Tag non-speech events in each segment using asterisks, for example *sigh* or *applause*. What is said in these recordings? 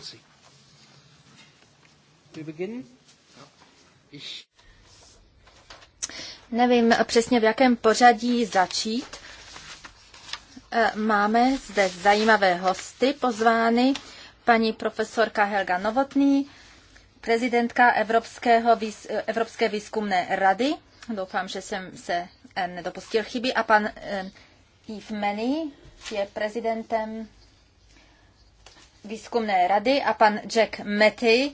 Merci. Wir beginnen? Ich... Nevím přesně, v jakém pořadí začít. Eh, máme zde zajímavé hosty pozvány. Paní profesorka Helga Novotný, prezidentka Evropského, eh, Evropské výzkumné rady. Doufám, že jsem se eh, nedopustil chyby. A pan Yves Meny je prezidentem výzkumné rady a pan Jack Metty,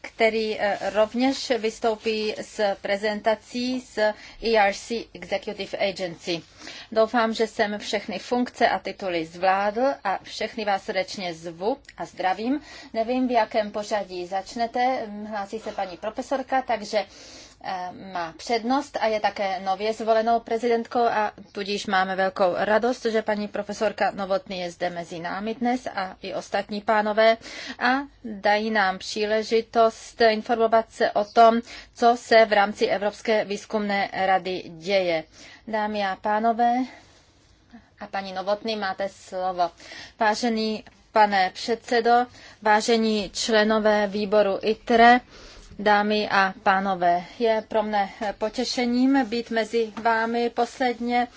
který eh, rovněž vystoupí s prezentací z ERC Executive Agency. Doufám, že jsem všechny funkce a tituly zvládl a všechny vás srdečně zvu a zdravím. Nevím, v jakém pořadí začnete. Hm, hlásí se paní profesorka, takže má přednost a je také nově zvolenou prezidentkou a tudíž máme velkou radost, že paní profesorka Novotný je zde mezi námi dnes a i ostatní pánové a dají nám příležitost informovat se o tom, co se v rámci Evropské výzkumné rady děje. Dámy a pánové a paní Novotný, máte slovo. Vážený pane předsedo, vážení členové výboru ITRE, dámy a pánové. Je pro mne potěšením být mezi vámi. Posledně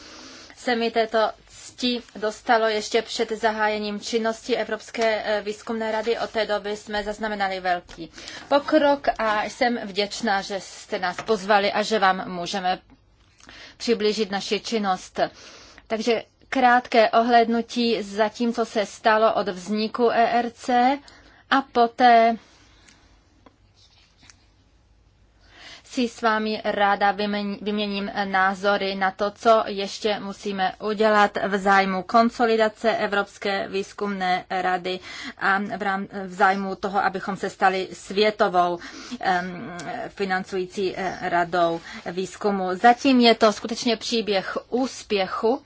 se mi této cti dostalo ještě před zahájením činnosti Evropské eh, výzkumné rady. Od té doby jsme zaznamenali velký pokrok a jsem vděčná, že jste nás pozvali a že vám můžeme přiblížit naši činnost. Takže krátké ohlédnutí za tím, co se stalo od vzniku ERC a poté si s vámi ráda vyměním eh, názory na to, co ještě musíme udělat v zájmu konsolidace Evropské výzkumné rady a v, zájmu toho, abychom se stali světovou financující eh, radou výzkumu. Zatím je to skutečně příběh úspěchu.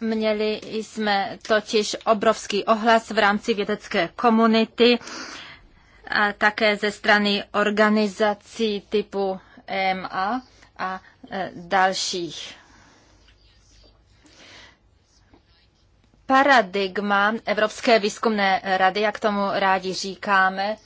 Měli jsme totiž obrovský ohlas v rámci vědecké komunity a také ze strany organizací typu EMA a e, dalších. Paradigma Evropské výzkumné rady, jak tomu rádi říkáme,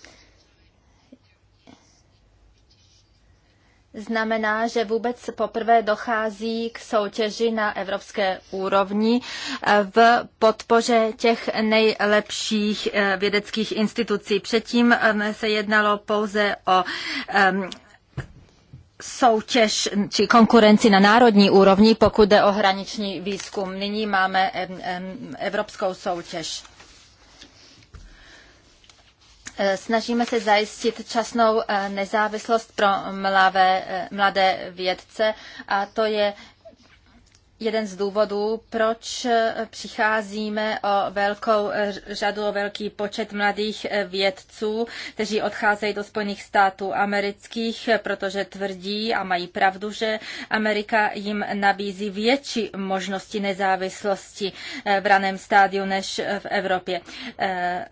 znamená, že vůbec poprvé dochází k soutěži na evropské úrovni eh, v podpoře těch nejlepších eh, vědeckých institucí. Předtím ehm, se jednalo pouze o ehm, soutěž či konkurenci na národní úrovni, pokud jde o hraniční výzkum. Nyní máme ehm, evropskou soutěž. Eh, snažíme se zajistit časnou eh, nezávislost pro mlavé, eh, mladé vědce a to je jeden z důvodů, proč přicházíme o velkou řadu, o velký počet mladých vědců, kteří odcházejí do Spojených států amerických, protože tvrdí a mají pravdu, že Amerika jim nabízí větší možnosti nezávislosti v raném stádiu než v Evropě.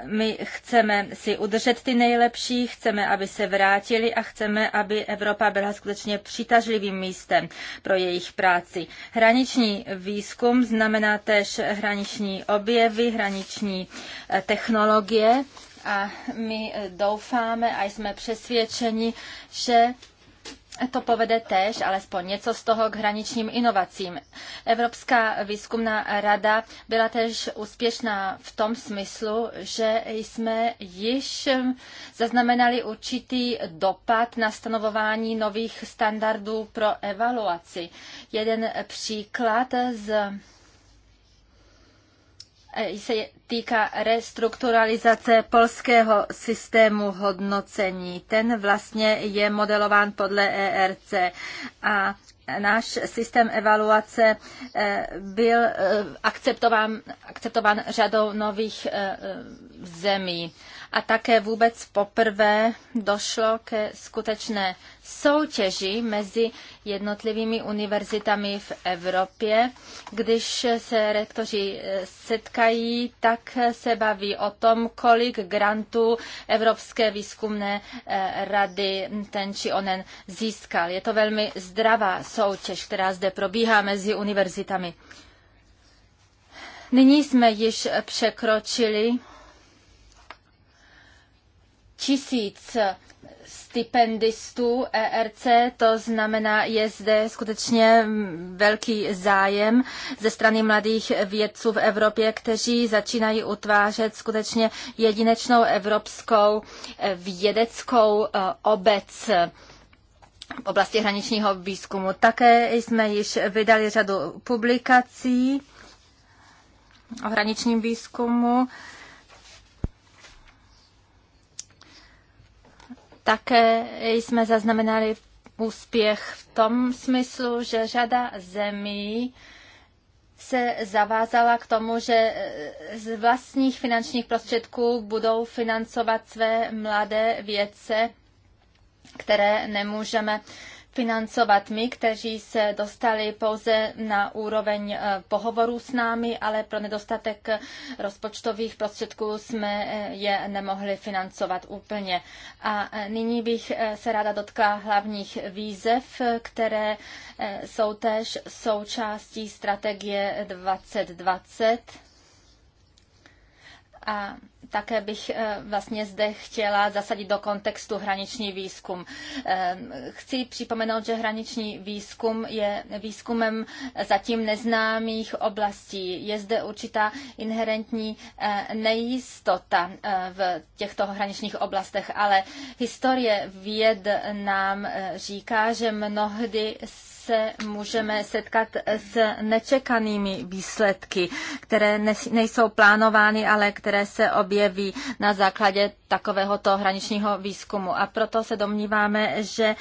My chceme si udržet ty nejlepší, chceme, aby se vrátili a chceme, aby Evropa byla skutečně přitažlivým místem pro jejich práci. Hraniční Hraniční výzkum znamená též hraniční objevy, hraniční eh, technologie a my eh, doufáme a jsme přesvědčeni, že to povede též alespoň něco z toho k hraničním inovacím. Evropská výzkumná rada byla též úspěšná v tom smyslu, že jsme již zaznamenali určitý dopad na stanovování nových standardů pro evaluaci. Jeden příklad z Eh, se týká restrukturalizace polského systému hodnocení. Ten vlastně je modelován podle ERC a náš systém evaluace eh, byl eh, akceptován, akceptován řadou nových zemí. A také vůbec poprvé došlo ke skutečné soutěži mezi jednotlivými univerzitami v Evropě. Když se rektoři eh, setkají, tak se baví o tom, kolik grantů Evropské výzkumné eh, rady ten či onen získal. Je to velmi zdravá soutěž, která zde probíhá mezi univerzitami. Nyní jsme již překročili tisíc stipendistů ERC, to znamená, je zde skutečně velký zájem ze strany mladých vědců v Evropě, kteří začínají utvářet skutečně jedinečnou evropskou eh, vědeckou eh, obec v oblasti hraničního výzkumu. Také jsme již vydali řadu publikací o hraničním výzkumu Také jsme zaznamenali úspěch v tom smyslu, že řada zemí se zavázala k tomu, že z vlastních finančních prostředků budou financovat své mladé vědce, které nemůžeme financovat my, kteří se dostali pouze na úroveň eh, pohovorů s námi, ale pro nedostatek rozpočtových prostředků jsme eh, je nemohli financovat úplně. A eh, nyní bych se ráda dotkla hlavních výzev, které jsou též součástí strategie 2020 a také bych eh, vlastně zde chtěla zasadit do kontextu hraniční výzkum. Eh, chci připomenout, že hraniční výzkum je výzkumem zatím neznámých oblastí. Je zde určitá inherentní eh, nejistota v těchto hraničních oblastech, ale historie věd nám říká, že mnohdy se můžeme setkat s nečekanými výsledky, které nejsou plánovány, ale které se objeví na základě takovéhoto hraničního výzkumu. A proto se domníváme, že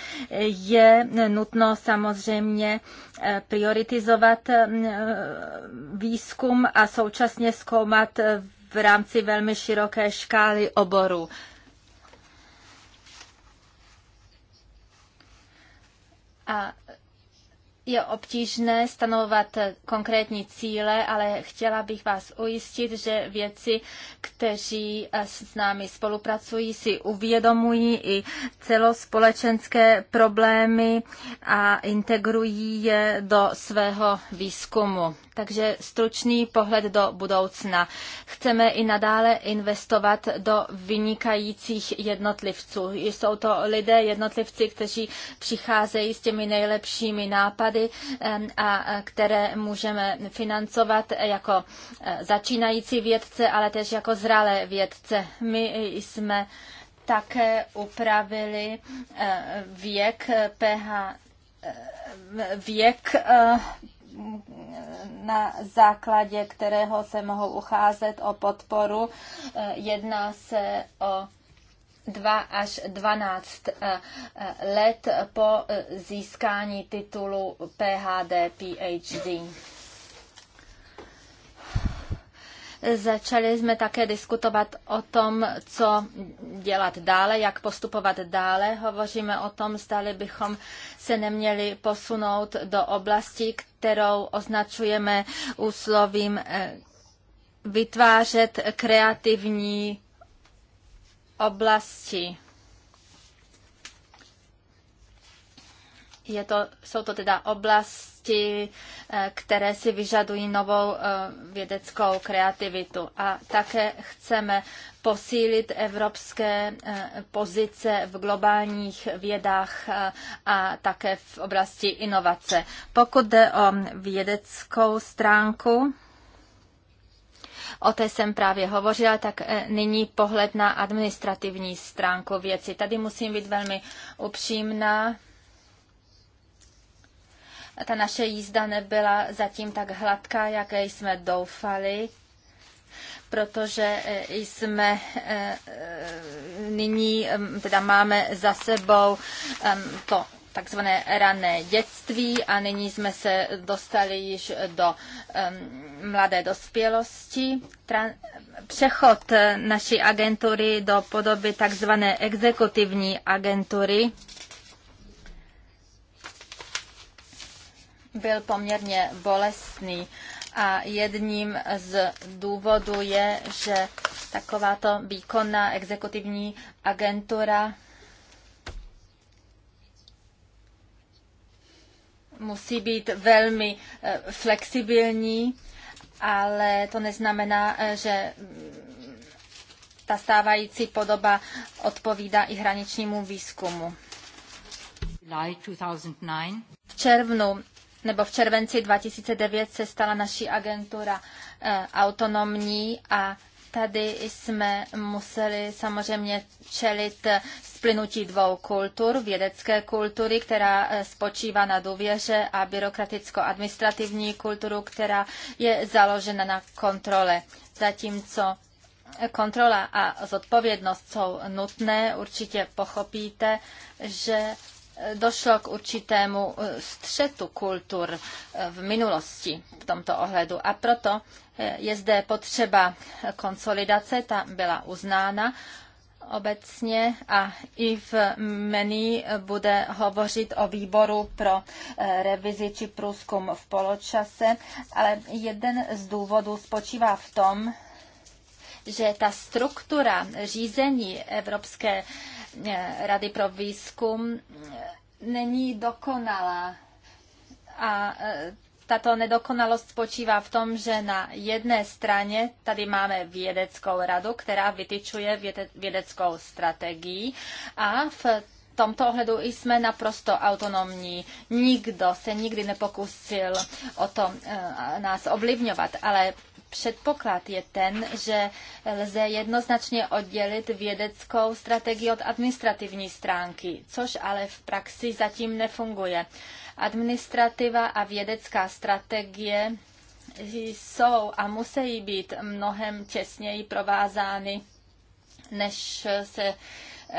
je nutno samozřejmě eh, prioritizovat eh, výzkum a současně zkoumat v rámci velmi široké škály oborů. A je obtížné stanovovat konkrétní cíle, ale chtěla bych vás ujistit, že věci, kteří eh, s námi spolupracují, si uvědomují i celospolečenské problémy a integrují je do svého výzkumu. Takže stručný pohled do budoucna. Chceme i nadále investovat do vynikajících jednotlivců. Jsou to lidé, jednotlivci, kteří přicházejí s těmi nejlepšími nápady, náklady, a které můžeme financovat jako e, začínající vědce, ale tež jako zralé vědce. My jsme také upravili e, věk e, PH věk na základě kterého se mohou ucházet o podporu. Jedná se o 2 až 12 eh, eh, let po eh, získání titulu PhD, PhD. Začali jsme také diskutovat o tom, co dělat dále, jak postupovat dále. Hovoříme o tom, zdali bychom se neměli posunout do oblasti, kterou označujeme úslovím vytvářet kreativní oblasti. Je to, jsou to teda oblasti, eh, které si vyžadují novou eh, vědeckou kreativitu. A také chceme posílit evropské eh, pozice v globálních vědách a také v oblasti inovace. Pokud jde o vědeckou stránku, o té jsem právě hovořila, tak eh, nyní pohled na administrativní stránku věci. Tady musím být velmi upřímná. Ta naše jízda nebyla zatím tak hladká, jaké jsme doufali protože eh, jsme eh, nyní, teda máme za sebou to takzvané rané dětství a nyní jsme se dostali již do um, mladé dospělosti. Tran- přechod naší agentury do podoby takzvané exekutivní agentury byl poměrně bolestný a jedním z důvodů je, že takováto výkonná exekutivní agentura musí být velmi eh, flexibilní, ale to neznamená, eh, že mm, ta stávající podoba odpovídá i hraničnímu výzkumu. V červnu nebo v červenci 2009 se stala naší agentura eh, autonomní a Tady jsme museli samozřejmě čelit splynutí dvou kultur, vědecké kultury, která eh, spočívá na důvěře a byrokraticko-administrativní kulturu, která je založena na kontrole. Zatímco kontrola a zodpovědnost jsou nutné, určitě pochopíte, že došlo k určitému eh, střetu kultur eh, v minulosti v tomto ohledu a proto eh, je zde potřeba konsolidace, ta byla uznána obecně a i v menu bude hovořit o výboru pro revizi či průzkum v poločase, ale jeden z důvodů spočívá v tom, že ta struktura řízení Evropské eh, rady pro výzkum eh, není dokonalá. A eh, tato nedokonalost spočívá v tom, že na jedné straně tady máme vědeckou radu, která vytyčuje vědeckou strategii a v tomto ohledu jsme naprosto autonomní. Nikdo se nikdy nepokusil o to nás ovlivňovat, ale předpoklad je ten, že lze jednoznačně oddělit vědeckou strategii od administrativní stránky, což ale v praxi zatím nefunguje. Administrativa a vědecká strategie jsou a musí být mnohem těsněji provázány, než se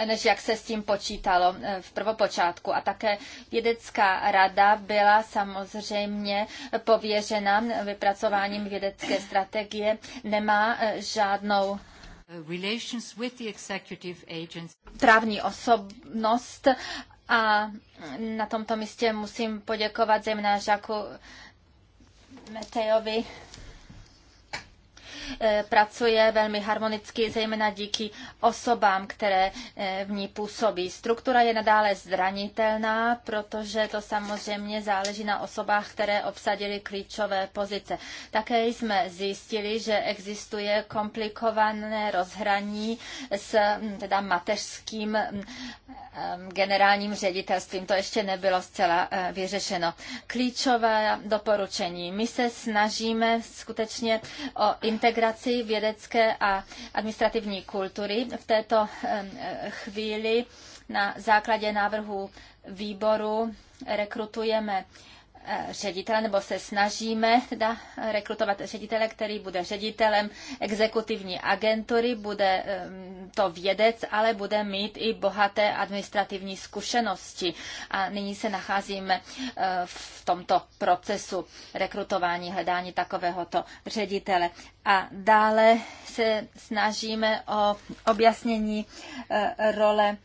než jak se s tím počítalo eh, v prvopočátku. A také vědecká rada byla samozřejmě pověřena vypracováním vědecké strategie, nemá eh, žádnou právní osobnost a na tomto místě musím poděkovat zejména Žaku Metejovi Eh, pracuje velmi harmonicky, zejména díky osobám, které eh, v ní působí. Struktura je nadále zranitelná, protože to samozřejmě záleží na osobách, které obsadily klíčové pozice. Také jsme zjistili, že existuje komplikované rozhraní s hm, teda mateřským hm, hm, generálním ředitelstvím. To ještě nebylo zcela eh, vyřešeno. Klíčové doporučení. My se snažíme skutečně o integraci integraci vědecké a administrativní kultury. V této chvíli na základě návrhu výboru rekrutujeme ředitele, nebo se snažíme teda rekrutovat ředitele, který bude ředitelem exekutivní agentury, bude to vědec, ale bude mít i bohaté administrativní zkušenosti. A nyní se nacházíme eh, v tomto procesu rekrutování, hledání takovéhoto ředitele. A dále se snažíme o objasnění eh, role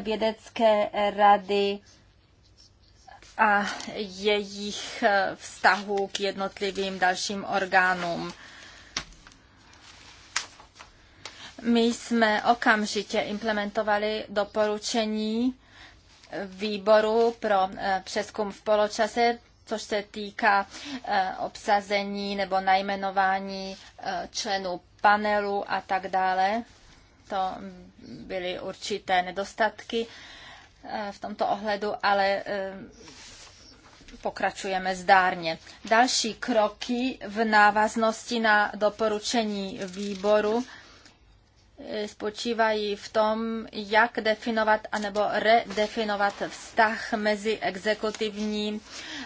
vědecké rady a jejich eh, vztahu k jednotlivým dalším orgánům. My jsme okamžitě implementovali doporučení výboru pro eh, přeskum v poločase, což se týká eh, obsazení nebo najmenování členů panelu a tak dále. To byly určité nedostatky v tomto ohledu, ale pokračujeme zdárně. Další kroky v návaznosti na doporučení výboru e, spočívají v tom, jak definovat anebo redefinovat vztah mezi exekutivní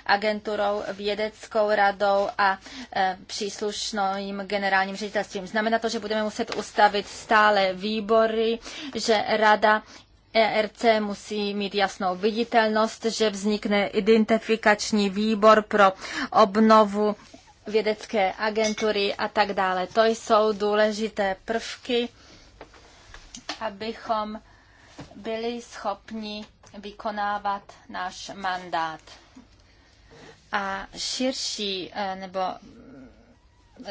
agenturou, vědeckou radou a e, příslušným generálním ředitelstvím. Znamená to, že budeme muset ustavit stále výbory, že rada ERC musí mít jasnou viditelnost, že vznikne identifikační výbor pro obnovu vědecké agentury a tak dále. To jsou důležité prvky, abychom byli schopni vykonávat náš mandát. A širší eh, nebo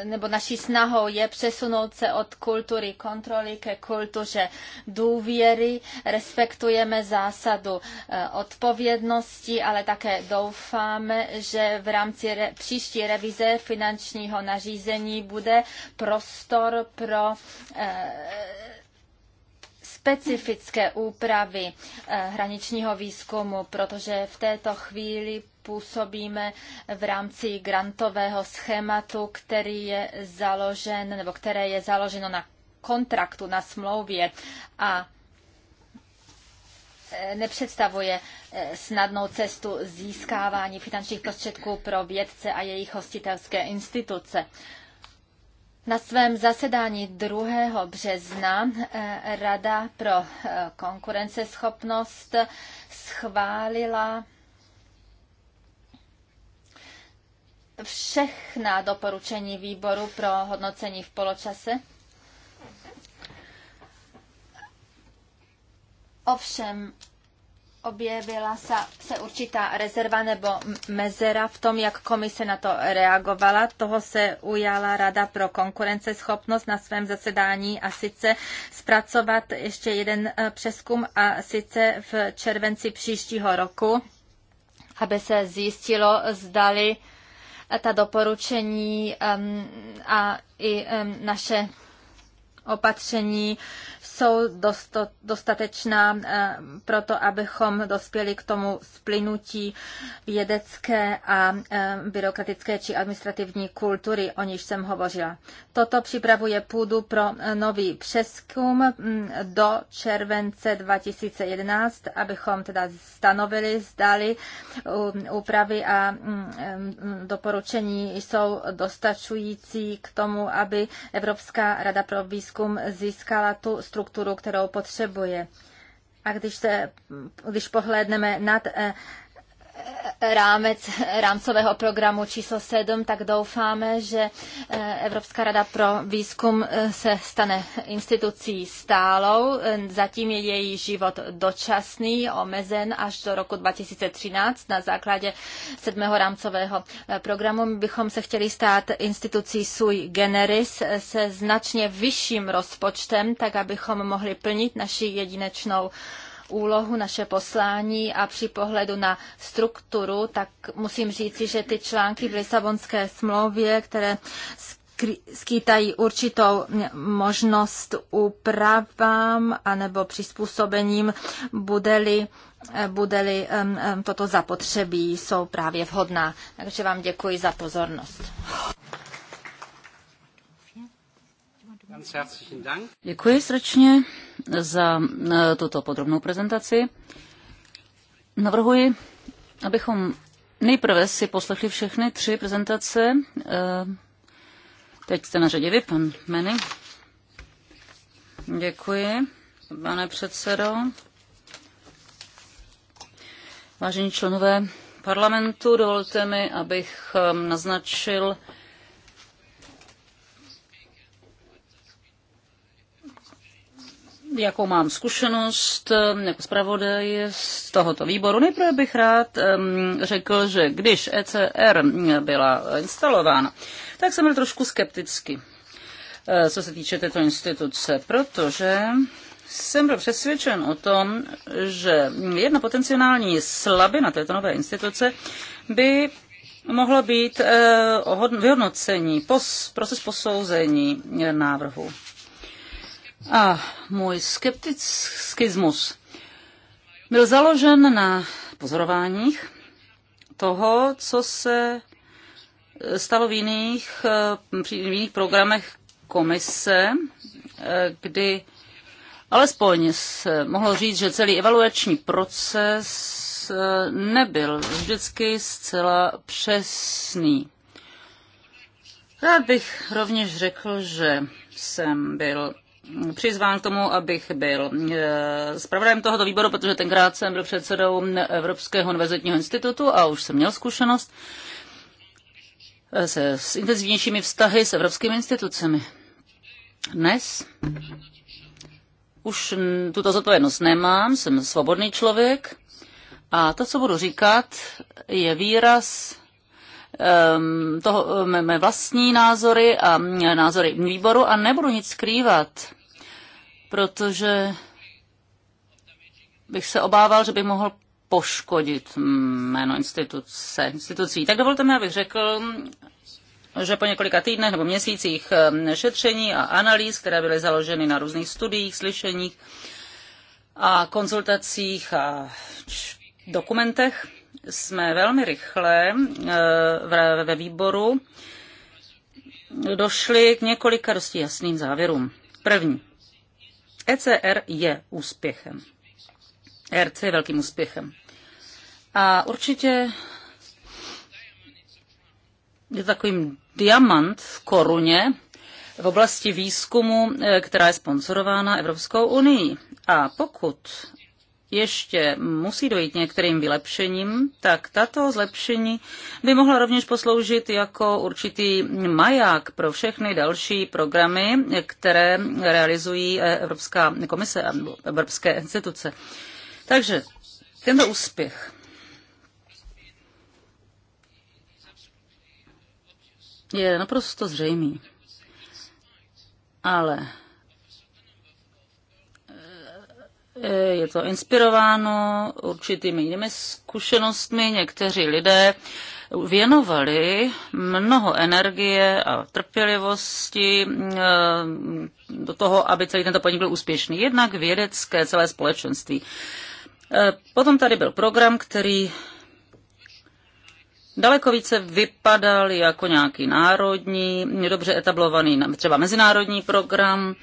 nebo naší snahou je přesunout se od kultury kontroly ke kultuře důvěry. Respektujeme zásadu eh, odpovědnosti, ale také doufáme, že v rámci re, příští revize finančního nařízení bude prostor pro eh, specifické úpravy eh, hraničního výzkumu, protože v této chvíli působíme v rámci grantového schématu, který je založen, nebo které je založeno na kontraktu, na smlouvě a e, nepředstavuje e, snadnou cestu získávání finančních prostředků pro vědce a jejich hostitelské instituce. Na svém zasedání 2. března e, Rada pro konkurenceschopnost schválila všechna doporučení výboru pro hodnocení v poločase. Ovšem, objevila se, se určitá rezerva nebo mezera v tom, jak komise na to reagovala. Toho se ujala Rada pro konkurenceschopnost na svém zasedání a sice zpracovat ještě jeden e, přeskum a sice v červenci příštího roku, aby se zjistilo, zdali ta doporučení um, a i um, naše opatření jsou dostatečná eh, pro to, abychom dospěli k tomu splynutí vědecké a eh, byrokratické či administrativní kultury, o níž jsem hovořila. Toto připravuje půdu pro eh, nový přeskum mm, do července 2011, abychom teda stanovili, zdali úpravy a mm, mm, doporučení jsou dostačující k tomu, aby Evropská rada pro výzkum získala tu strukturu, infrastrukturu, kterou potřebuje. A když, se, když pohlédneme nad eh, rámec rámcového programu číslo 7, tak doufáme, že eh, Evropská rada pro výzkum eh, se stane institucí stálou. Zatím je její život dočasný, omezen až do roku 2013 na základě sedmého rámcového eh, programu. My bychom se chtěli stát institucí sui generis se značně vyšším rozpočtem, tak abychom mohli plnit naši jedinečnou úlohu, naše poslání a při pohledu na strukturu, tak musím říci, že ty články v Lisabonské smlouvě, které skýtají určitou možnost úpravám anebo přizpůsobením, bude-li, bude toto zapotřebí, jsou právě vhodná. Takže vám děkuji za pozornost. Děkuji srdečně za e, tuto podrobnou prezentaci. Navrhuji, abychom nejprve si poslechli všechny tři prezentace. E, teď jste na řadě vy, pan Meny. Děkuji, pane předsedo. Vážení členové parlamentu, dovolte mi, abych e, naznačil jakou mám zkušenost ehm, jako zpravodaj z tohoto výboru. Nejprve bych rád ehm, řekl, že když ECR byla instalována, tak jsem byl trošku skeptický, eh, co se týče této instituce, protože jsem byl přesvědčen o tom, že jedna potenciální slabina této nové instituce by mohlo být eh, vyhodnocení, proces posouzení návrhu a můj skepticismus byl založen na pozorováních toho, co se stalo v jiných, eh, v jiných programech komise, eh, kdy alespoň se mohlo říct, že celý evaluační proces eh, nebyl vždycky zcela přesný. Rád bych rovněž řekl, že jsem byl přizván k tomu, abych byl eh, zpravodajem tohoto výboru, protože tenkrát jsem byl předsedou Evropského univerzitního institutu a už jsem měl zkušenost eh, se s intenzivnějšími vztahy s evropskými institucemi. Dnes už tuto zodpovědnost nemám, jsem svobodný člověk a to, co budu říkat, je výraz Ehm, toho, eh, mé vlastní názory a názory výboru a nebudu nic skrývat, protože bych se obával, že by mohl poškodit jméno instituce, institucí. Tak dovolte mi, abych řekl, že po několika týdnech nebo měsících ehm, šetření a analýz, které byly založeny na různých studiích, slyšeních a konzultacích a dokumentech, jsme velmi rychle eh, ve výboru došli k několika dosti jasným závěrům. První. ECR je úspěchem. ERC je velkým úspěchem. A určitě je takovým diamant v koruně v oblasti výzkumu, eh, která je sponsorována Evropskou unii. A pokud ještě musí dojít některým vylepšením, tak tato zlepšení by mohla rovněž posloužit jako určitý maják pro všechny další programy, které realizují eh, Evropská komise a evropské instituce. Takže tento úspěch je naprosto zřejmý. Ale Eh, je to inspirováno určitými jinými zkušenostmi. Někteří lidé věnovali mnoho energie a trpělivosti eh, do toho, aby celý tento podnik byl úspěšný. Jednak vědecké celé společenství. Eh, potom tady byl program, který daleko více vypadal jako nějaký národní, dobře etablovaný, třeba mezinárodní program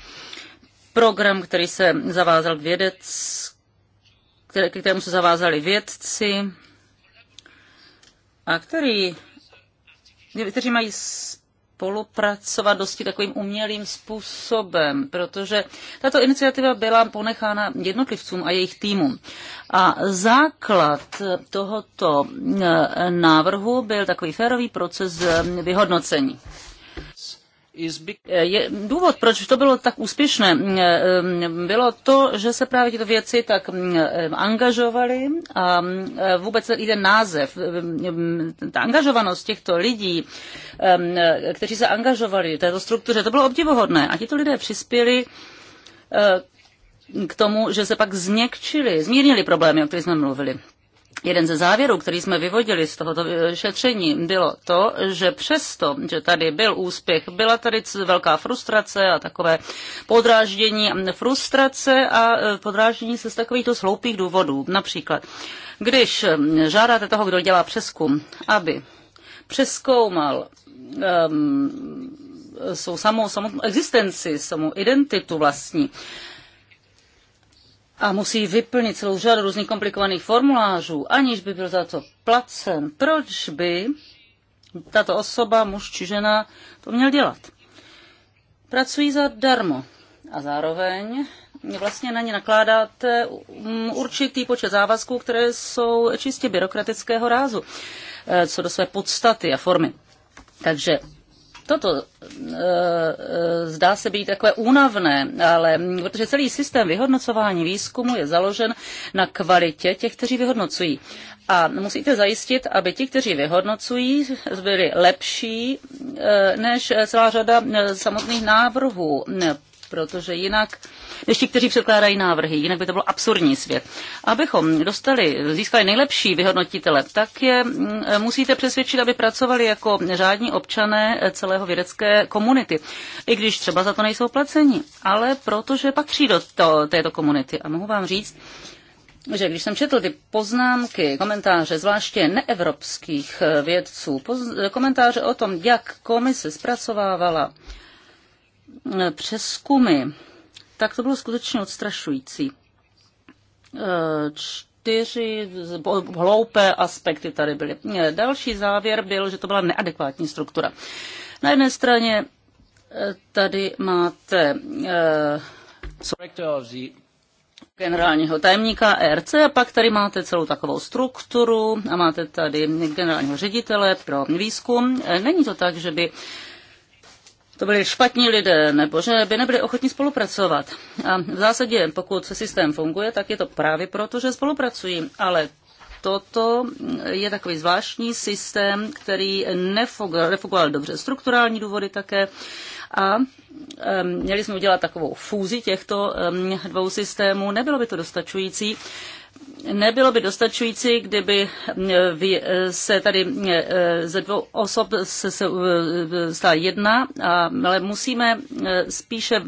program, který se zavázal vědec, které, kterému se zavázali vědci a který, kteří mají spolupracovat dosti takovým umělým způsobem, protože tato iniciativa byla ponechána jednotlivcům a jejich týmům. A základ tohoto eh, návrhu byl takový férový proces eh, vyhodnocení. Eh, je, důvod, proč to bylo tak úspěšné, mm, eh, mm, bylo to, že se právě tyto věci tak mm, eh, angažovaly a vůbec i ten název, ta angažovanost těchto lidí, kteří se angažovali v této struktuře, to bylo obdivohodné. A tito lidé přispěli k tomu, že se pak změkčili, zmírnili problémy, o kterých jsme mluvili. Jeden ze závěrů, který jsme vyvodili z tohoto eh, šetření, bylo to, že přesto, že tady byl úspěch, byla tady velká frustrace a takové podráždění, frustrace a eh, podráždění se z takovýchto sloupých důvodů. Například, když žádáte toho, kdo dělá přeskum, aby přeskoumal um, svou samou, samou existenci, samou identitu vlastní, a musí vyplnit celou řadu různých komplikovaných formulářů, aniž by byl za to placen, proč by tato osoba, muž či žena, to měl dělat? Pracují darmo a zároveň vlastně na ně nakládáte mm, určitý počet závazků, které jsou čistě byrokratického rázu, eh, co do své podstaty a formy. Takže Toto eh, eh, zdá se být takové únavné, ale mm, protože celý systém vyhodnocování výzkumu je založen na kvalitě těch, kteří vyhodnocují. A musíte zajistit, aby ti, kteří vyhodnocují, byli lepší eh, než celá řada samotných návrhů protože jinak, než ti, kteří předkládají návrhy, jinak by to byl absurdní svět. Abychom dostali, získali nejlepší vyhodnotitele, tak je mm, musíte přesvědčit, aby pracovali jako řádní občané celého vědecké komunity. I když třeba za to nejsou placeni, ale protože patří do to, této komunity. A mohu vám říct, že když jsem četl ty poznámky, komentáře, zvláště neevropských vědců, komentáře o tom, jak komise zpracovávala Eh, přeskumy, tak to bylo skutečně odstrašující. Eh, čtyři hloupé aspekty tady byly. Eh, další závěr byl, že to byla neadekvátní struktura. Na jedné straně tady máte generálního tajemníka ERC a pak tady máte celou takovou strukturu a máte tady generálního ředitele pro výzkum. Není to tak, že by to byli špatní lidé, nebo že by nebyli ochotní spolupracovat. A v zásadě, pokud systém funguje, tak je to právě proto, že spolupracují. Ale toto je takový zvláštní systém, který nefungoval dobře. Strukturální důvody také. A měli jsme udělat takovou fúzi těchto dvou systémů. Nebylo by to dostačující nebylo by dostačující, kdyby eh, eh, se tady eh, ze dvou osob se, se stala jedna, ale musíme spíše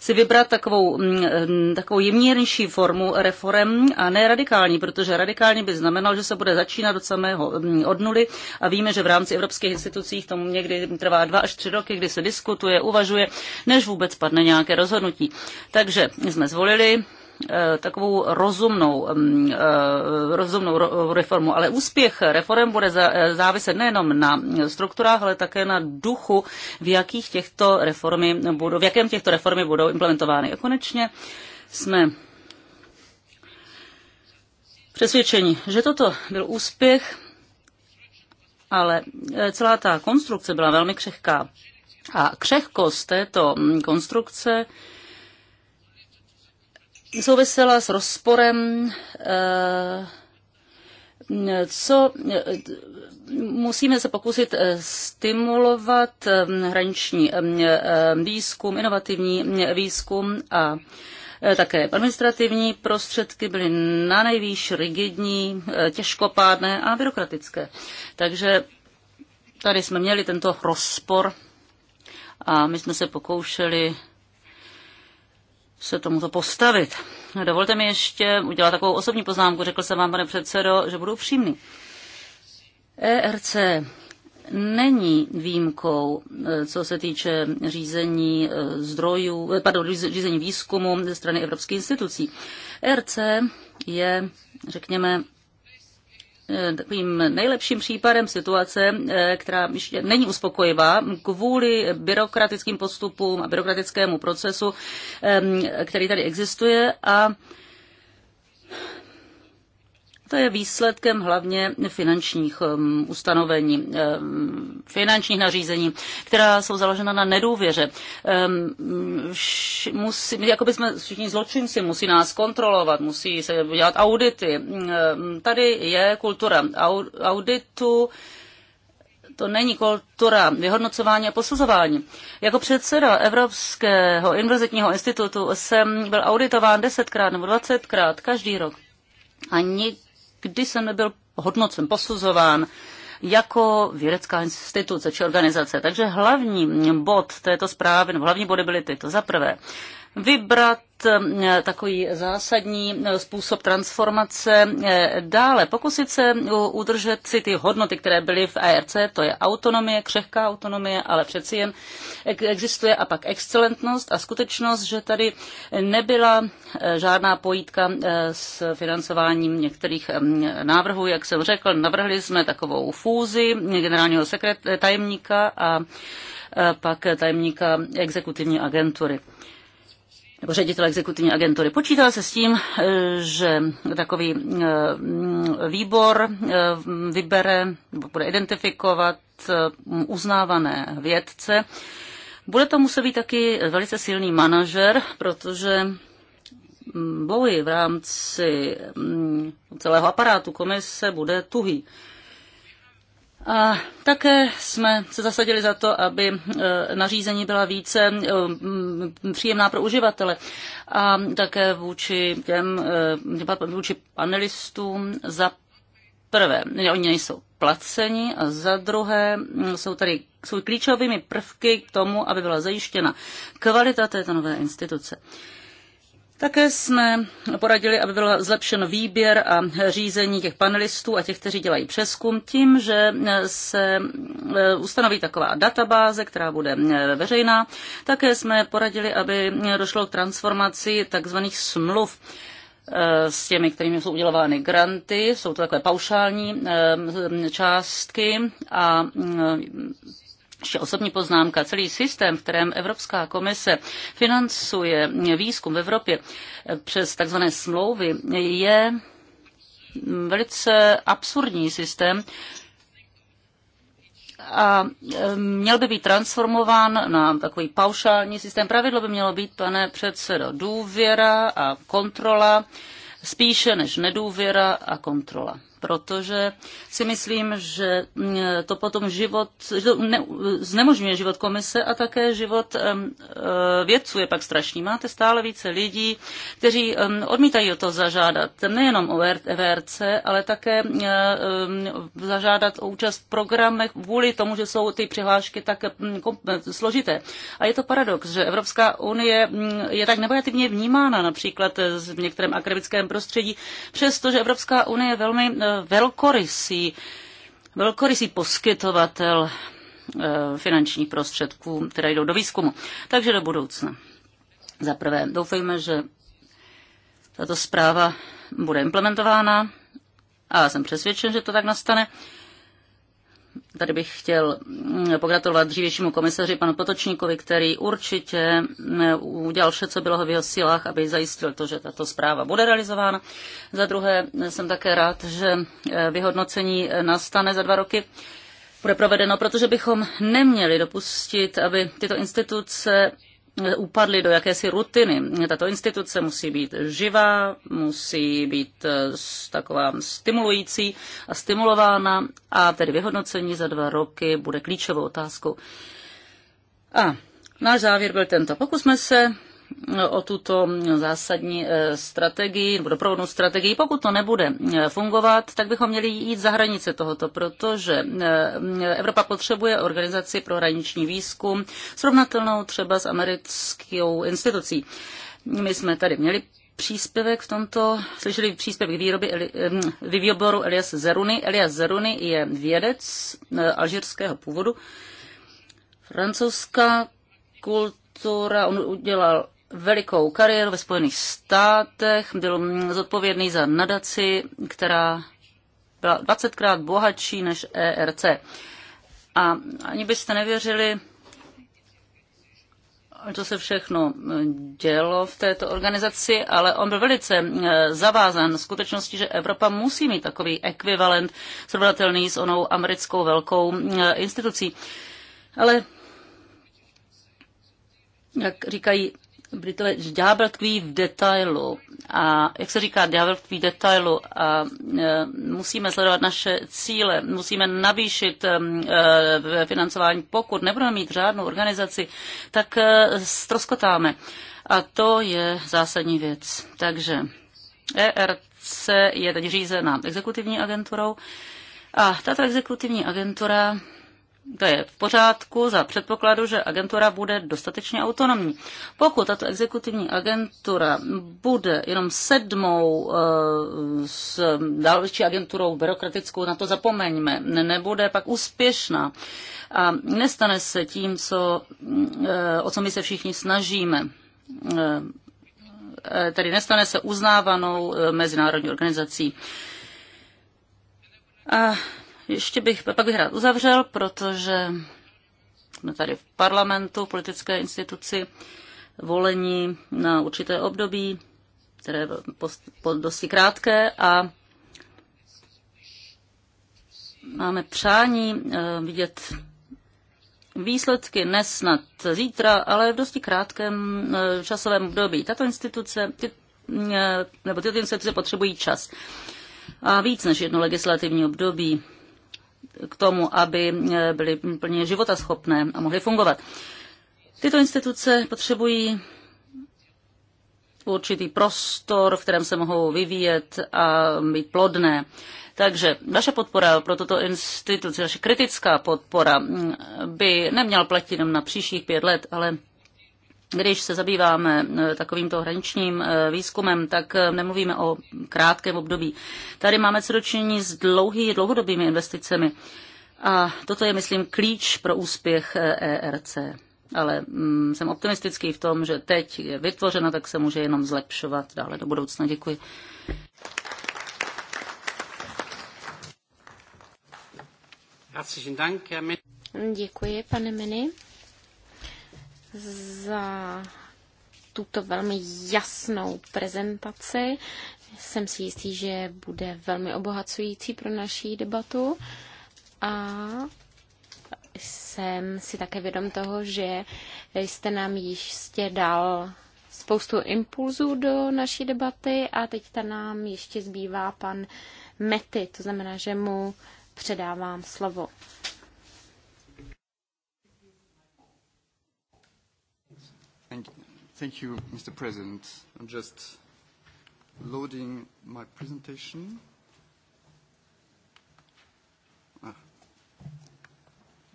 si vybrat takovou, mm, takovou jemnější formu reform a ne radikální, protože radikální by znamenalo, že se bude začínat od samého mm, od nuly a víme, že v rámci evropských institucích tomu někdy trvá dva až tři roky, kdy se diskutuje, uvažuje, než vůbec padne nějaké rozhodnutí. Takže jsme zvolili Eh, takovou rozumnou, mm, eh, rozumnou reformu. Ale úspěch reform bude eh, záviset nejenom na strukturách, ale také na duchu, v, jakých těchto reformy budou, v jakém těchto reformy budou implementovány. A konečně jsme přesvědčení, že toto byl úspěch, ale celá ta konstrukce byla velmi křehká. A křehkost této mm, konstrukce souvisela s rozporem, eh, co eh, musíme se pokusit eh, stimulovat hraniční výzkum, inovativní výzkum a také administrativní prostředky byly na nejvýš rigidní, těžkopádné a byrokratické. Takže tady jsme měli tento rozpor a my jsme se pokoušeli se tomuto postavit. Dovolte mi ještě udělat takovou osobní poznámku. Řekl jsem vám, pane předsedo, že budu přímný. ERC není výjimkou, e, co se týče řízení e, zdrojů, e, pardon, řízení výzkumu ze strany evropských institucí. ERC je, řekněme, Eh, takovým nejlepším případem situace, eh, která ještě není uspokojivá kvůli byrokratickým postupům a byrokratickému procesu, který tady existuje a to je výsledkem hlavně finančních um, ustanovení, um, finančních nařízení, která jsou založena na nedůvěře. Um, musí, jakoby jsme všichni zločinci, musí nás kontrolovat, musí se dělat audity. Tady je kultura auditu, to není kultura vyhodnocování a posuzování. Jako předseda Evropského univerzitního institutu jsem byl auditován desetkrát nebo dvacetkrát každý rok. A nikdy kdy jsem nebyl hodnocen, posuzován jako vědecká instituce či organizace. Takže hlavní bod této zprávy, no, hlavní body byly tyto. Za prvé, vybrat eh, takový zásadní eh, způsob transformace eh, dále. Pokusit se udržet si ty hodnoty, které byly v ARC, to je autonomie, křehká autonomie, ale přeci jen existuje a pak excelentnost a skutečnost, že tady nebyla žádná pojítka s financováním některých návrhů, jak jsem řekl, navrhli jsme takovou fúzi generálního sekret tajemníka a pak tajemníka exekutivní agentury nebo ředitel exekutivní agentury. Počítal se s tím, eh, že takový eh, mm, výbor eh, vybere, bude identifikovat uznávané vědce. Bude to muset být taky velice silný manažer, protože mm, boj v rámci mm, celého aparátu komise bude tuhý. A také jsme se zasadili za to, aby e, nařízení byla více e, příjemná pro uživatele a také vůči, těm, e, vůči panelistům za prvé, oni nejsou placeni a za druhé jsou tady jsou klíčovými prvky k tomu, aby byla zajištěna kvalita této nové instituce. Také jsme poradili, aby byl zlepšen výběr a řízení těch panelistů a těch, kteří dělají přeskum, tím, že se eh, ustanoví taková databáze, která bude eh, veřejná. Také jsme poradili, aby došlo k transformaci takzvaných smluv eh, s těmi, kterými jsou udělovány granty. Jsou to takové paušální částky a ještě osobní poznámka. Celý systém, v kterém Evropská komise financuje výzkum v Evropě eh, přes tzv. smlouvy, je velice absurdní systém, a eh, měl by být transformován na takový paušální systém. Pravidlo by mělo být, pane předsedo, důvěra a kontrola spíše než nedůvěra a kontrola protože si myslím, že mm, to potom život že to ne, znemožňuje život komise a také život e, vědců je pak strašný. Máte stále více lidí, kteří odmítají o to zažádat, nejenom o VRC, ale také e, zažádat o účast v programech vůli tomu, že jsou ty přihlášky tak mm, složité. A je to paradox, že Evropská unie mm, je tak negativně vnímána například v některém akademickém prostředí, přestože Evropská unie je velmi velkorysý, velkorysý poskytovatel eh, finančních prostředků, které jdou do výzkumu. Takže do budoucna. Za prvé, doufejme, že tato zpráva bude implementována a jsem přesvědčen, že to tak nastane tady bych chtěl mm, pogratulovat dřívějšímu komisaři panu Potočníkovi, který určitě mm, udělal vše, co bylo v jeho silách, aby zajistil to, že tato zpráva bude realizována. Za druhé jsem také rád, že e, vyhodnocení e, nastane za dva roky bude provedeno, protože bychom neměli dopustit, aby tyto instituce upadli do jakési rutiny. Tato instituce musí být živá, musí být eh, taková stimulující a stimulována a tedy vyhodnocení za dva roky bude klíčovou otázkou. A náš závěr byl tento. Pokusme se o tuto zásadní e, strategii, nebo doprovodnou strategii. Pokud to nebude e, fungovat, tak bychom měli jít za hranice tohoto, protože e, Evropa potřebuje organizaci pro hraniční výzkum, srovnatelnou třeba s americkou institucí. My jsme tady měli příspěvek v tomto, slyšeli příspěvek výroby hm, výboru Elias Zeruny. Elias Zeruny je vědec alžírského původu, francouzská kultura, on udělal velikou kariéru ve Spojených státech, byl zodpovědný za nadaci, která byla 20krát bohatší než ERC. A ani byste nevěřili, co se všechno dělo v této organizaci, ale on byl velice eh, zavázan skutečnosti, že Evropa musí mít takový ekvivalent srovnatelný s onou americkou velkou eh, institucí. Ale jak říkají Britové, ďábel tkví v detailu. A jak se říká, ďábel tkví v detailu. A e, musíme sledovat naše cíle, musíme navýšit e, e financování. Pokud nebudeme mít řádnou organizaci, tak e, stroskotáme. A to je zásadní věc. Takže ERC je teď řízena exekutivní agenturou. A tato exekutivní agentura to je v pořádku za předpokladu, že agentura bude dostatečně autonomní. Pokud tato exekutivní agentura bude jenom sedmou e, s další agenturou byrokratickou, na to zapomeňme, nebude pak úspěšná a nestane se tím, co, e, o co my se všichni snažíme. E, tedy nestane se uznávanou mezinárodní organizací. Ještě bych, pak bych rád uzavřel, protože jsme tady v parlamentu, v politické instituci, volení na určité období, které je dosti krátké a máme přání eh, vidět výsledky nesnad zítra, ale v dosti krátkém eh, časovém období. Tato instituce, ty, eh, nebo tyto instituce potřebují čas. A víc než jedno legislativní období k tomu, aby eh, byly plně životaschopné a mohly fungovat. Tyto instituce potřebují určitý prostor, v kterém se mohou vyvíjet a být plodné. Takže naše podpora pro tuto instituci, naše kritická podpora mm, by neměla platit jenom na příštích pět let, ale když se zabýváme eh, takovýmto hraničním eh, výzkumem, tak eh, nemluvíme o krátkém období. Tady máme co dočinění s dlouhý, dlouhodobými investicemi. A toto je, myslím, klíč pro úspěch ERC. E Ale mm, jsem optimistický v tom, že teď je vytvořena, tak se může jenom zlepšovat dále do budoucna. Děkuji. Děkuji, pane Mini za tuto velmi jasnou prezentaci. Jsem si jistý, že bude velmi obohacující pro naší debatu a jsem si také vědom toho, že jste nám jistě dal spoustu impulzů do naší debaty a teď ta nám ještě zbývá pan Mety, to znamená, že mu předávám slovo. Thank you, Mr. President. I'm just loading my presentation. Ah.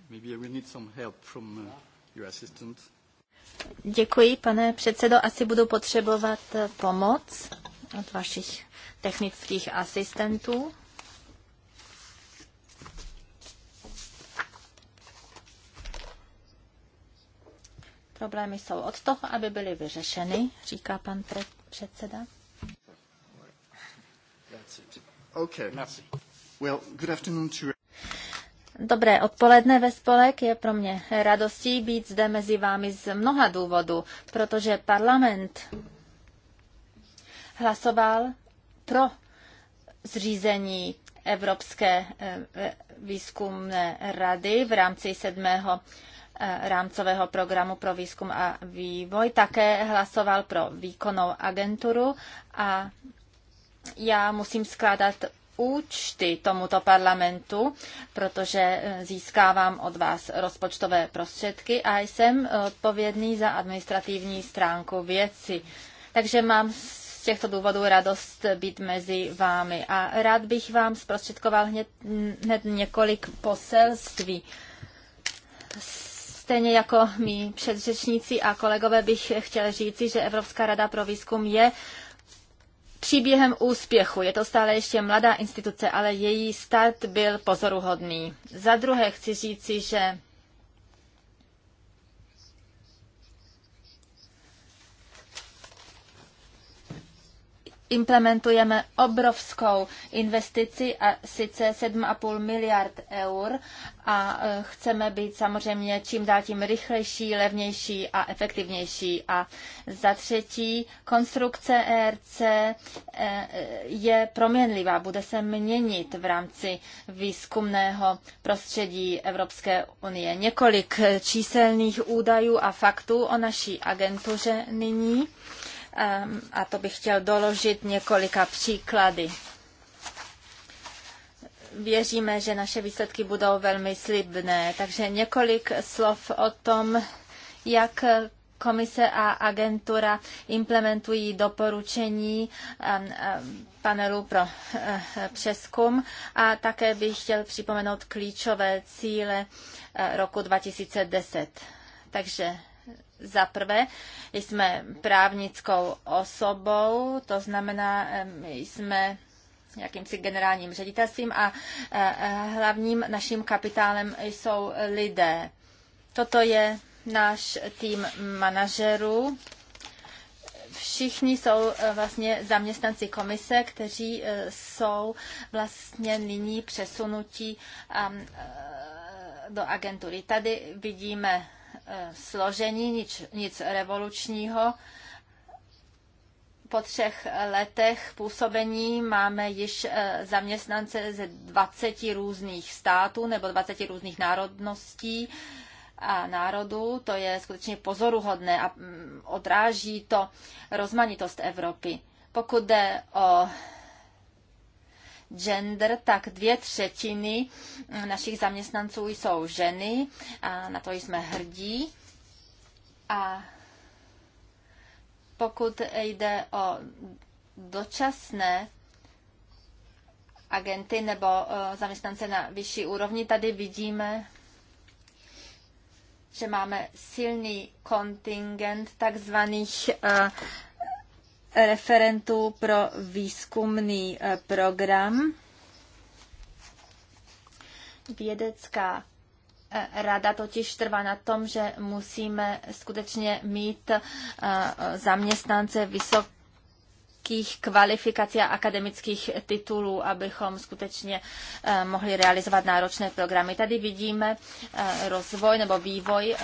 Maybe I will need some help from uh, your assistant. Děkuji, pane předsedo. Asi budu potřebovat eh, pomoc od vašich technických asistentů. Problémy jsou od toho, aby byly vyřešeny, říká pan předseda. Okay. Well, good afternoon to... Dobré odpoledne ve spolek. Je pro mě radostí být zde mezi vámi z mnoha důvodů, protože parlament hlasoval pro zřízení Evropské eh, výzkumné rady v rámci sedmého Eh, rámcového programu pro výzkum a vývoj. Také hlasoval pro výkonnou agenturu a já musím skládat účty tomuto parlamentu, protože eh, získávám od vás rozpočtové prostředky a jsem odpovědný za administrativní stránku věci. Takže mám z těchto důvodů radost být mezi vámi a rád bych vám zprostředkoval hned, hned několik poselství. Stejně jako mý předřečníci a kolegové bych chtěl říci, že Evropská rada pro výzkum je příběhem úspěchu. Je to stále ještě mladá instituce, ale její start byl pozoruhodný. Za druhé chci říci, že implementujeme obrovskou investici, a sice 7,5 miliard eur a e, chceme být samozřejmě čím dál tím rychlejší, levnější a efektivnější. A za třetí, konstrukce ERC e, je proměnlivá, bude se měnit v rámci výzkumného prostředí Evropské unie. Několik číselných údajů a faktů o naší agentuře nyní a to bych chtěl doložit několika příklady. Věříme, že naše výsledky budou velmi slibné, takže několik slov o tom, jak komise a agentura implementují doporučení panelu pro eh, přeskum a také bych chtěl připomenout klíčové cíle eh, roku 2010. Takže za prvé, jsme právnickou osobou, to znamená, jsme jakýmsi generálním ředitelstvím a e, e, hlavním naším kapitálem jsou lidé. Toto je náš tým manažerů. Všichni jsou e, vlastně zaměstnanci komise, kteří jsou vlastně nyní přesunutí do agentury. Tady vidíme složení, nic, nic revolučního. Po třech letech působení máme již eh, zaměstnance ze 20 různých států nebo 20 různých národností a národů. To je skutečně pozoruhodné a mm, odráží to rozmanitost Evropy. Pokud jde o gender, tak dvě třetiny eh, našich zaměstnanců jsou ženy a na to jsme hrdí. A pokud jde o dočasné agenty nebo eh, zaměstnance na vyšší úrovni, tady vidíme, že máme silný kontingent takzvaných eh, referentů pro výzkumný eh, program. Vědecká eh, Rada totiž trvá na tom, že musíme skutečně mít eh, zaměstnance vysokých kvalifikací a akademických titulů, abychom skutečně mohli realizovat náročné programy. Tady vidíme rozvoj nebo vývoj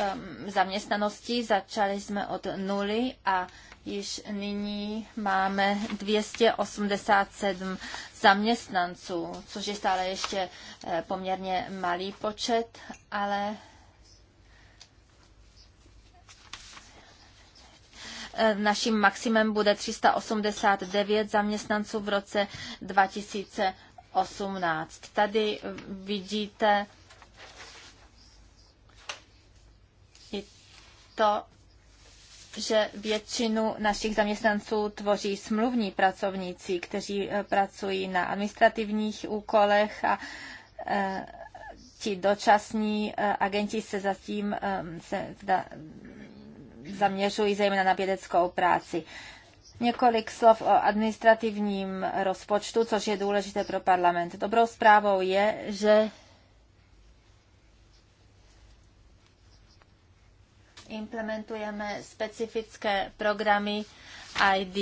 zaměstnanosti. Začali jsme od nuly a Již nyní máme 287 zaměstnanců, což je stále ještě eh, poměrně malý počet, ale eh, naším maximem bude 389 zaměstnanců v roce 2018. Tady vidíte i to, že většinu našich zaměstnanců tvoří smluvní pracovníci, kteří eh, pracují na administrativních úkolech a eh, ti dočasní eh, agenti se zatím ehm, se zaměřují zejména na vědeckou práci. Několik slov o administrativním rozpočtu, což je důležité pro parlament. Dobrou zprávou je, že implementujeme specifické programy ID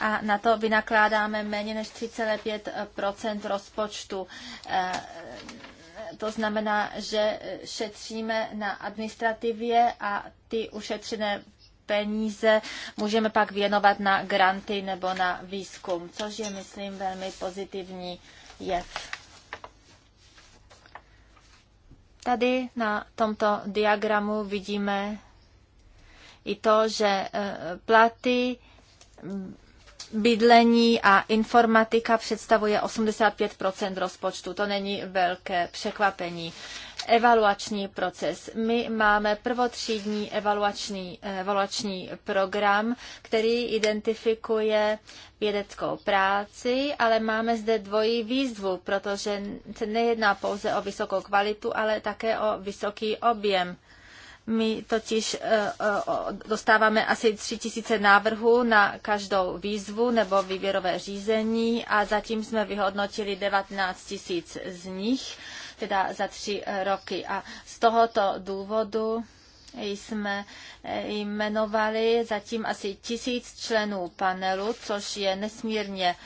a na to vynakládáme méně než 3,5 rozpočtu. Eh, to znamená, že šetříme na administrativě a ty ušetřené peníze můžeme pak věnovat na granty nebo na výzkum, což je, myslím, velmi pozitivní jev. Tady na tomto diagramu vidíme i to, že e, platy, bydlení a informatika představuje 85 rozpočtu. To není velké překvapení evaluační proces. My máme prvotřídní evaluační, evaluační program, který identifikuje vědeckou práci, ale máme zde dvojí výzvu, protože se nejedná pouze o vysokou kvalitu, ale také o vysoký objem. My totiž eh, eh, dostáváme asi 3000 návrhů na každou výzvu nebo výběrové řízení a zatím jsme vyhodnotili 19 000 z nich teda za tři eh, roky. A z tohoto důvodu jsme eh, jmenovali zatím asi tisíc členů panelu, což je nesmírně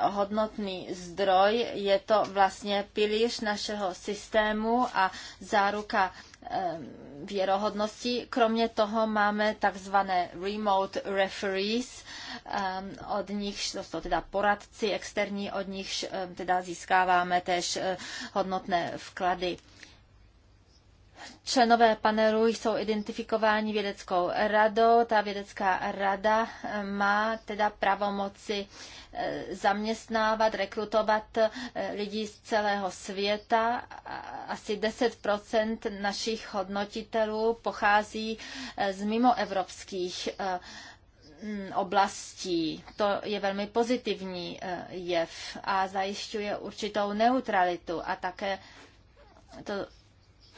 hodnotný zdroj. Je to vlastně pilíř našeho systému a záruka Eh, věrohodnosti. Kromě toho máme takzvané remote referees, eh, od nichž, to jsou teda poradci externí, od nich eh, teda získáváme též hodnotné vklady. Členové panelu jsou identifikováni vědeckou radou. Ta vědecká rada eh, má teda pravomoci eh, zaměstnávat, rekrutovat eh, lidi z celého světa. Asi 10 našich hodnotitelů pochází z mimoevropských mm, oblastí. To je velmi pozitivní jev a zajišťuje určitou neutralitu a také to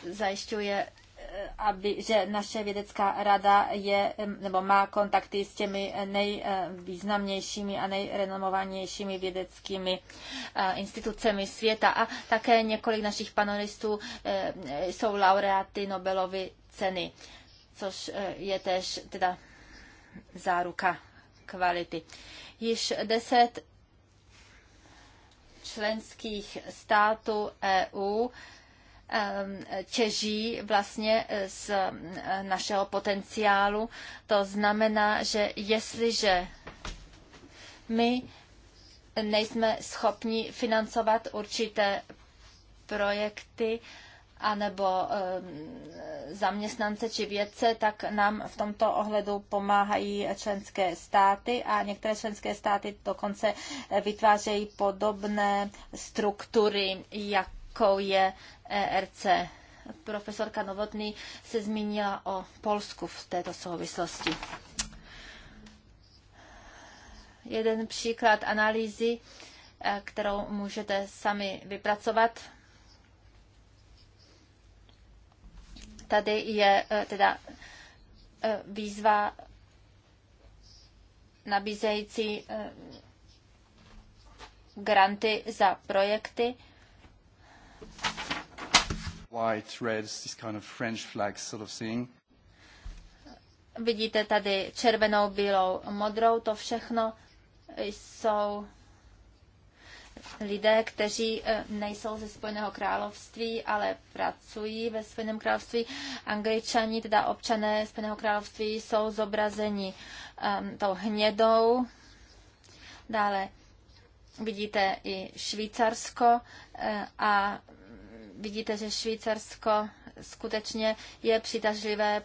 zajišťuje eh, aby, že naše vědecká rada je, nebo má kontakty s těmi nejvýznamnějšími a nejrenomovanějšími vědeckými eh, institucemi světa. A také několik našich panelistů eh, jsou laureáty Nobelovy ceny, což je tež teda záruka kvality. Již deset členských států EU Ehm, těží vlastně eh, z eh, našeho potenciálu. To znamená, že jestliže my nejsme schopni financovat určité projekty, anebo ehm, zaměstnance či vědce, tak nám v tomto ohledu pomáhají členské státy a některé členské státy dokonce eh, vytvářejí podobné struktury, jako je ERC. Profesorka Novotný se zmínila o Polsku v této souvislosti. Jeden příklad analýzy, e, kterou můžete sami vypracovat. Tady je e, teda e, výzva nabízející granty za projekty white, red, this kind of French flag sort of thing. Vidíte tady červenou, bílou, modrou, to všechno jsou lidé, kteří eh, nejsou ze Spojeného království, ale pracují ve Spojeném království. Angličani, teda občané Spojeného království, jsou zobrazeni um, tou hnědou. Dále vidíte i Švýcarsko eh, a vidíte, že Švýcarsko skutečně je přitažlivé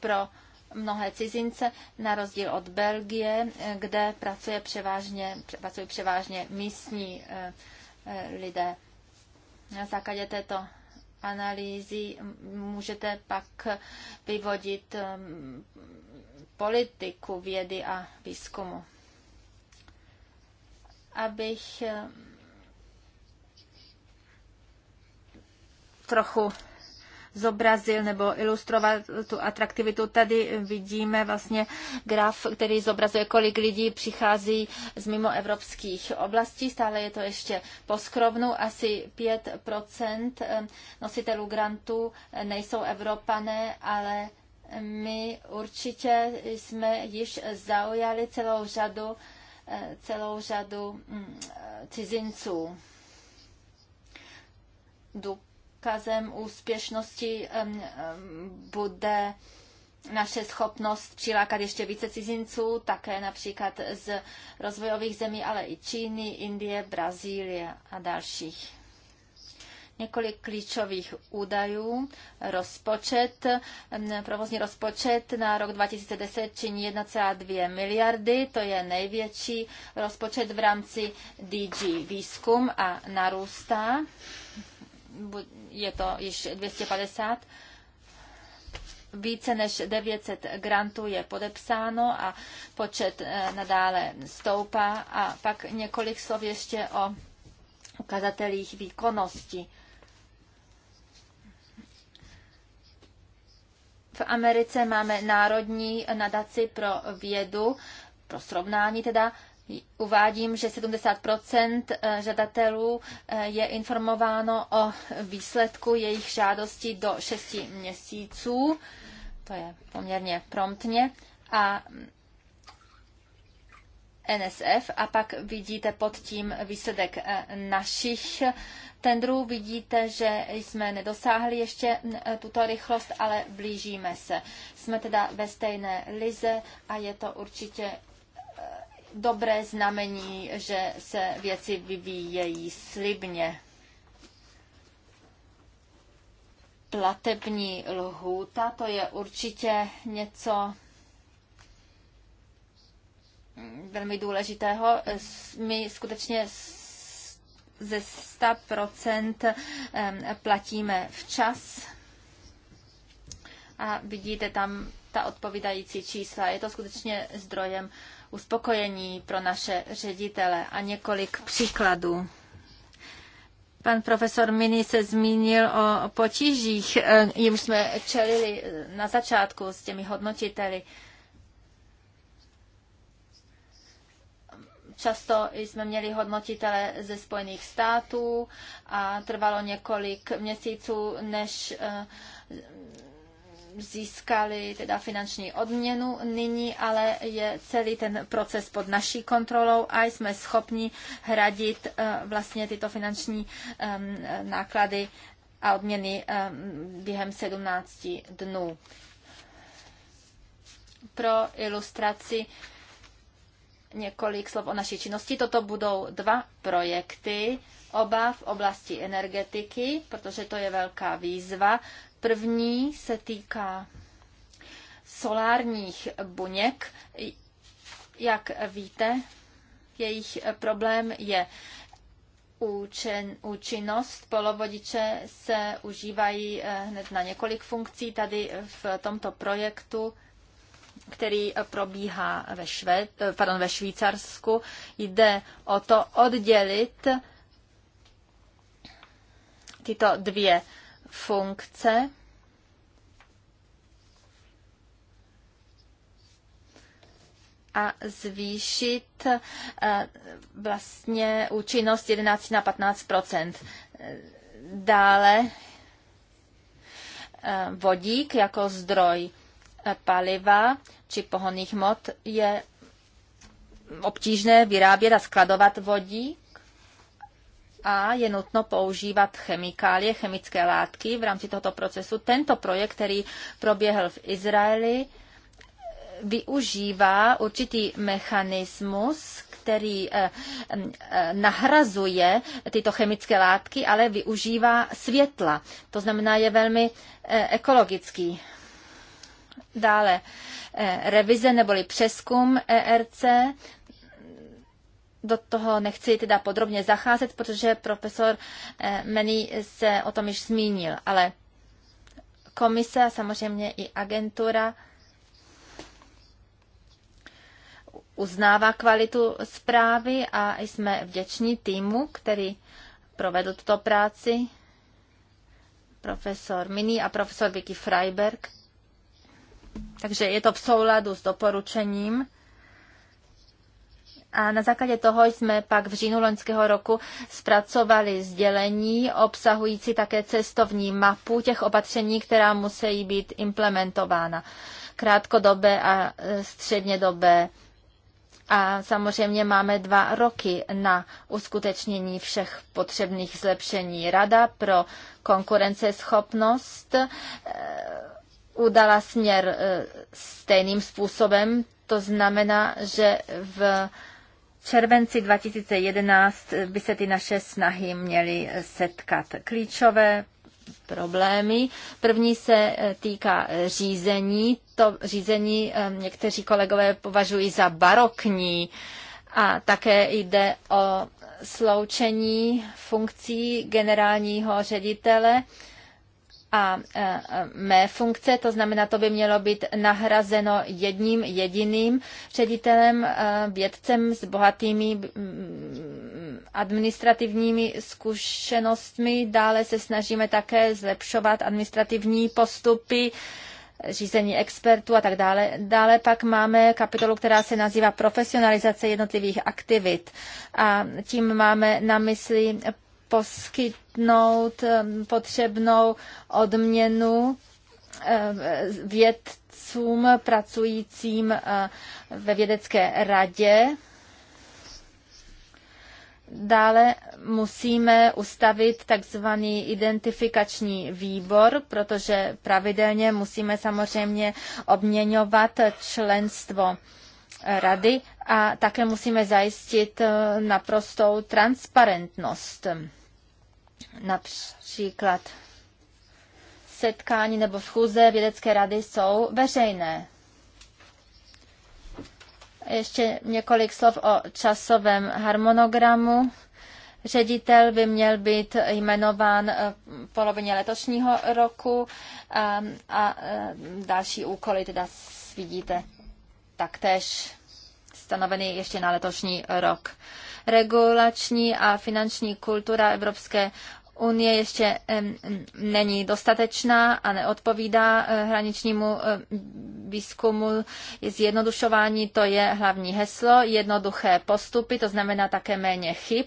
pro mnohé cizince, na rozdíl od Belgie, kde pracuje převážně, pracují převážně místní eh, eh, lidé. Na základě této analýzy můžete pak vyvodit ehm, politiku vědy a výzkumu. Abych ehm, trochu zobrazil nebo ilustroval tu atraktivitu. Tady vidíme vlastně graf, který zobrazuje, kolik lidí přichází z mimo evropských oblastí. Stále je to ještě poskrovnu. Asi 5% eh, nositelů grantů nejsou Evropané, ale my určitě jsme již zaujali celou řadu, eh, celou řadu mm, eh, cizinců. Dup důkazem úspěšnosti bude naše schopnost přilákat ještě více cizinců, také například z rozvojových zemí, ale i Číny, Indie, Brazílie a dalších. Několik klíčových údajů. Rozpočet, provozní rozpočet na rok 2010 činí 1,2 miliardy, to je největší rozpočet v rámci DG výzkum a narůstá je to již 250. Více než 900 grantů je podepsáno a počet eh, nadále stoupá. A pak několik slov ještě o ukazatelích výkonnosti. V Americe máme Národní nadaci pro vědu, pro srovnání teda, Uvádím, že 70 eh, žadatelů eh, je informováno o výsledku jejich žádosti do 6 měsíců, to je poměrně promptně, a NSF a pak vidíte pod tím výsledek eh, našich tendrů. Vidíte, že jsme nedosáhli ještě mm, tuto rychlost, ale blížíme se. Jsme teda ve stejné lize a je to určitě dobré znamení, že se věci vyvíjejí slibně. Platební lhůta, to je určitě něco velmi důležitého. My skutečně ze 100% platíme včas a vidíte tam ta odpovídající čísla. Je to skutečně zdrojem uspokojení pro naše ředitele a několik příkladů. Pan profesor Mini se zmínil o potížích, eh, jim jsme čelili eh, na začátku s těmi hodnotiteli. Často jsme měli hodnotitele ze Spojených států a trvalo několik měsíců, než eh, získali teda finanční odměnu nyní, ale je celý ten proces pod naší kontrolou a jsme schopni hradit eh, vlastně tyto finanční ehm, náklady a odměny ehm, během 17 dnů. Pro ilustraci několik slov o naší činnosti. Toto budou dva projekty, oba v oblasti energetiky, protože to je velká výzva První se týká solárních buněk. Jak víte, jejich problém je účin, účinnost. Polovodiče se užívají eh, hned na několik funkcí. Tady v tomto projektu který eh, probíhá ve, Švéd, eh, pardon, ve Švýcarsku. Jde o to oddělit tyto dvě funkce. a zvýšit eh, vlastně účinnost 11 na 15 Dále eh, vodík jako zdroj paliva či pohonných hmot je obtížné vyrábět a skladovat vodík a je nutno používat chemikálie, chemické látky v rámci tohoto procesu. Tento projekt, který proběhl v Izraeli, využívá určitý mechanismus, který eh, eh, nahrazuje tyto chemické látky, ale využívá světla. To znamená, je velmi eh, ekologický. Dále revize neboli přeskum ERC, do toho nechci teda podrobně zacházet, protože profesor eh, Meny se o tom již zmínil, ale komise a samozřejmě i agentura uznává kvalitu zprávy a jsme vděční týmu, který provedl tuto práci, profesor Mini a profesor Vicky Freiberg. Takže je to v souladu s doporučením a na základě toho jsme pak v říjnu loňského roku zpracovali sdělení obsahující také cestovní mapu těch opatření, která musí být implementována. Krátkodobé a e, střednědobé. A samozřejmě máme dva roky na uskutečnění všech potřebných zlepšení. Rada pro konkurenceschopnost e, udala směr e, stejným způsobem, to znamená, že v červenci 2011 by se ty naše snahy měly setkat. Klíčové problémy. První se týká řízení. To řízení eh, někteří kolegové považují za barokní a také jde o sloučení funkcí generálního ředitele a mé funkce, to znamená, to by mělo být nahrazeno jedním jediným ředitelem, vědcem s bohatými administrativními zkušenostmi. Dále se snažíme také zlepšovat administrativní postupy, řízení expertů a tak dále. Dále pak máme kapitolu, která se nazývá profesionalizace jednotlivých aktivit a tím máme na mysli poskytnout potřebnou odměnu vědcům pracujícím eh, ve vědecké radě. Dále musíme ustavit takzvaný identifikační výbor, protože pravidelně musíme samozřejmě obměňovat členstvo rady a také musíme zajistit eh, naprostou transparentnost. Například setkání nebo schůze vědecké rady jsou veřejné. Ještě několik slov o časovém harmonogramu. Ředitel by měl být jmenován eh, v polovině letošního roku ehm, a, a eh, další úkoly teda vidíte taktéž stanovený ještě na letošní rok regulační a finanční kultura Evropské unie ještě není dostatečná a neodpovídá eh, hraničnímu eh, výzkumu. Zjednodušování to je hlavní heslo, jednoduché postupy, to znamená také méně chyb.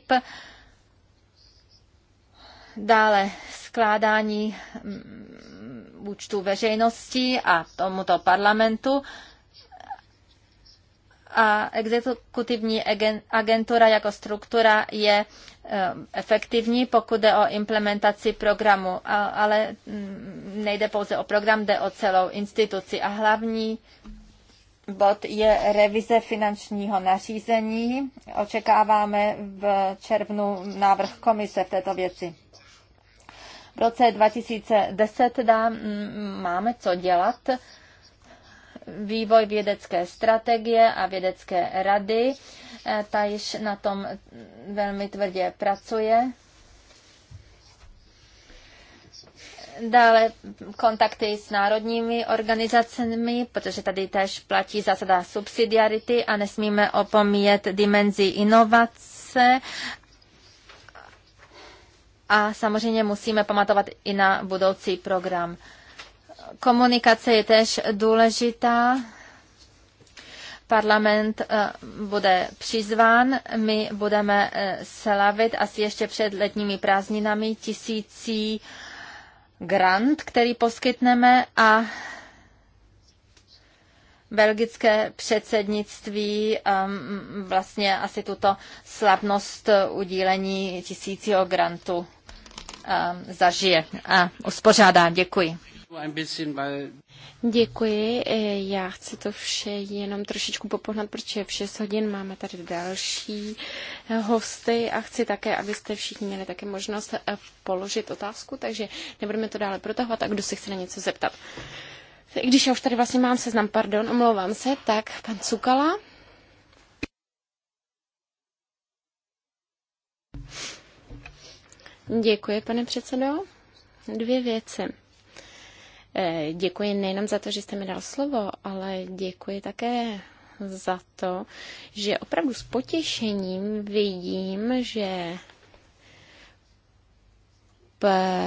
Dále skládání mm, účtů veřejnosti a tomuto parlamentu a exekutivní agentura jako struktura je ehm, efektivní, pokud jde o implementaci programu, ale mm, nejde pouze o program, jde o celou instituci. A hlavní bod je revize finančního nařízení. Očekáváme v červnu návrh komise v této věci. V roce 2010 dá, máme co dělat vývoj vědecké strategie a vědecké rady. Eh, ta již na tom velmi tvrdě pracuje. Dále kontakty s národními organizacemi, protože tady tež platí zásada subsidiarity a nesmíme opomíjet dimenzi inovace a samozřejmě musíme pamatovat i na budoucí program. Komunikace je tež důležitá. Parlament eh, bude přizván, my budeme eh, slavit asi ještě před letními prázdninami tisící grant, který poskytneme a belgické předsednictví um, vlastně asi tuto slavnost eh, udílení tisícího grantu um, zažije a uspořádá. Děkuji. Děkuji, e, já chci to vše jenom trošičku popohnat, protože v 6 hodin máme tady další e, hosty a chci také, abyste všichni měli také možnost e, položit otázku, takže nebudeme to dále protahovat a kdo se chce na něco zeptat. Když já už tady vlastně mám seznam, pardon, omlouvám se, tak pan Cukala. Děkuji, pane předsedo. Dvě věci. Eh, děkuji nejenom za to, že jste mi dal slovo, ale děkuji také za to, že opravdu s potěšením vidím, že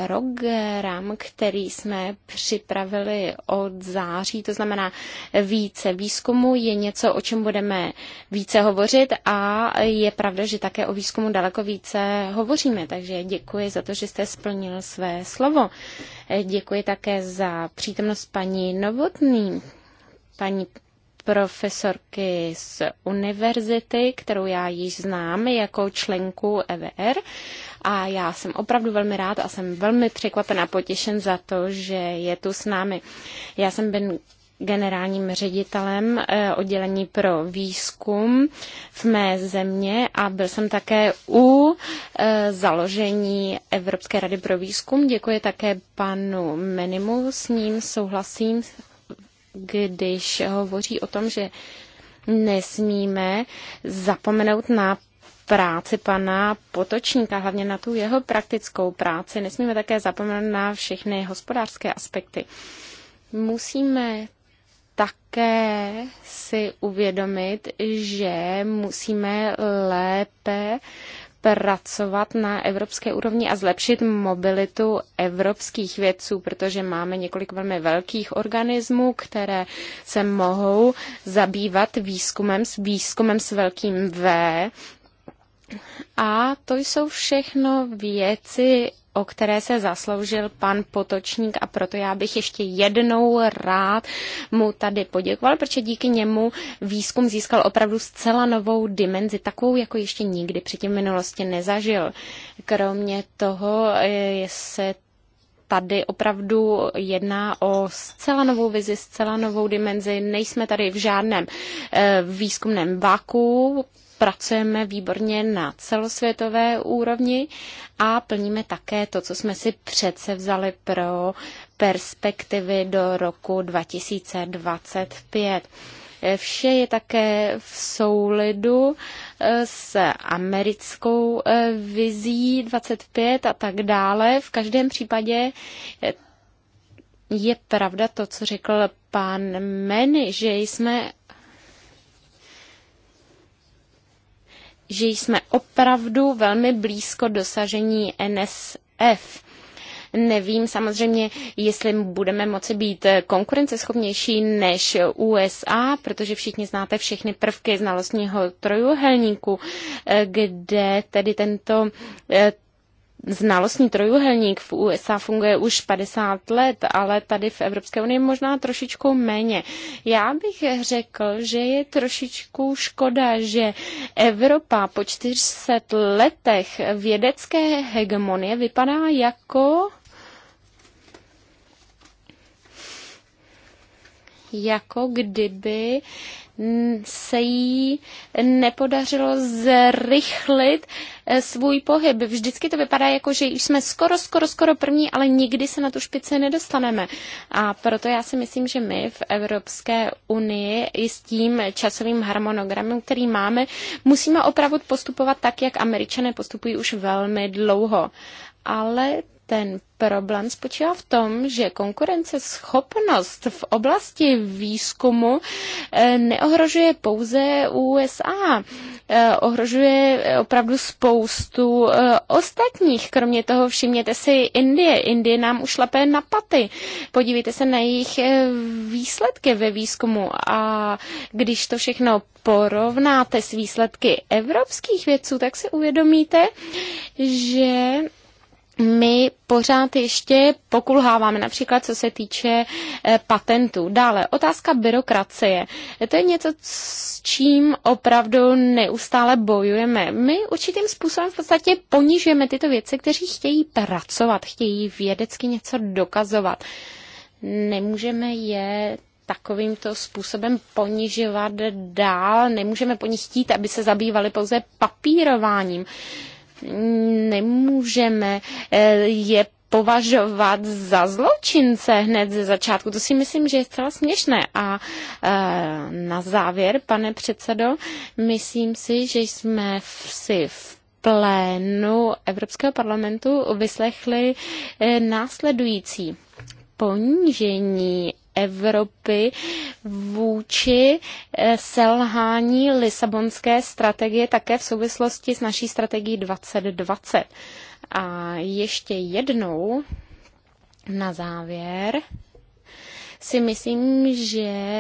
program, který jsme připravili od září, to znamená více výzkumu, je něco, o čem budeme více hovořit a je pravda, že také o výzkumu daleko více hovoříme, takže děkuji za to, že jste splnil své slovo. Děkuji také za přítomnost paní Novotný, paní profesorky z univerzity, kterou já již znám jako členku EVR a já jsem opravdu velmi rád a jsem velmi překvapen a potěšen za to, že je tu s námi. Já jsem byl generálním ředitelem eh, oddělení pro výzkum v mé země a byl jsem také u eh, založení Evropské rady pro výzkum. Děkuji také panu Menimu, s ním souhlasím, když hovoří o tom, že nesmíme zapomenout na práci pana Potočníka, hlavně na tu jeho praktickou práci. Nesmíme také zapomenout na všechny hospodářské aspekty. Musíme také si uvědomit, že musíme lépe pracovat na evropské úrovni a zlepšit mobilitu evropských vědců, protože máme několik velmi velkých organismů, které se mohou zabývat výzkumem, s výzkumem s velkým V, a to jsou všechno věci, o které se zasloužil pan Potočník a proto já bych ještě jednou rád mu tady poděkoval, protože díky němu výzkum získal opravdu zcela novou dimenzi, takovou, jako ještě nikdy předtím v minulosti nezažil. Kromě toho eh, se tady opravdu jedná o zcela novou vizi, zcela novou dimenzi. Nejsme tady v žádném eh, výzkumném vaku, pracujeme výborně na celosvětové úrovni a plníme také to, co jsme si přece vzali pro perspektivy do roku 2025. Vše je také v soulidu eh, s americkou eh, vizí 25 a tak dále. V každém případě eh, je pravda to, co řekl pan Meny, že jsme že jsme opravdu velmi blízko dosažení NSF. Nevím samozřejmě, jestli budeme moci být konkurenceschopnější než USA, protože všichni znáte všechny prvky znalostního trojuhelníku, eh, kde tedy tento eh, znalostní trojuhelník v USA funguje už 50 let, ale tady v Evropské unii možná trošičku méně. Já bych řekl, že je trošičku škoda, že Evropa po 400 letech vědecké hegemonie vypadá jako jako kdyby Mm, se jí nepodařilo zrychlit eh, svůj pohyb. Vždycky to vypadá jako, že jsme skoro, skoro, skoro první, ale nikdy se na tu špici nedostaneme. A proto já si myslím, že my v Evropské unii i s tím časovým harmonogramem, který máme, musíme opravdu postupovat tak, jak američané postupují už velmi dlouho. Ale ten problém spočívá v tom, že konkurenceschopnost v oblasti výzkumu eh, neohrožuje pouze USA. Eh, ohrožuje eh, opravdu spoustu ostatních. Kromě toho všimněte si Indie. Indie nám ušlapé na paty. Podívejte se na jejich výsledky ve výzkumu a když to všechno porovnáte s výsledky evropských vědců, tak si uvědomíte, že my pořád ještě pokulháváme, například co se týče eh, patentů. Dále, otázka byrokracie. To je něco, s čím opravdu neustále bojujeme. My určitým způsobem v podstatě ponižujeme tyto věci, kteří chtějí pracovat, chtějí vědecky něco dokazovat. Nemůžeme je takovýmto způsobem ponižovat dál, nemůžeme po nich chtít, aby se zabývali pouze papírováním nemůžeme eh, je považovat za zločince hned ze začátku. To si myslím, že je zcela směšné. A e, na závěr, pane předsedo, myslím si, že jsme v, si v plénu Evropského parlamentu vyslechli e, následující ponížení Evropy vůči eh, selhání Lisabonské strategie také v souvislosti s naší strategií 2020. A ještě jednou na závěr si myslím, že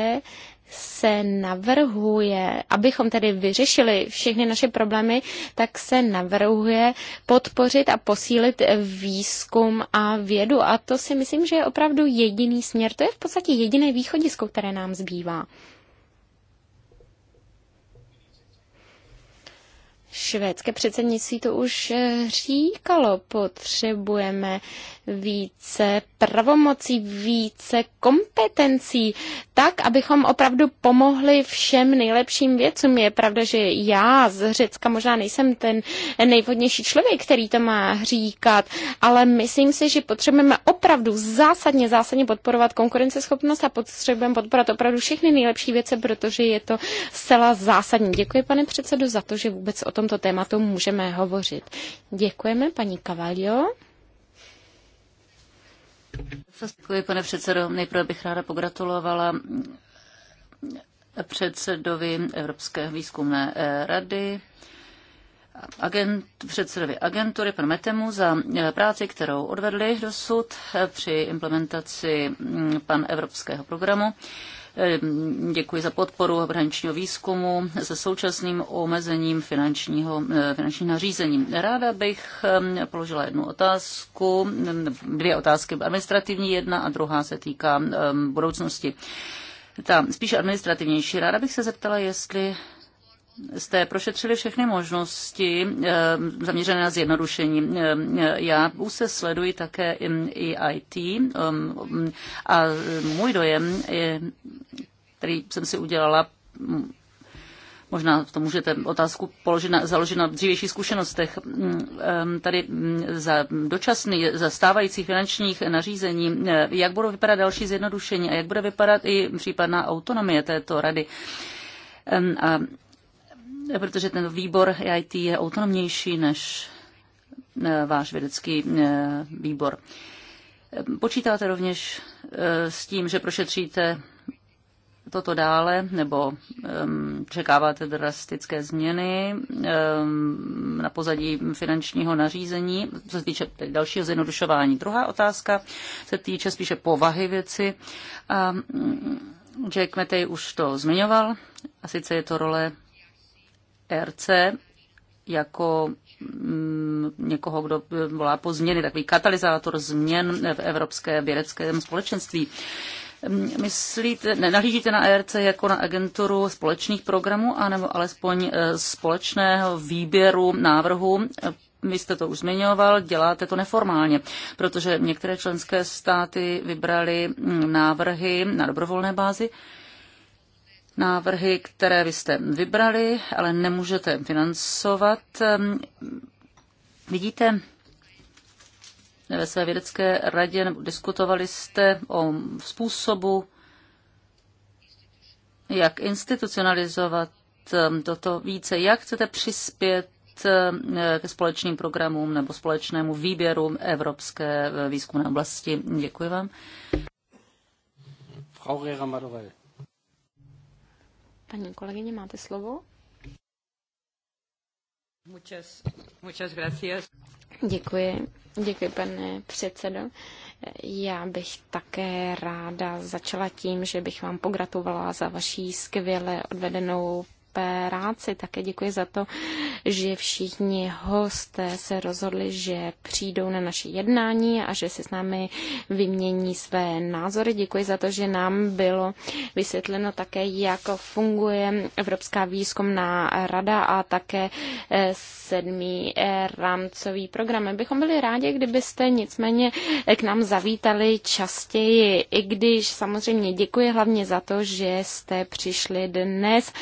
se navrhuje, abychom tedy vyřešili všechny naše problémy, tak se navrhuje podpořit a posílit výzkum a vědu. A to si myslím, že je opravdu jediný směr. To je v podstatě jediné východisko, které nám zbývá. Švédské předsednictví to už říkalo, potřebujeme více pravomocí, více kompetencí, tak, abychom opravdu pomohli všem nejlepším věcům. Je pravda, že já z Řecka možná nejsem ten nejvhodnější člověk, který to má říkat, ale myslím si, že potřebujeme opravdu zásadně, zásadně podporovat konkurenceschopnost a potřebujeme podporovat opravdu všechny nejlepší věci, protože je to zcela zásadní. Děkuji, pane předsedo, za to, že vůbec o tomto tématu můžeme hovořit. Děkujeme, paní Kavalio. Děkuji, pane předsedo. Nejprve bych ráda pogratulovala předsedovi Evropské výzkumné eh, rady, agent, předsedovi agentury, panu Metemu, za eh, práci, kterou odvedli dosud eh, při implementaci mm, pan evropského programu. Ehm, děkuji za podporu hraničního výzkumu se současným omezením finančního, eh, finančního nařízení. Ráda bych ehm, položila jednu otázku, ehm, dvě otázky administrativní, jedna a druhá se týká budoucnosti. Ta spíše administrativnější. Ráda bych se zeptala, jestli jste prošetřili všechny možnosti eh, zaměřené na zjednodušení. Eh, eh, já se sleduji také EIT e a můj dojem, který jsem si udělala, možná to můžete otázku položit na, založit na dřívějších zkušenostech. Tady za dočasný, za stávajících finančních nařízení, jak budou vypadat další zjednodušení a jak bude vypadat i případná autonomie této rady. A protože ten výbor e IT je autonomnější než e, váš vědecký e, výbor. Počítáte rovněž s tím, že prošetříte toto dále, nebo um, čekáváte drastické změny um, na pozadí finančního nařízení, co se týče dalšího zjednodušování. Druhá otázka se týče spíše povahy věci. A, Jack Metej už to zmiňoval, a sice je to role ERC jako mm, někoho, kdo volá po změny, takový katalyzátor změn v evropské vědeckém společenství. Mm, myslíte, nenahlížíte na ERC jako na agenturu společných programů, anebo alespoň e, společného výběru návrhu vy jste to už zmiňoval, děláte to neformálně, protože některé členské státy vybrali mm, návrhy na dobrovolné bázi návrhy, které vy jste vybrali, ale nemůžete financovat. Ehm, vidíte, eh, ve své vědecké radě diskutovali jste o způsobu, jak institucionalizovat ehm, toto více, jak chcete přispět ehm, eh, ke společným programům nebo společnému výběru Evropské eh, výzkumné oblasti. Děkuji vám. Frau Rera Paní kolegyně, máte slovo? Muchas, muchas gracias. Děkuji. Děkuji, pane předsedo. Já bych také ráda začala tím, že bych vám pogratulovala za vaší skvěle odvedenou práci. Také děkuji za to, že všichni hosté se rozhodli, že přijdou na naše jednání a že si s námi vymění své názory. Děkuji za to, že nám bylo vysvětleno také, jak funguje Evropská výzkumná rada a také eh, sedmý eh, rámcový program. My bychom byli rádi, kdybyste nicméně eh, k nám zavítali častěji, i když samozřejmě děkuji hlavně za to, že jste přišli dnes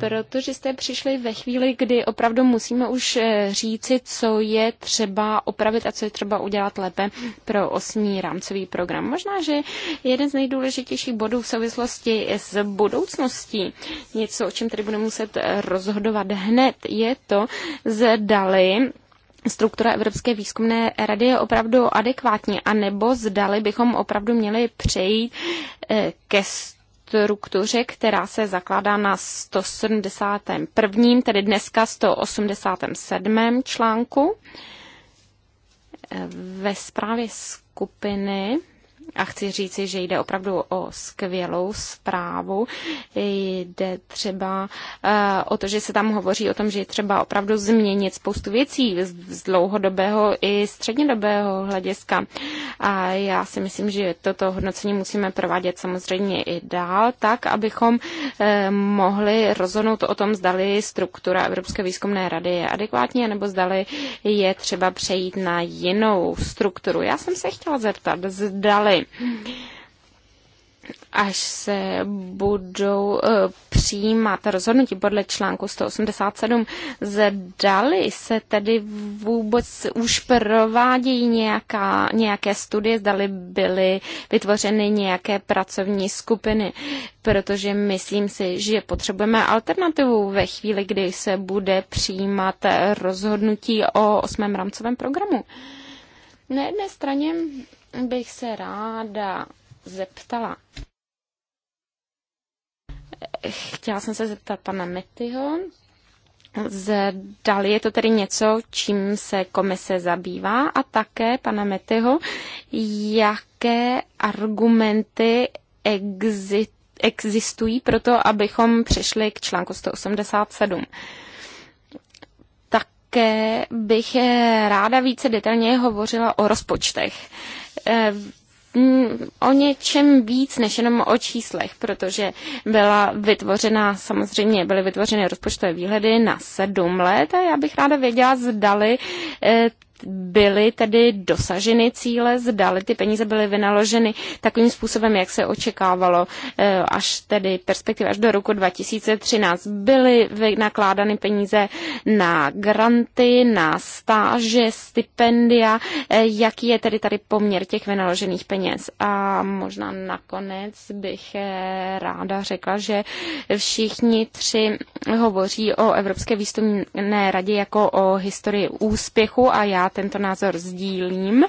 protože jste přišli ve chvíli, kdy opravdu musíme už eh, říci, co je třeba opravit a co je třeba udělat lépe pro osmý rámcový program. Možná, že jeden z nejdůležitějších bodů v souvislosti s budoucností, něco, o čem tedy budeme muset rozhodovat hned, je to, zdali struktura Evropské výzkumné rady je opravdu adekvátní, anebo zdali bychom opravdu měli přejít eh, ke struktuře, která se zakládá na 171. tedy dneska 187. článku. Eh, ve zprávě skupiny a chci říci, že jde opravdu o skvělou zprávu. Jde třeba eh, o to, že se tam hovoří o tom, že je třeba opravdu změnit spoustu věcí z dlouhodobého i střednědobého hlediska. A já si myslím, že toto hodnocení musíme provádět samozřejmě i dál, tak, abychom eh, mohli rozhodnout o tom, zdali struktura Evropské výzkumné rady je adekvátní, nebo zdali je třeba přejít na jinou strukturu. Já jsem se chtěla zeptat, zdali až se budou eh, přijímat rozhodnutí podle článku 187, zdali se tedy vůbec už provádějí nějaká, nějaké studie, zdali byly vytvořeny nějaké pracovní skupiny, protože myslím si, že potřebujeme alternativu ve chvíli, kdy se bude přijímat rozhodnutí o osmém rámcovém programu. Na jedné straně bych se ráda zeptala. Chtěla jsem se zeptat pana Metyho, zdali je to tedy něco, čím se komise zabývá a také pana Metyho, jaké argumenty existují pro to, abychom přišli k článku 187 také bych ráda více detailně hovořila o rozpočtech. Eh, mm, o něčem víc než jenom o číslech, protože byla vytvořena, samozřejmě byly vytvořeny rozpočtové výhledy na sedm let a já bych ráda věděla, zdali eh, byly tedy dosaženy cíle, zdali ty peníze byly vynaloženy takovým způsobem, jak se očekávalo, eh, až tedy perspektiva až do roku 2013. Byly vynakládány peníze na granty, na stáže, stipendia, eh, jaký je tedy tady poměr těch vynaložených peněz. A možná nakonec bych eh, ráda řekla, že všichni tři hovoří o Evropské výstupní radě jako o historii úspěchu a já tento názor sdílím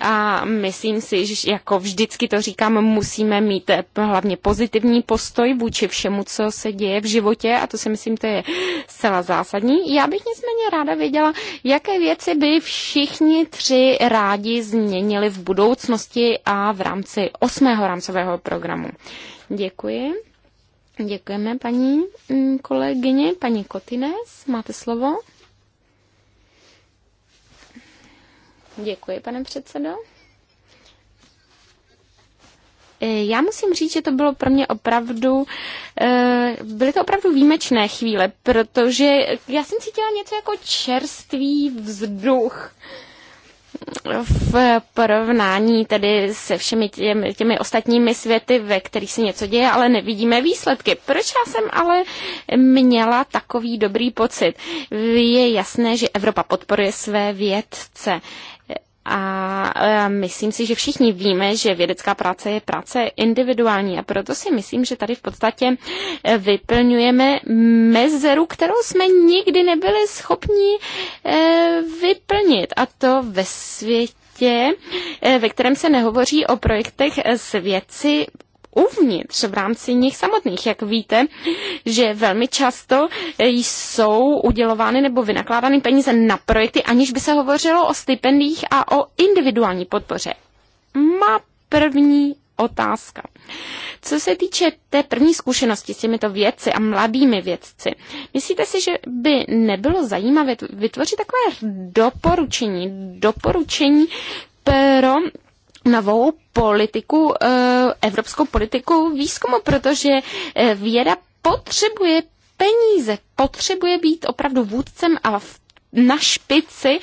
a myslím si, že jako vždycky to říkám, musíme mít eh, hlavně pozitivní postoj vůči všemu, co se děje v životě a to si myslím, to je zcela zásadní. Já bych nicméně ráda věděla, jaké věci by všichni tři rádi změnili v budoucnosti a v rámci osmého rámcového programu. Děkuji. Děkujeme paní mm, kolegyně, paní Kotines, máte slovo. Děkuji, pane předsedo. E, já musím říct, že to bylo pro mě opravdu, e, byly to opravdu výjimečné chvíle, protože já jsem cítila něco jako čerstvý vzduch v porovnání tedy se všemi těmi, těmi ostatními světy, ve kterých se něco děje, ale nevidíme výsledky. Proč já jsem ale měla takový dobrý pocit? Je jasné, že Evropa podporuje své vědce. A e, myslím si, že všichni víme, že vědecká práce je práce individuální a proto si myslím, že tady v podstatě e, vyplňujeme mezeru, kterou jsme nikdy nebyli schopni e, vyplnit a to ve světě, ve kterém se nehovoří o projektech s věci uvnitř, v rámci nich samotných. Jak víte, že velmi často jsou udělovány nebo vynakládány peníze na projekty, aniž by se hovořilo o stipendích a o individuální podpoře. Má první otázka. Co se týče té první zkušenosti s těmito vědci a mladými vědci, myslíte si, že by nebylo zajímavé vytvořit takové doporučení, doporučení pro novou politiku, eh, evropskou politiku výzkumu, protože eh, věda potřebuje peníze, potřebuje být opravdu vůdcem a na špici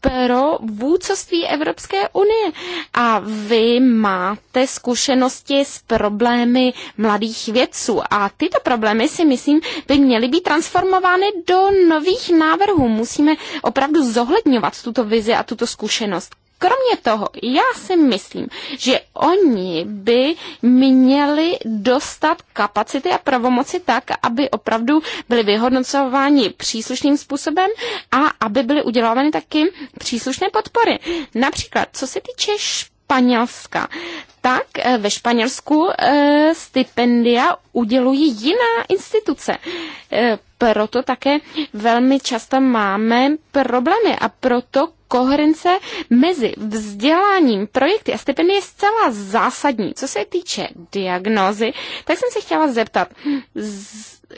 pro vůdcovství Evropské unie. A vy máte zkušenosti s problémy mladých vědců a tyto problémy si myslím by měly být transformovány do nových návrhů. Musíme opravdu zohledňovat tuto vizi a tuto zkušenost. Kromě toho, já si myslím, že oni by měli dostat kapacity a pravomoci tak, aby opravdu byli vyhodnocováni příslušným způsobem a aby byly udělávány taky příslušné podpory. Například, co se týče Španělska, tak eh, ve Španělsku eh, stipendia udělují jiná instituce. Eh, proto také velmi často máme problémy a proto koherence mezi vzděláním projekty a stipendy je zcela zásadní. Co se týče diagnózy, tak jsem se chtěla zeptat,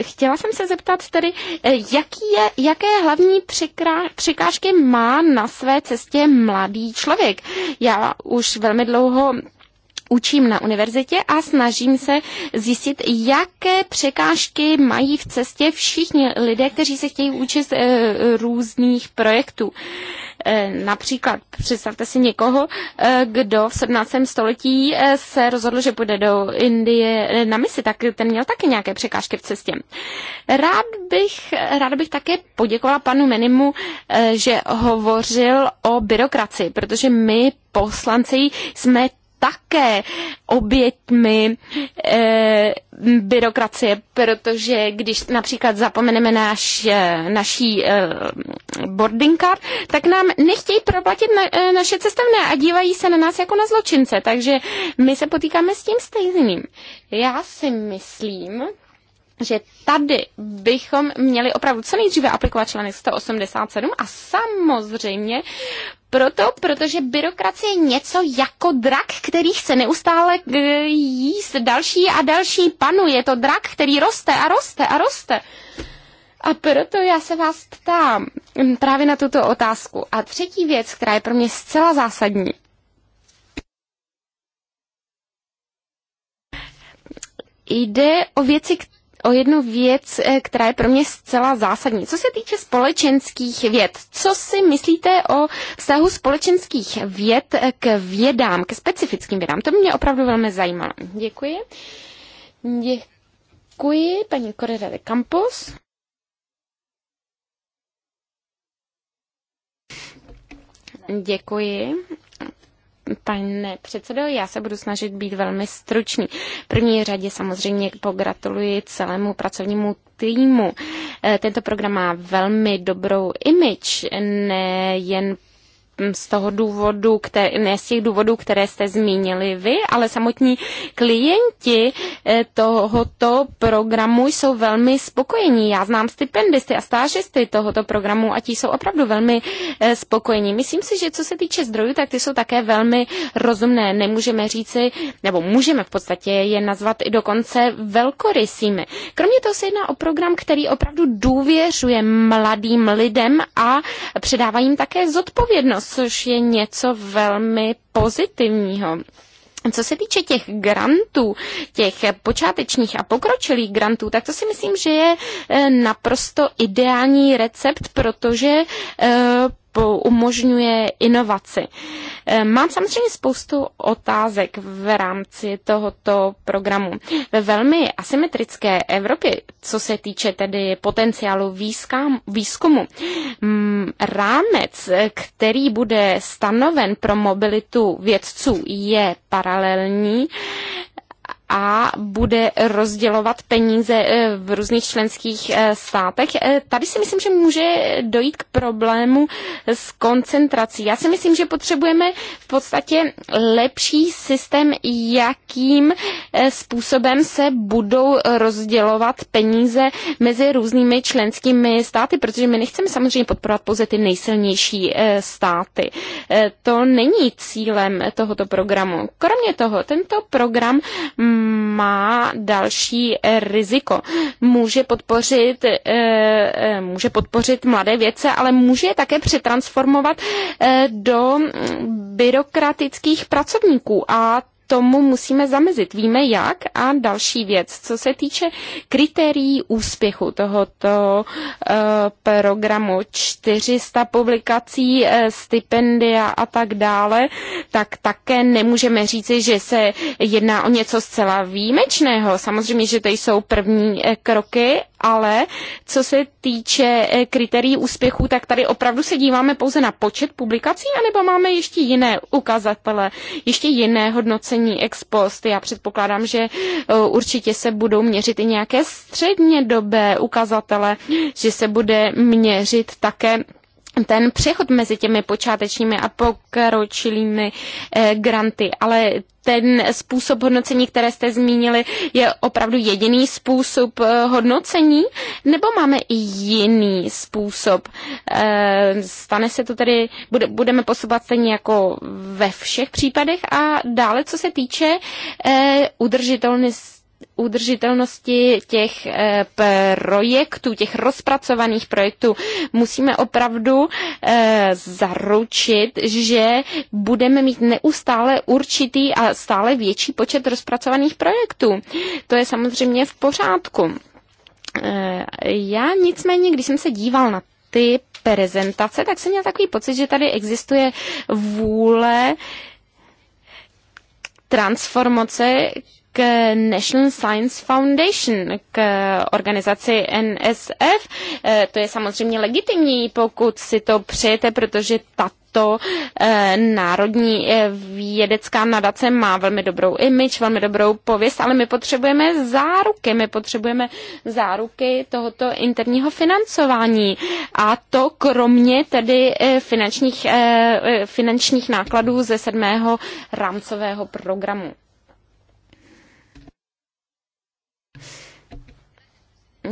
chtěla jsem se zeptat tedy, eh, jaký je, jaké hlavní překážky má na své cestě mladý člověk. Já už velmi dlouho učím na univerzitě a snažím se zjistit, jaké překážky mají v cestě všichni lidé, kteří se chtějí učit e, různých projektů. E, Eh, například představte si někoho, eh, kdo v 17. století eh, se rozhodl, že půjde do Indie na misi, tak ten měl taky nějaké překážky v cestě. Rád bych, rád bych také poděkovala panu Menimu, že hovořil o byrokracii, protože my poslanci jsme také oběťmi e, byrokracie, protože když například zapomeneme náš, eh, naší e, boarding card, tak nám nechtějí proplatit na, e, naše cestovné a dívají se na nás jako na zločince, takže my se potýkáme s tím stejným. Já si myslím, že tady bychom měli opravdu co nejdříve aplikovat článek 187 a samozřejmě proto, protože byrokracie je něco jako drak, který chce neustále eh, jíst další a další panu. Je to drak, který roste a roste a roste. A proto já se vás ptám hm, právě na tuto otázku. A třetí věc, která je pro mě zcela zásadní. Jde o věci, které o jednu věc, eh, která je pro mě zcela zásadní. Co se týče společenských věd, co si myslíte o vztahu společenských věd eh, k vědám, k specifickým vědám? To by mě opravdu velmi zajímalo. Děkuji. Děkuji, paní Correra de Campos. Děkuji pane předsedo. Já se budu snažit být velmi stručný. V první řadě samozřejmě pogratuluji celému pracovnímu týmu. E, tento program má velmi dobrou image, nejen z toho důvodu, které, ne z těch důvodů, které jste zmínili vy, ale samotní klienti e, tohoto programu jsou velmi spokojení. Já znám stipendisty a stážisty tohoto programu a ti jsou opravdu velmi e, spokojení. Myslím si, že co se týče zdrojů, tak ty jsou také velmi rozumné. Nemůžeme říci, nebo můžeme v podstatě je nazvat i dokonce velkorysými. Kromě toho se jedná o program, který opravdu důvěřuje mladým lidem a předává jim také zodpovědnost což je něco velmi pozitivního. Co se týče těch grantů, těch počátečních a pokročilých grantů, tak to si myslím, že je eh, naprosto ideální recept, protože eh, umožňuje inovaci. Ehm, mám samozřejmě spoustu otázek v rámci tohoto programu. Ve velmi asymetrické Evropě, co se týče tedy potenciálu výzkám, výzkumu, mm, rámec, který bude stanoven pro mobilitu vědců, je paralelní a bude rozdělovat peníze eh, v různých členských eh, státech. Eh, tady si myslím, že může dojít k problému s koncentrací. Já si myslím, že potřebujeme v podstatě lepší systém, jakým způsobem se budou rozdělovat peníze mezi různými členskými státy, protože my nechceme samozřejmě podporovat pouze ty nejsilnější státy. To není cílem tohoto programu. Kromě toho, tento program má další eh, riziko. Může podpořit, eh, eh, může podpořit mladé vědce, ale může je také přetransformovat do mm, byrokratických pracovníků a tomu musíme zamezit. Víme jak. A další věc, co se týče kritérií úspěchu tohoto eh, programu, 400 publikací, eh, stipendia a tak dále, tak také nemůžeme říci, že se jedná o něco zcela výjimečného. Samozřejmě, že to jsou první eh, kroky, ale co se týče eh, kritérií úspěchu, tak tady opravdu se díváme pouze na počet publikací, anebo máme ještě jiné ukazatele, ještě jiné hodnocení ex post. Já předpokládám, že eh, určitě se budou měřit i nějaké střednědobé ukazatele, že se bude měřit také ten přechod mezi těmi počátečními a pokročilými eh, granty, ale ten způsob hodnocení, které jste zmínili, je opravdu jediný způsob eh, hodnocení, nebo máme i jiný způsob? Eh, stane se to tedy, budeme posouvat stejně jako ve všech případech a dále, co se týče udržitelnosti udržitelnosti těch eh, projektů, těch rozpracovaných projektů, musíme opravdu eh, zaručit, že budeme mít neustále určitý a stále větší počet rozpracovaných projektů. To je samozřejmě v pořádku. Eh, já nicméně, když jsem se díval na ty prezentace, tak jsem měl takový pocit, že tady existuje vůle transformace k National Science Foundation, k organizaci NSF. Eh, to je samozřejmě legitimní, pokud si to přejete, protože tato eh, národní eh, vědecká nadace má velmi dobrou image, velmi dobrou pověst, ale my potřebujeme záruky, my potřebujeme záruky tohoto interního financování a to kromě tedy finančních, finančních nákladů ze sedmého rámcového programu.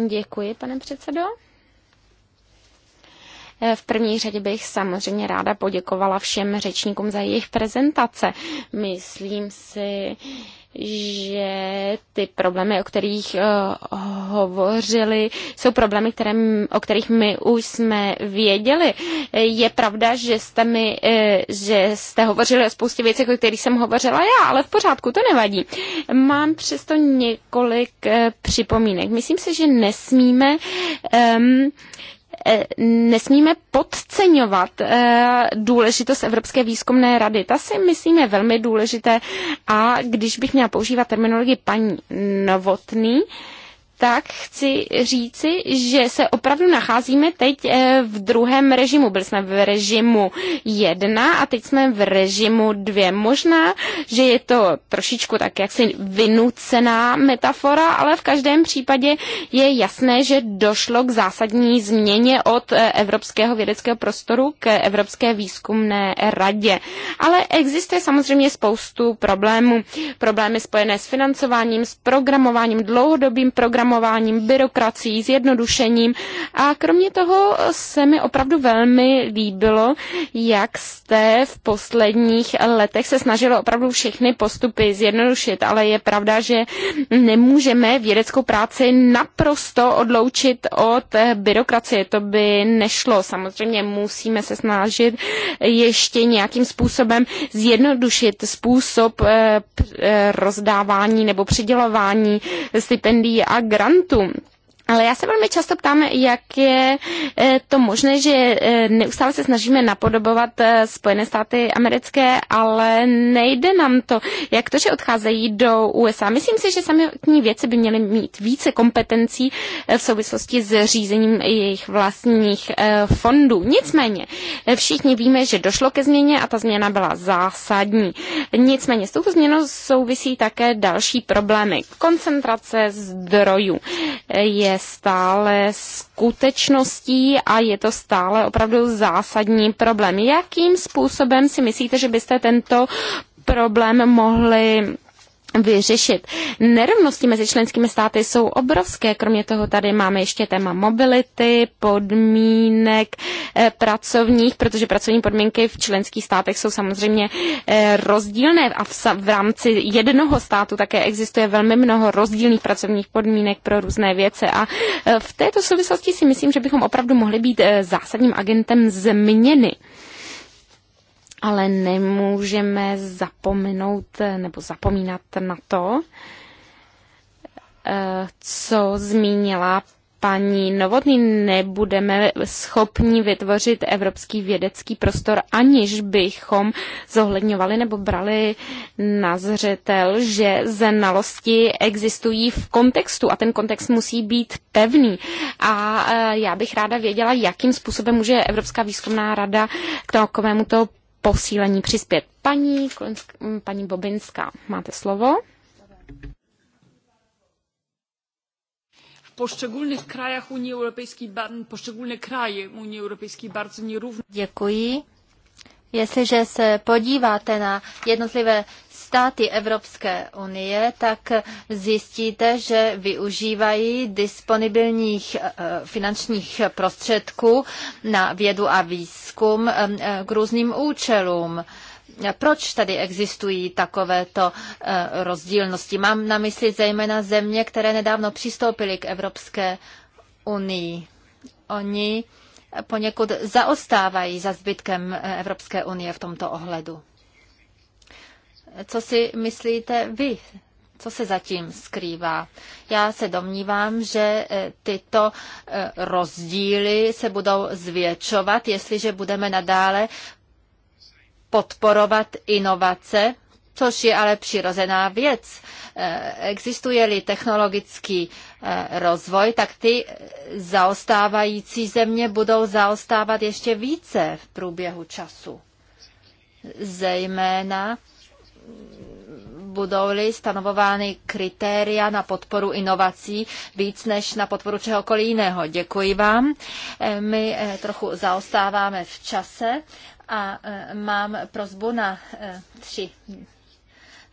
Děkuji, pane předsedo. Eh, v první řadě bych samozřejmě ráda poděkovala všem řečníkům za jejich prezentace. Myslím si, že ty problémy, o kterých uh, hovořili, jsou problémy, které, o kterých my už jsme věděli. Je pravda, že jste, mi, uh, že jste hovořili o spoustě věcí, o kterých jsem hovořila já, ale v pořádku, to nevadí. Mám přesto několik uh, připomínek. Myslím si, že nesmíme um, E, nesmíme podceňovat e, důležitost Evropské výzkumné rady. Ta si myslím je velmi důležité a když bych měla používat terminologii paní Novotný, tak chci říci, že se opravdu nacházíme teď eh, v druhém režimu. Byli jsme v režimu jedna a teď jsme v režimu dvě. Možná, že je to trošičku tak jaksi vynucená metafora, ale v každém případě je jasné, že došlo k zásadní změně od eh, Evropského vědeckého prostoru k Evropské výzkumné radě. Ale existuje samozřejmě spoustu problémů. Problémy spojené s financováním, s programováním, dlouhodobým programováním, programováním, byrokracií, zjednodušením. A kromě toho se mi opravdu velmi líbilo, jak jste v posledních letech se snažili opravdu všechny postupy zjednodušit, ale je pravda, že nemůžeme vědeckou práci naprosto odloučit od byrokracie. To by nešlo. Samozřejmě musíme se snažit ještě nějakým způsobem zjednodušit způsob eh, eh, rozdávání nebo přidělování stipendií a grantům. Ale já se velmi často ptám, jak je eh, to možné, že eh, neustále se snažíme napodobovat eh, Spojené státy americké, ale nejde nám to. Jak to, že odcházejí do USA? Myslím si, že samotní věci by měly mít více kompetencí v souvislosti s řízením jejich vlastních fondů. Nicméně, všichni víme, že došlo ke změně a ta změna byla zásadní. Nicméně s touto změnou souvisí také další problémy. Koncentrace zdrojů je stále skutečností a je to stále opravdu zásadní problém. Jakým způsobem si myslíte, že byste tento problém mohli vyřešit. Nerovnosti mezi členskými státy jsou obrovské, kromě toho tady máme ještě téma mobility, podmínek eh, pracovních, protože pracovní podmínky v členských státech jsou samozřejmě eh, rozdílné a v rámci jednoho státu také existuje velmi mnoho rozdílných pracovních podmínek pro různé věce a eh, v této souvislosti si myslím, že bychom opravdu mohli být zásadním agentem změny ale nemůžeme zapomenout eh, nebo zapomínat na to, eh, co zmínila paní Novotný, nebudeme schopni vytvořit evropský vědecký prostor, aniž bychom zohledňovali nebo brali na zřetel, že znalosti existují v kontextu a ten kontext musí být pevný. A eh, já bych ráda věděla, jakým způsobem může Evropská výzkumná rada k takovému to posílení přispět. Paní, mm, paní Bobinská, máte slovo. poszczególnych krajach Unii Europejskiej, poszczególne kraje Unii Europejskiej bardzo nierówno. Děkuji. Jestliže se podíváte na jednotlivé státy Evropské unie, tak zjistíte, že využívají disponibilních eh, finančních prostředků na vědu a výzkum eh, k různým účelům proč tady existují takovéto eh, rozdílnosti. Mám na mysli zejména země, které nedávno přistoupily k Evropské unii. Oni poněkud zaostávají za zbytkem Evropské unie v tomto ohledu co si myslíte vy co se zatím skrývá. Já se domnívám, že e, tyto e, rozdíly se budou zvětšovat, jestliže budeme nadále podporovat inovace, což je ale přirozená věc. E, existuje-li technologický rozvoj, tak ty zaostávající země budou zaostávat ještě více v průběhu času. Zejména budou-li stanovovány kritéria na podporu inovací víc než na podporu čehokoliv jiného. Děkuji vám. Eh, my eh, trochu zaostáváme v čase a eh, mám prozbu na tři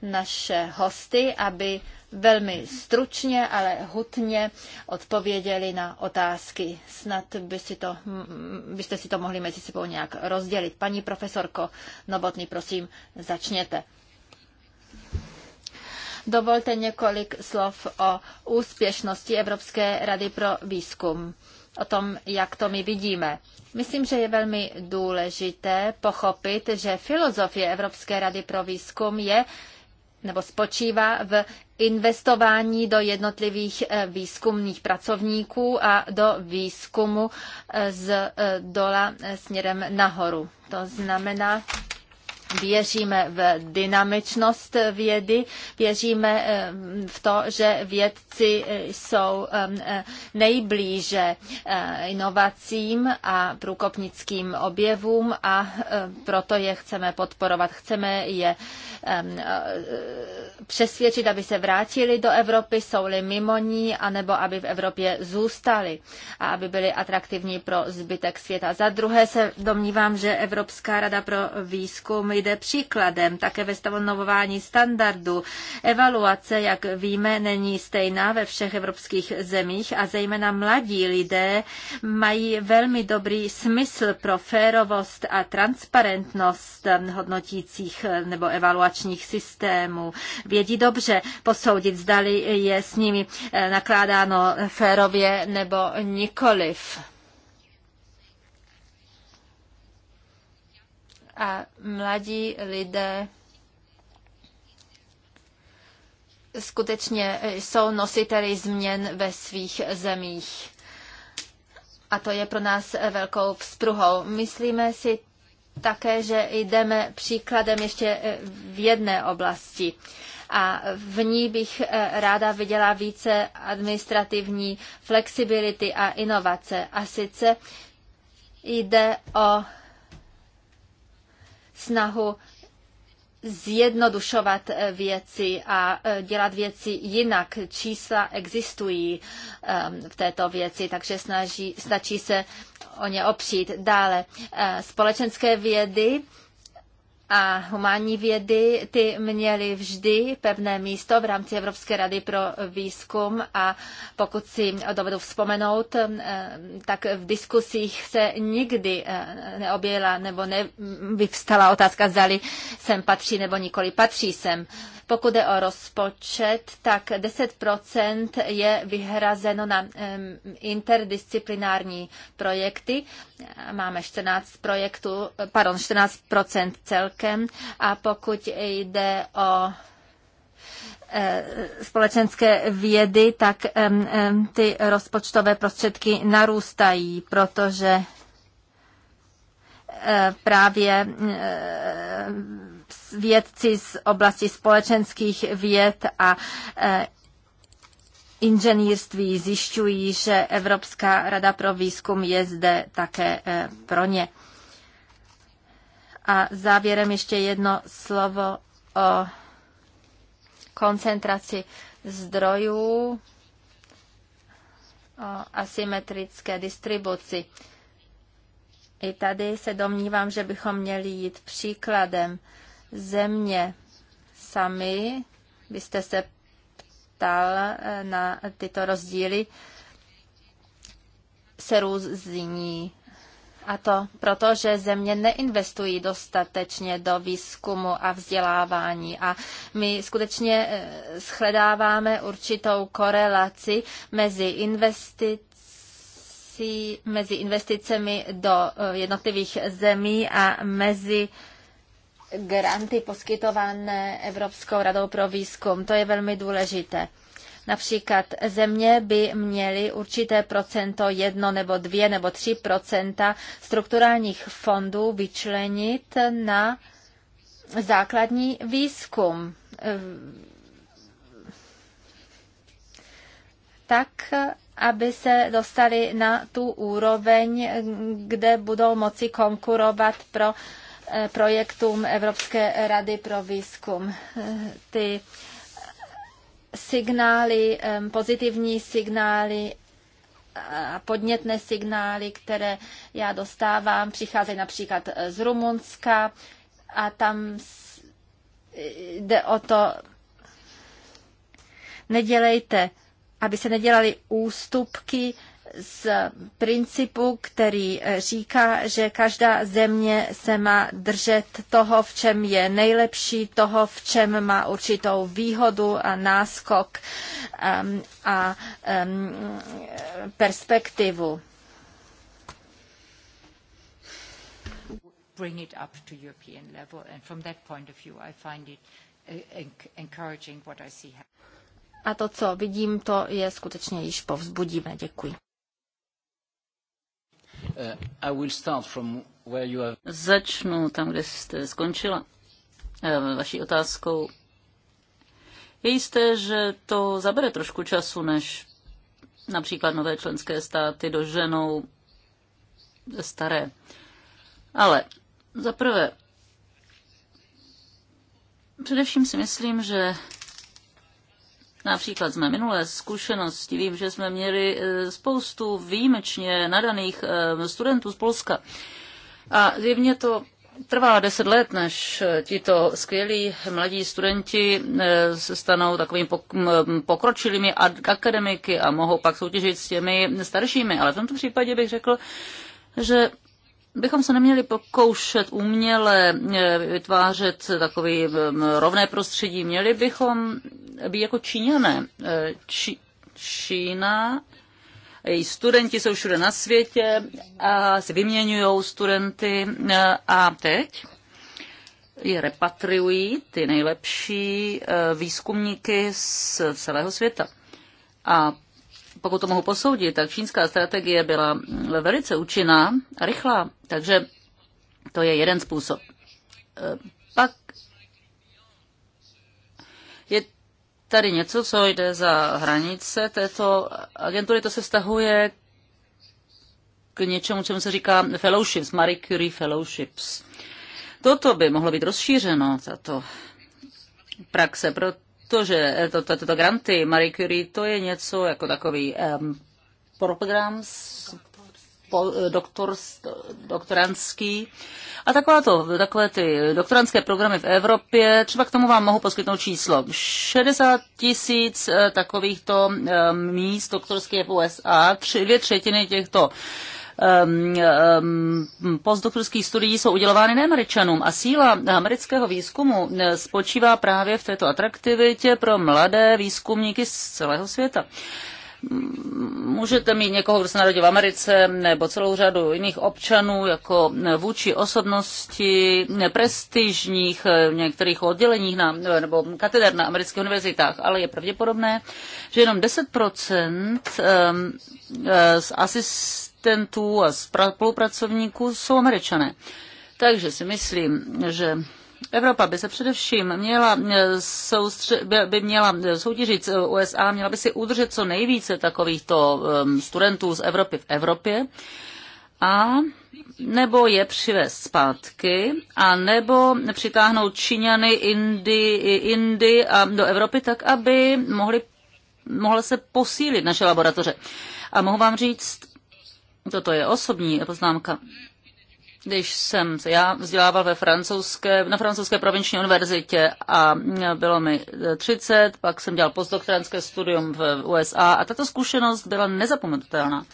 naše hosty, aby velmi stručně, ale hutně odpověděli na otázky. Snad by si to, byste si to mohli mezi sebou nějak rozdělit. Paní profesorko Novotný, prosím, začněte. Dovolte několik slov o úspěšnosti Evropské rady pro výzkum, o tom, jak to my vidíme. Myslím, že je velmi důležité pochopit, že filozofie Evropské rady pro výzkum je nebo spočívá v investování do jednotlivých eh, výzkumných pracovníků a do výzkumu eh, z eh, dola směrem nahoru. To znamená Věříme v dynamičnost vědy, věříme eh, v to, že vědci eh, jsou eh, nejblíže inovacím a průkopnickým objevům a proto je chceme podporovat. Chceme je přesvědčit, aby se vrátili do Evropy, jsou-li mimo ní, anebo aby v Evropě zůstali a aby byli atraktivní pro zbytek světa. Za druhé se domnívám, že Evropská rada pro výzkum jde příkladem, také ve stanovování standardů. Evaluace, jak víme, není stejná ve všech evropských zemích a zejména mladí lidé mají velmi dobrý smysl pro férovost a transparentnost hodnotících nebo evaluačních systémů. Vědí dobře posoudit, zdali je s nimi nakládáno férově nebo nikoliv. a mladí lidé skutečně jsou nositeli změn ve svých zemích. A to je pro nás velkou vzpruhou. Myslíme si také, že jdeme příkladem ještě v jedné oblasti a v ní bych ráda viděla více administrativní flexibility a inovace. A sice jde o snahu zjednodušovat eh, věci a eh, dělat věci jinak. Čísla existují ehm, v této věci, takže snaží, stačí se o ně opřít. Dále eh, společenské vědy a humánní vědy, ty měly vždy pevné místo v rámci Evropské rady pro výzkum a pokud si dovedu vzpomenout, eh, tak v diskusích se nikdy eh, neobjela nebo nevyvstala otázka, zdali sem patří nebo nikoli patří sem. Pokud jde o rozpočet, tak 10% je vyhrazeno na interdisciplinární projekty. Máme 14 projektů, pardon, 14% celkem. A pokud jde o e, společenské vědy, tak ty rozpočtové prostředky narůstají, protože e, právě e, vědci z oblasti společenských věd a e, inženýrství zjišťují, že Evropská rada pro výzkum je zde také e, pro ně. A závěrem ještě jedno slovo o koncentraci zdrojů, o asymetrické distribuci. I tady se domnívám, že bychom měli jít příkladem země. Sami byste se ptal eh, na tyto rozdíly, se různí. A to proto, že země neinvestují dostatečně do výzkumu a vzdělávání. A my skutečně eh, shledáváme určitou korelaci mezi investicemi mezi investicemi do eh, jednotlivých zemí a mezi granty poskytované Evropskou radou pro výzkum. To je velmi důležité. Například země by měly určité procento, jedno nebo dvě nebo tři procenta strukturálních fondů vyčlenit na základní výzkum. Tak, aby se dostali na tu úroveň, kde budou moci konkurovat pro uh, projektům Evropské rady pro výzkum. Ty signály, pozitivní signály a podnětné signály, které já dostávám, přicházejí například eh, z Rumunska a tam eh, jde o to, nedělejte, aby se nedělaly ústupky z principu, který eh, říká, že každá země se má držet toho, v čem je nejlepší, toho, v čem má určitou výhodu a náskok a perspektivu. bring it up to European level. And from that point of view, I find it eh, encouraging what I see A to, co vidím, to je skutečně již povzbudivé. Děkuji. Uh, Začnu tam, kde jste skončila eh, vaší otázkou. Je jisté, že to zabere trošku času, než například nové členské státy doženou staré. Ale za prvé, především si myslím, že Například z mé minulé zkušenosti vím, že jsme měli e, spoustu výjimečně nadaných e, studentů z Polska. A zjevně to trvá deset let, než e, tito skvělí mladí studenti se stanou takovými pokročilými akademiky a mohou pak soutěžit s těmi staršími. Ale v tomto případě bych řekl, že bychom se neměli pokoušet uměle eh, vytvářet takový eh, rovné prostředí. Měli bychom být jako Číňané. Eh, Či, Čína, její studenti jsou všude na světě a se vyměňují studenty a teď je repatriují ty nejlepší výzkumníky z celého světa. A pokud to mohu posoudit, tak čínská strategie byla velice účinná a rychlá, takže to je jeden způsob. E, pak je tady něco, co jde za hranice této agentury, to se vztahuje k něčemu, čemu se říká fellowships, Marie Curie fellowships. Toto by mohlo být rozšířeno, tato praxe, pro to, že eh, to, to, tyto granty Marie Curie, to je něco jako takový um, program eh, doktor, doktorantský. A taková to, takové ty doktorantské programy v Evropě, třeba k tomu vám mohu poskytnout číslo. 60 tisíc eh, takovýchto míst doktorských v USA, tři, dvě třetiny těchto Ehm, ehm, postdoktorských studií jsou udělovány neameričanům a síla amerického výzkumu eh, spočívá právě v této atraktivitě pro mladé výzkumníky z celého světa. Můžete mít někoho, kdo se narodil v Americe, nebo celou řadu jiných občanů, jako eh, vůči osobnosti eh, prestižních některých odděleních na, nebo katedr na amerických univerzitách, ale je pravděpodobné, že jenom 10% ehm, z asist asistentů a spolupracovníků jsou američané. Takže si myslím, že Evropa by se především měla e, soustře- by měla soutěžit s USA, měla by si udržet co nejvíce takovýchto studentů z Evropy v Evropě a nebo je přivést zpátky, a nebo přitáhnout Číňany, Indy, Indy a do Evropy tak, aby mohly mohla se posílit naše laboratoře. A mohu vám říct, toto je osobní poznámka. Když jsem se já vzdělával ve francouzské, na francouzské provinční univerzitě a bylo mi 30, pak jsem dělal postdoktorantské studium v USA a tato zkušenost byla nezapomenutelná.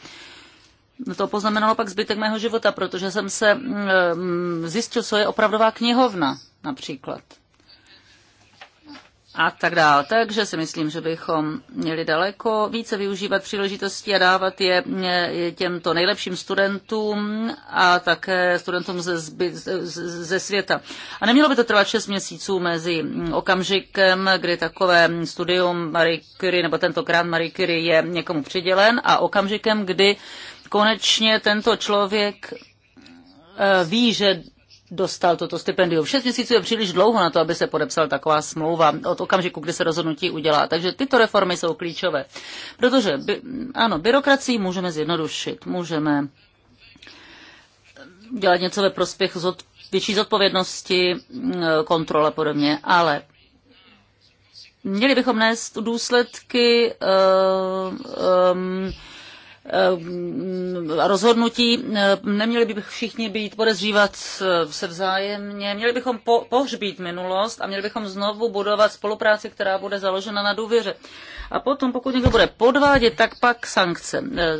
To poznamenalo pak zbytek mého života, protože jsem se mm, zjistil, co je opravdová knihovna například a tak dále. Takže si myslím, že bychom měli daleko více využívat příležitosti a dávat je eh, těmto nejlepším studentům a také studentům ze, zby, ze světa. A nemělo by to trvat 6 měsíců mezi okamžikem, kdy takové studium Marie Curie nebo tento krán Marie Curie je někomu přidělen a okamžikem, kdy konečně tento člověk eh, ví, že dostal toto stipendium. Šest měsíců je příliš dlouho na to, aby se podepsal taková smlouva od okamžiku, kdy se rozhodnutí udělá. Takže tyto reformy jsou klíčové. Protože, by, ano, byrokracii můžeme zjednodušit, můžeme dělat něco ve prospěch zod, větší zodpovědnosti, eh, kontrol a podobně, ale měli bychom nést důsledky uh, um, Eh, rozhodnutí. Eh, neměli by všichni být podezřívat se vzájemně. Měli bychom po, pohřbít minulost a měli bychom znovu budovat spolupráci, která bude založena na důvěře. A potom, pokud někdo bude podvádět, tak pak sankce. Eh,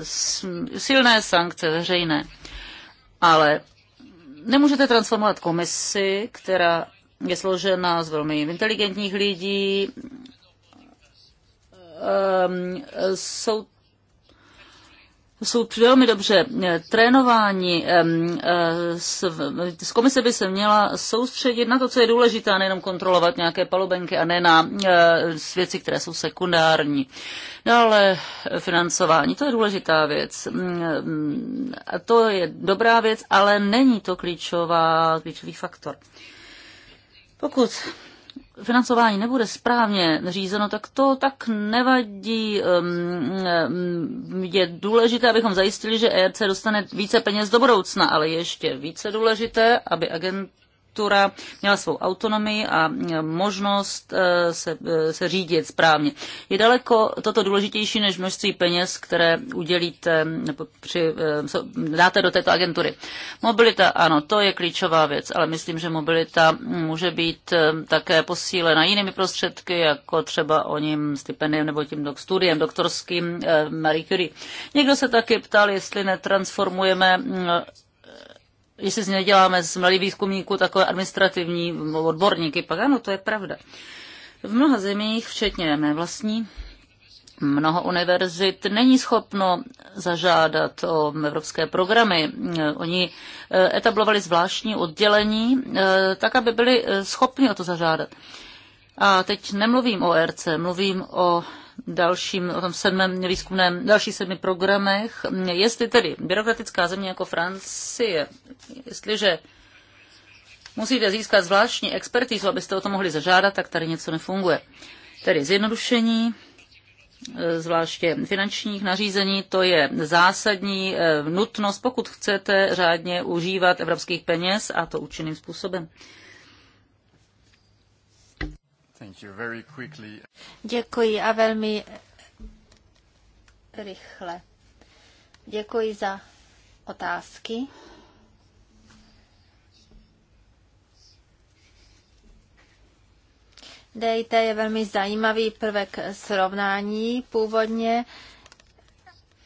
silné sankce, veřejné. Ale nemůžete transformovat komisi, která je složena z velmi inteligentních lidí. Ehm, jsou jsou velmi dobře eh, trénováni. Eh, z komise by se měla soustředit na to, co je důležité, a nejenom kontrolovat nějaké palubenky a ne na eh, věci, které jsou sekundární. ale financování, to je důležitá věc. A mm, to je dobrá věc, ale není to klíčová, klíčový faktor. Pokud financování nebude správně řízeno, tak to tak nevadí. Je důležité, abychom zajistili, že ERC dostane více peněz do budoucna, ale ještě více důležité, aby agent struktura měla svou autonomii a možnost eh, se, eh, se řídit správně. Je daleko toto důležitější než množství peněz, které udělíte nebo při, eh, dáte do této agentury. Mobilita, ano, to je klíčová věc, ale myslím, že mobilita může být také posílena jinými prostředky, jako třeba o ním stipendiem nebo tím dok, studiem doktorským Marie Curie. Někdo se taky ptal, jestli netransformujeme jestli si neděláme z mladých výzkumníků takové administrativní odborníky, pak ano, to je pravda. V mnoha zemích, včetně mé vlastní, mnoho univerzit není schopno zažádat o evropské programy. Oni eh, etablovali zvláštní oddělení, eh, tak aby byli eh, schopni o to zažádat. A teď nemluvím o e RC, mluvím o dalším, o tom sedmém výzkumném, dalších sedmi programech. Jestli tedy byrokratická země jako Francie, jestliže musíte získat zvláštní expertizu, abyste o to mohli zažádat, tak tady něco nefunguje. Tedy zjednodušení, e, zvláště finančních nařízení, to je zásadní e, nutnost, pokud chcete řádně užívat evropských peněz a to účinným způsobem. Děkuji a velmi rychle. Děkuji za otázky. DIT je velmi zajímavý prvek srovnání. Původně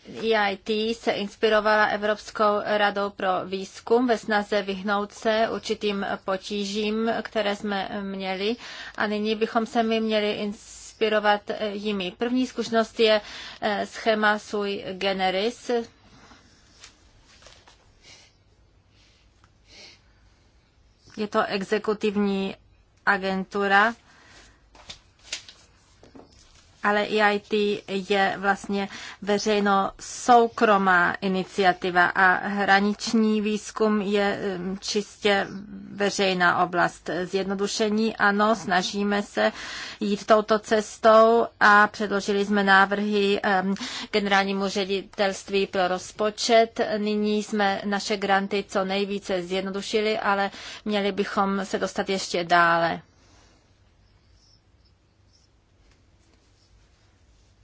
EIT se inspirovala Evropskou radou pro výzkum ve snaze vyhnout se určitým potížím, které jsme měli a nyní bychom se my měli inspirovat jimi. První zkušenost je eh, schéma sui generis, Je to exekutivní agentura, ale EIT je vlastně veřejno-soukromá iniciativa a hraniční výzkum je čistě veřejná oblast. Zjednodušení ano, snažíme se jít touto cestou a předložili jsme návrhy generálnímu ředitelství pro rozpočet. Nyní jsme naše granty co nejvíce zjednodušili, ale měli bychom se dostat ještě dále.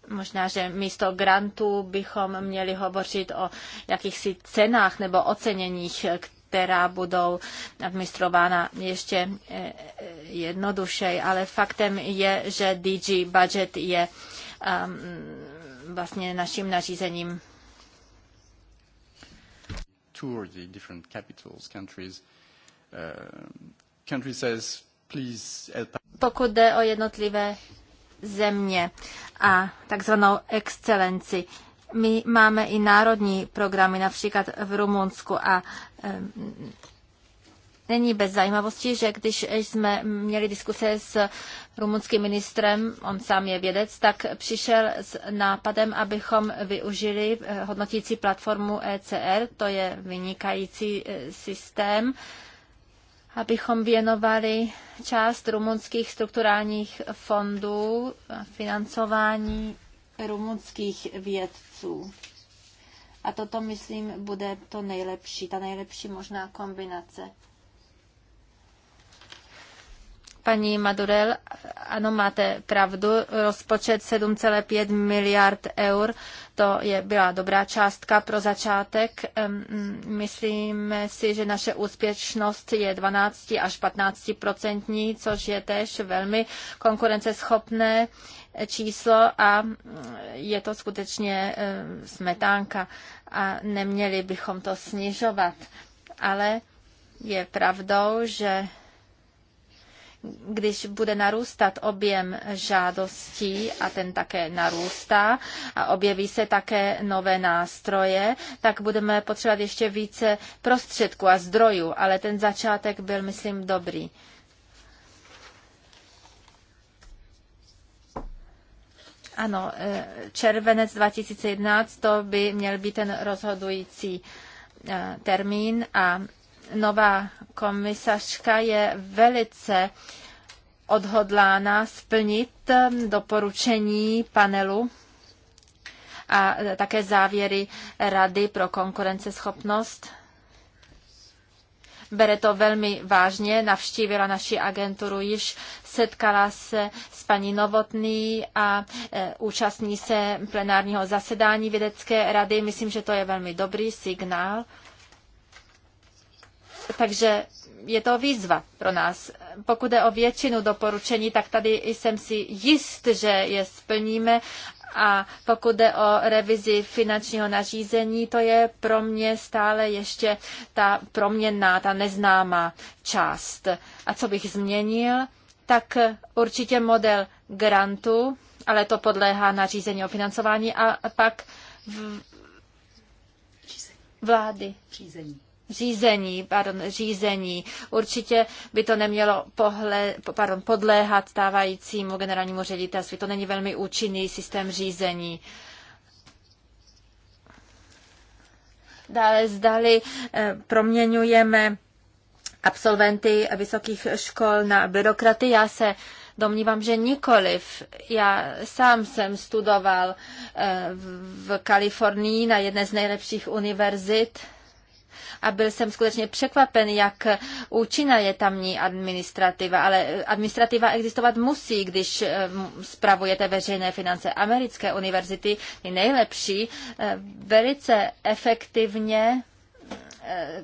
Možná, že místo grantů bychom měli hovořit o jakýchsi cenách nebo oceněních, která budou administrována ještě eh, eh, jednodušej, ale faktem je, že DG budget je um, vlastně naším nařízením. Tour the different capitals, countries. Uh, country says, please help. Pokud jde o jednotlivé země a takzvanou excelenci. My máme i národní programy, například v Rumunsku a Není bez zajímavosti, že když jsme měli diskuse s rumunským ministrem, on sám je vědec, tak přišel s nápadem, abychom využili eh, hodnotící platformu ECR, to je vynikající eh, systém, abychom věnovali část rumunských strukturálních fondů financování rumunských vědců. A toto, myslím, bude to nejlepší, ta nejlepší možná kombinace. Paní Madurel, ano, máte pravdu, rozpočet 7,5 miliard eur, to je, byla dobrá částka pro začátek. Myslíme si, že naše úspěšnost je 12 až 15 procentní, což je tež velmi konkurenceschopné číslo a je to skutečně eh, smetánka a neměli bychom to snižovat. Ale je pravdou, že když bude narůstat objem žádostí a ten také narůstá a objeví se také nové nástroje, tak budeme potřebovat ještě více prostředků a zdrojů, ale ten začátek byl, myslím, dobrý. Ano, eh, červenec 2011 to by měl být ten rozhodující eh, termín a nová komisařka je velice odhodlána splnit um, doporučení panelu a e, také závěry Rady pro konkurenceschopnost. Bere to velmi vážně, navštívila naši agenturu již, setkala se s paní Novotný a e, účastní se plenárního zasedání vědecké rady. Myslím, že to je velmi dobrý signál. Takže je to výzva pro nás. Pokud je o většinu doporučení, tak tady jsem si jist, že je splníme a pokud jde o revizi finančního nařízení, to je pro mě stále ještě ta proměnná, ta neznámá část. A co bych změnil, tak určitě model grantu, ale to podléhá nařízení o financování a pak v... vlády. Řízení řízení, pardon, řízení. Určitě by to nemělo pohle, pardon, podléhat stávajícímu generálnímu ředitelství. To není velmi účinný systém řízení. Dále zdali eh, proměňujeme absolventy vysokých škol na byrokraty. Já se Domnívám, že nikoliv. Já sám jsem studoval eh, v Kalifornii na jedné z nejlepších univerzit a byl jsem skutečně překvapen, jak účinná je tamní administrativa, ale administrativa existovat musí, když eh, spravujete veřejné finance. Americké univerzity, je nejlepší, eh, velice efektivně eh,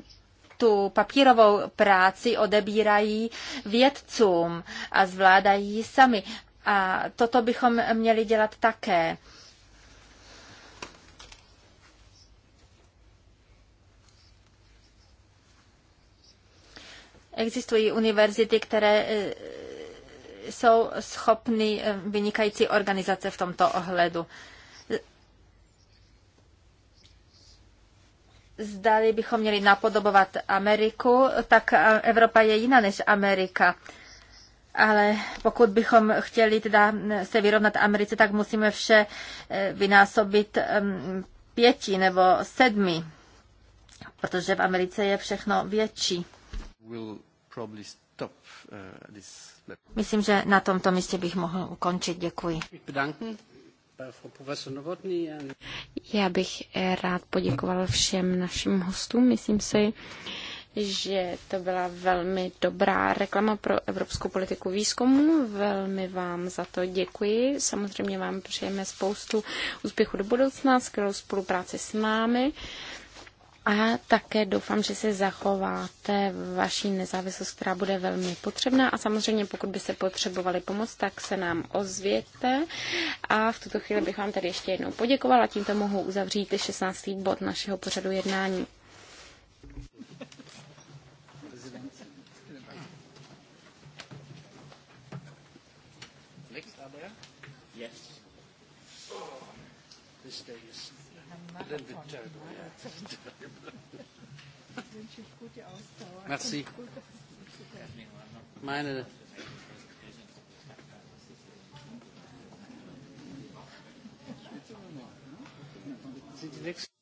tu papírovou práci odebírají vědcům a zvládají ji sami. A toto bychom měli dělat také. Existují univerzity, které e, jsou schopny e, vynikající organizace v tomto ohledu. Zdali bychom měli napodobovat Ameriku, tak e, Evropa je jiná než Amerika. Ale pokud bychom chtěli teda se vyrovnat Americe, tak musíme vše vynásobit pěti nebo sedmi, protože v Americe je všechno větší. Uh, Myslím, že na tomto místě bych mohl ukončit. Děkuji. Já bych rád poděkoval všem našim hostům. Myslím si, že to byla velmi dobrá reklama pro evropskou politiku výzkumu. Velmi vám za to děkuji. Samozřejmě vám přejeme spoustu úspěchu do budoucna, skvělou spolupráci s námi. A také doufám, že si zachováte vaší nezávislost, která bude velmi potřebná. A samozřejmě, pokud by se potřebovali pomoc, tak se nám ozvěte. A v tuto chvíli bych vám tady ještě jednou poděkovala. Tímto mohu uzavřít 16. bod našeho pořadu jednání. Yes. This day is a little bit terrible. Merci. Meine Sie die nächste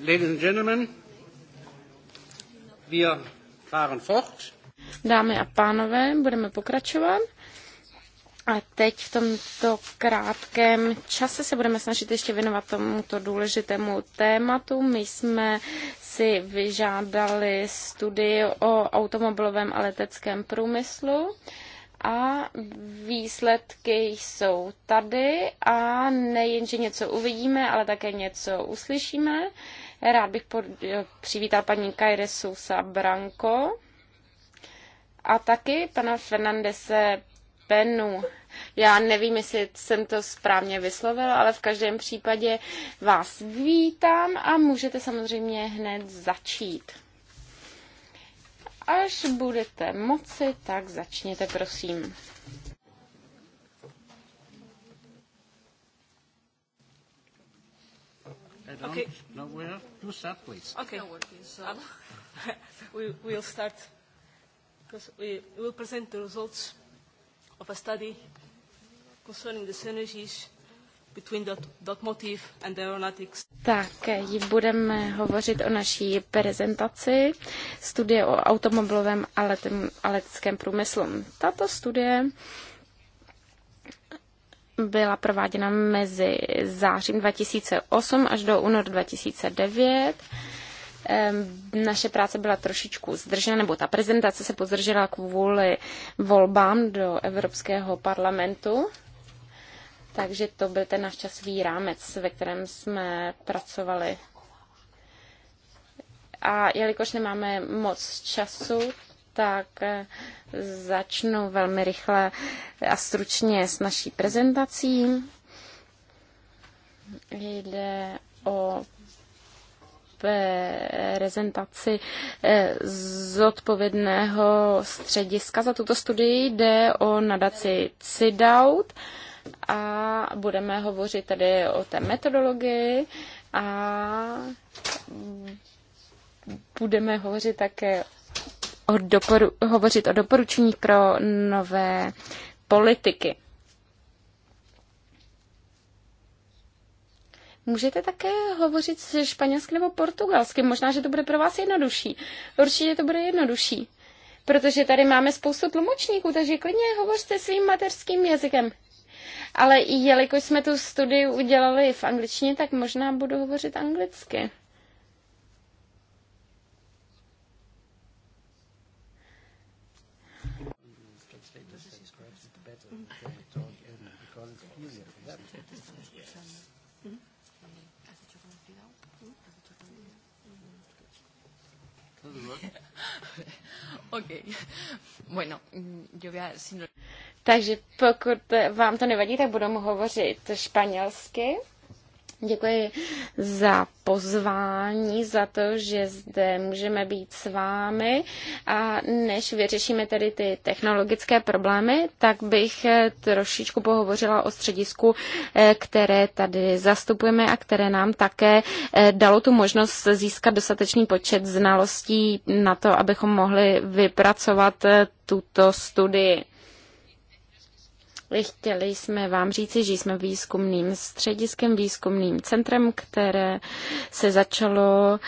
Ladies and gentlemen, wir fahren fort. Dámy a pánové, budeme pokračovat. A teď v tomto krátkém čase se budeme snažit ještě věnovat tomuto důležitému tématu. My jsme si vyžádali studii o automobilovém a leteckém průmyslu a výsledky jsou tady a nejenže něco uvidíme, ale také něco uslyšíme. Rád bych pod, eh, přivítal paní Kajre Sousa Branko a taky pana Fernandese Penu. Já nevím, jestli jsem to správně vyslovil, ale v každém případě vás vítám a můžete samozřejmě hned začít. Až budete moci, tak začněte, prosím. don't okay. know where to start, please. Okay. No working, so. *laughs* we will start because we will present the results of a study concerning the synergies between the automotive and the aeronautics. Tak, eh, budeme hovořit o naší prezentaci studie o automobilovém a leteckém průmyslu. Tato studie byla prováděna mezi zářím 2008 až do únor 2009. Naše práce byla trošičku zdržena, nebo ta prezentace se pozdržela kvůli volbám do Evropského parlamentu. Takže to byl ten náš časový rámec, ve kterém jsme pracovali. A jelikož nemáme moc času, tak eh, začnu velmi rychle a stručně s naší prezentací. Jde o prezentaci eh, z odpovědného střediska. Za tuto studii jde o nadaci CIDAUT a budeme hovořit tedy o té metodologii a budeme hovořit také o doporu, hovořit o doporučení pro nové politiky. Můžete také hovořit se španělsky nebo portugalsky. Možná, že to bude pro vás jednodušší. Určitě to bude jednodušší. Protože tady máme spoustu tlumočníků, takže klidně hovořte svým mateřským jazykem. Ale i jelikož jsme tu studii udělali v angličtině, tak možná budu hovořit anglicky. *laughs* Bueno, yo voy a... No- Takže pokud vám to nevadí, tak budu hovořit španělsky. Děkuji za pozvání, za to, že zde můžeme být s vámi. A než vyřešíme tedy ty technologické problémy, tak bych trošičku pohovořila o středisku, eh, které tady zastupujeme a které nám také eh, dalo tu možnost získat dostatečný počet znalostí na to, abychom mohli vypracovat eh, tuto studii. Chtěli jsme vám říci, že jsme výzkumným střediskem, výzkumným centrem, které se začalo uh,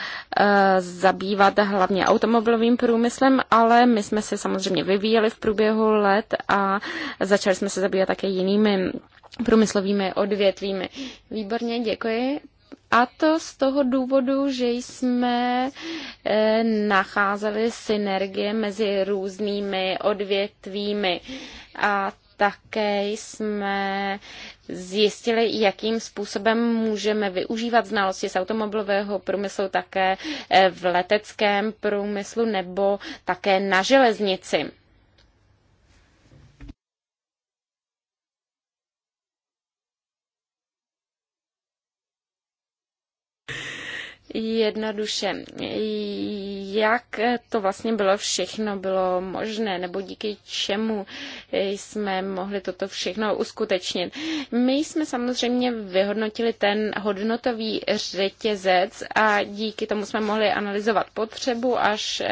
zabývat hlavně automobilovým průmyslem, ale my jsme se samozřejmě vyvíjeli v průběhu let a začali jsme se zabývat také jinými průmyslovými odvětvími. Výborně, děkuji. A to z toho důvodu, že jsme eh, nacházeli synergie mezi různými odvětvími. A také jsme zjistili, jakým způsobem můžeme využívat znalosti z automobilového průmyslu také eh, v leteckém průmyslu nebo také na železnici. jednoduše, jak to vlastně bylo všechno, bylo možné, nebo díky čemu jsme mohli toto všechno uskutečnit. My jsme samozřejmě vyhodnotili ten hodnotový řetězec a díky tomu jsme mohli analyzovat potřebu až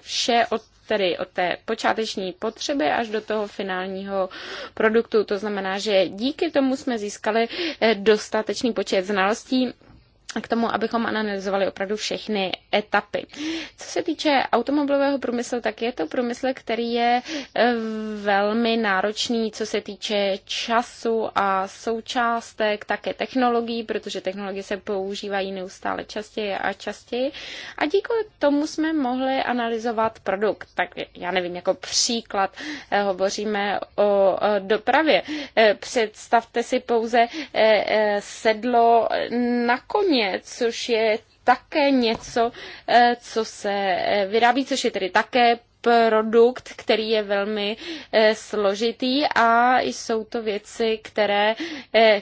vše od tedy od té počáteční potřeby až do toho finálního produktu. To znamená, že díky tomu jsme získali dostatečný počet znalostí k tomu, abychom analyzovali opravdu všechny etapy. Co se týče automobilového průmyslu, tak je to průmysl, který je e, velmi náročný, co se týče času a součástek, také technologií, protože technologie se používají neustále častěji a častěji. A díky tomu jsme mohli analyzovat produkt. Tak já nevím, jako příklad e, hovoříme o dopravě. E, představte si pouze sedlo na koni Vídně, což je také něco, eh, co se eh, vyrábí, což je tedy také produkt, který je velmi eh, složitý a jsou to věci, které,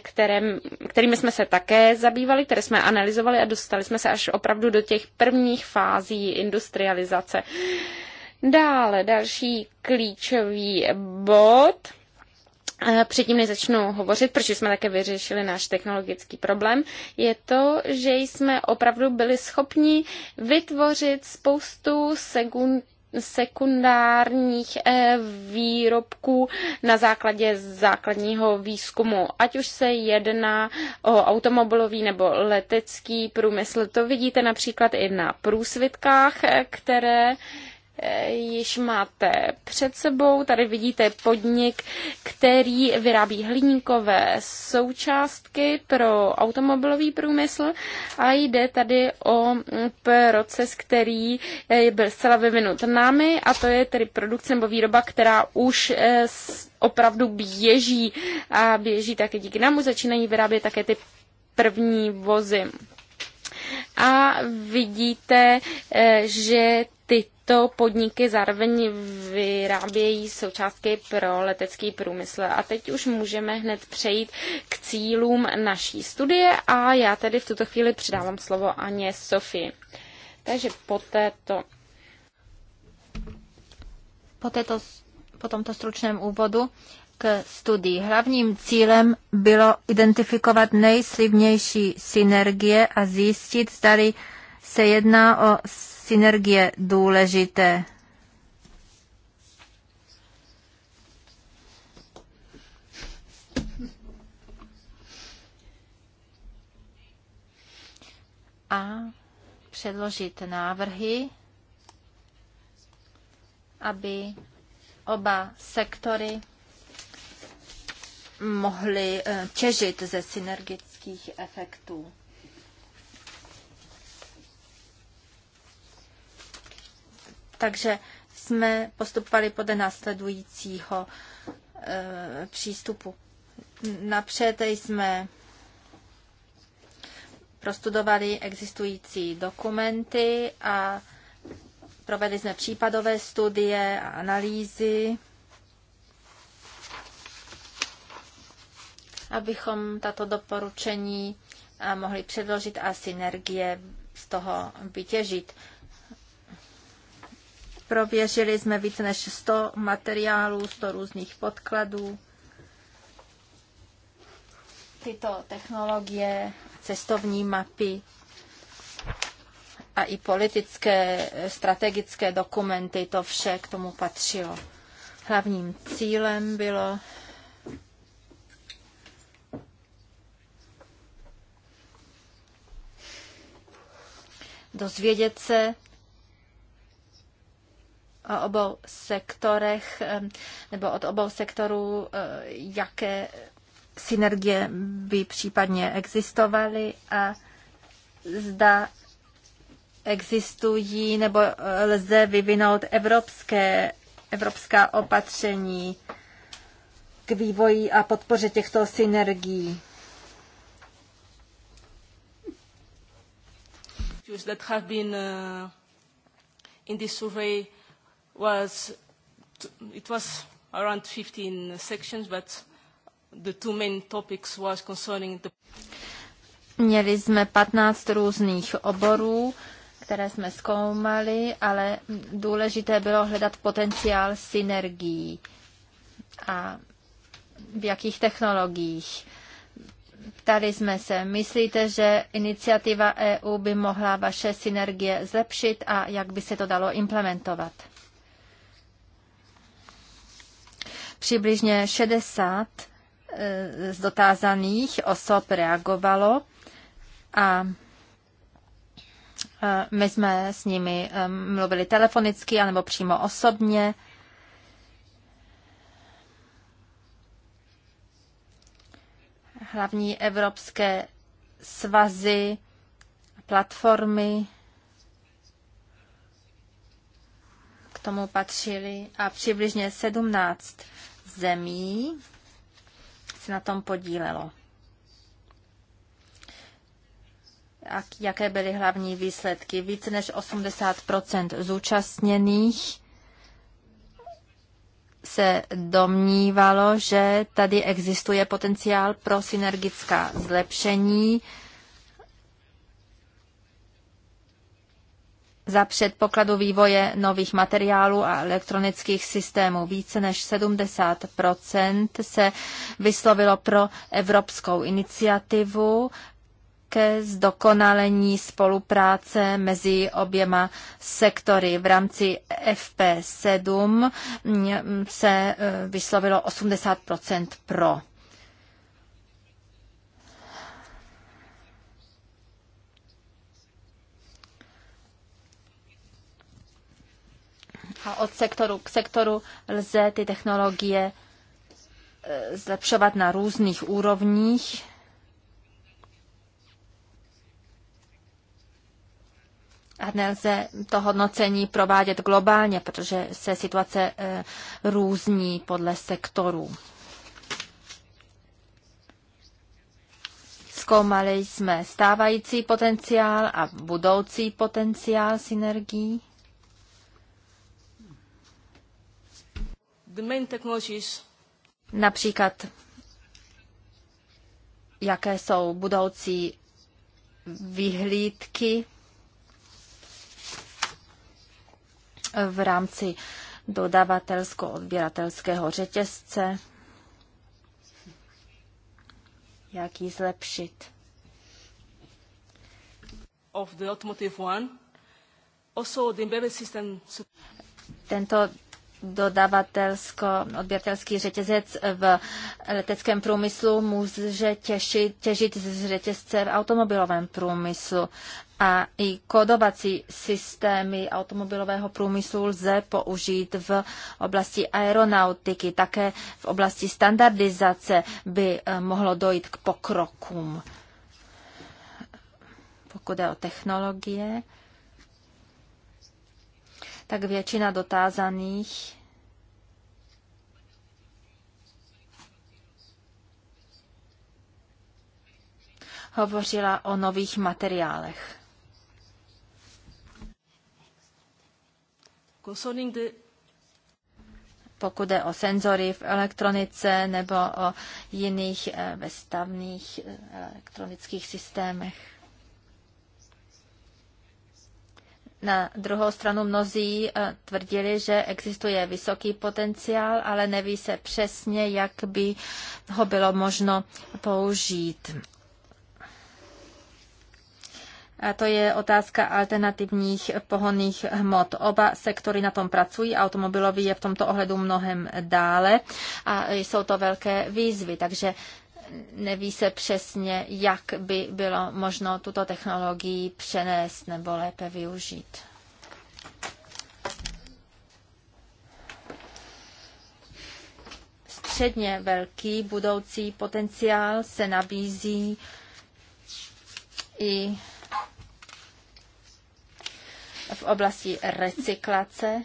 které, kterými jsme se také zabývali, které jsme analyzovali a dostali jsme se až opravdu do těch prvních fází industrializace. Dále další klíčový bod Eh, předtím, než začnu hovořit, proč jsme také vyřešili náš technologický problém, je to, že jsme opravdu byli schopni vytvořit spoustu sekund sekundárních eh, výrobků na základě základního výzkumu. Ať už se jedná o automobilový nebo letecký průmysl, to vidíte například i na průsvitkách, eh, které již máte před sebou. Tady vidíte podnik, který vyrábí hliníkové součástky pro automobilový průmysl a jde tady o proces, který eh, byl zcela vyvinut námi a to je tedy produkce nebo výroba, která už eh, opravdu běží a běží také díky nám, začínají vyrábět také ty první vozy a vidíte, eh, že tyto podniky zároveň vyrábějí součástky pro letecký průmysl. A teď už můžeme hned přejít k cílům naší studie a já tedy v tuto chvíli předávám slovo Aně Sofii. Takže po této, po, této, po tomto stručném úvodu k studii. Hlavním cílem bylo identifikovat nejslivnější synergie a zjistit, zda se jedná o synergie důležité. A předložit návrhy, aby oba sektory mohly eh, těžit ze synergických efektů. Takže jsme postupovali podle následujícího e, přístupu. Napřed jsme prostudovali existující dokumenty a provedli jsme případové studie a analýzy, abychom tato doporučení eh, mohli předložit a synergie z toho vytěžit. Prověřili jsme více než 100 materiálů, 100 různých podkladů. Tyto technologie, cestovní mapy a i politické, strategické dokumenty, to vše k tomu patřilo. Hlavním cílem bylo dozvědět se o obou sektorech nebo od obou sektorů, e, jaké synergie by případně existovaly a zda existují nebo e, lze vyvinout evropské, evropská opatření k vývoji a podpoře těchto synergií. That have been uh, in this survey was, it was around 15 sections, but the two main topics was concerning the... Měli jsme 15 různých oborů, které jsme zkoumali, ale důležité bylo hledat potenciál synergií a v jakých technologiích. Ptali jsme se, myslíte, že iniciativa EU by mohla vaše synergie zlepšit a jak by se to dalo implementovat? Přibližně 60 e, z dotázaných osob reagovalo a e, my jsme s nimi e, mluvili telefonicky anebo přímo osobně. Hlavní evropské svazy, platformy k tomu patřili a přibližně 17 zemí se na tom podílelo. A jaké byly hlavní výsledky? Více než 80 zúčastněných se domnívalo, že tady existuje potenciál pro synergická zlepšení za předpokladu vývoje nových materiálů a elektronických systémů. Více než 70 se vyslovilo pro evropskou iniciativu ke zdokonalení spolupráce mezi oběma sektory. V rámci FP7 se eh, vyslovilo 80 pro. a od sektoru k sektoru lze ty technologie e, zlepšovat na různých úrovních. A nelze to hodnocení provádět globálně, protože se situace e, různí podle sektorů. Zkoumali jsme stávající potenciál a budoucí potenciál synergií. Například, jaké jsou budoucí vyhlídky v rámci dodavatelsko-odběratelského řetězce, jak ji zlepšit. Of the automotive one. Also the system. Tento dodavatelsko-odběratelský řetězec v leteckém průmyslu může těšit, těžit z řetězce v automobilovém průmyslu. A i kodovací systémy automobilového průmyslu lze použít v oblasti aeronautiky. Také v oblasti standardizace by eh, mohlo dojít k pokrokům. Pokud je o technologie, tak většina dotázaných hovořila o nových materiálech. Pokud je o senzory v elektronice nebo o jiných eh, vestavných eh, elektronických systémech. Na druhou stranu mnozí eh, tvrdili, že existuje vysoký potenciál, ale neví se přesně, jak by ho bylo možno použít. A to je otázka alternativních pohonných hmot. Oba sektory na tom pracují, automobilový je v tomto ohledu mnohem dále a jsou to velké výzvy, takže neví se přesně, jak by bylo možno tuto technologii přenést nebo lépe využít. Středně velký budoucí potenciál se nabízí i v oblasti recyklace.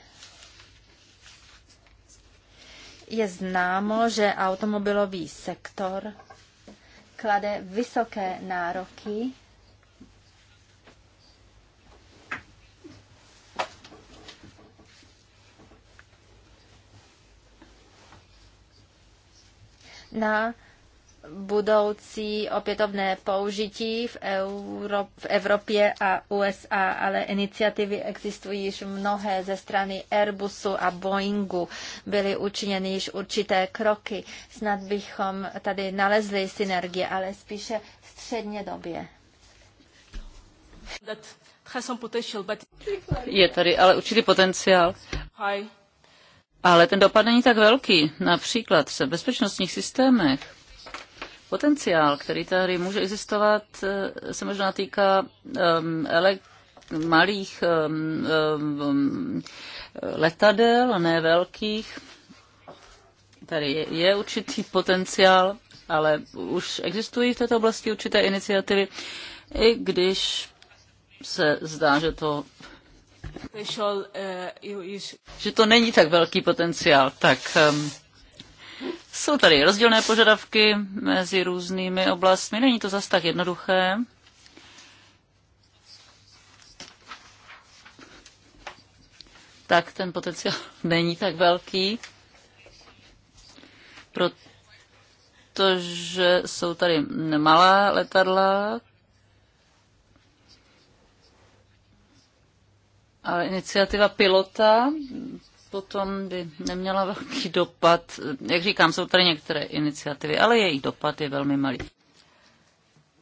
Je známo, že automobilový sektor klade vysoké nároky na budoucí opětovné použití v, Euro- v Evropě a USA, ale iniciativy existují již mnohé ze strany Airbusu a Boeingu. Byly učiněny již určité kroky. Snad bychom tady nalezli synergie, ale spíše středně době. Je tady ale určitý potenciál. Ale ten dopad není tak velký. Například v bezpečnostních systémech Potenciál, který tady může existovat, eh, se možná týká um, malých um, letadel, ne velkých. Tady je, je určitý potenciál, ale už existují v této oblasti určité iniciativy, i když se zdá, že to eh, že to není tak velký potenciál. Tak um, jsou tady rozdílné požadavky mezi různými oblastmi, není to zas tak jednoduché. Tak ten potenciál *laughs* není tak velký, protože jsou tady malá letadla, ale iniciativa pilota potom by neměla velký dopad. Jak říkám, jsou tady některé iniciativy, ale její dopad je velmi malý.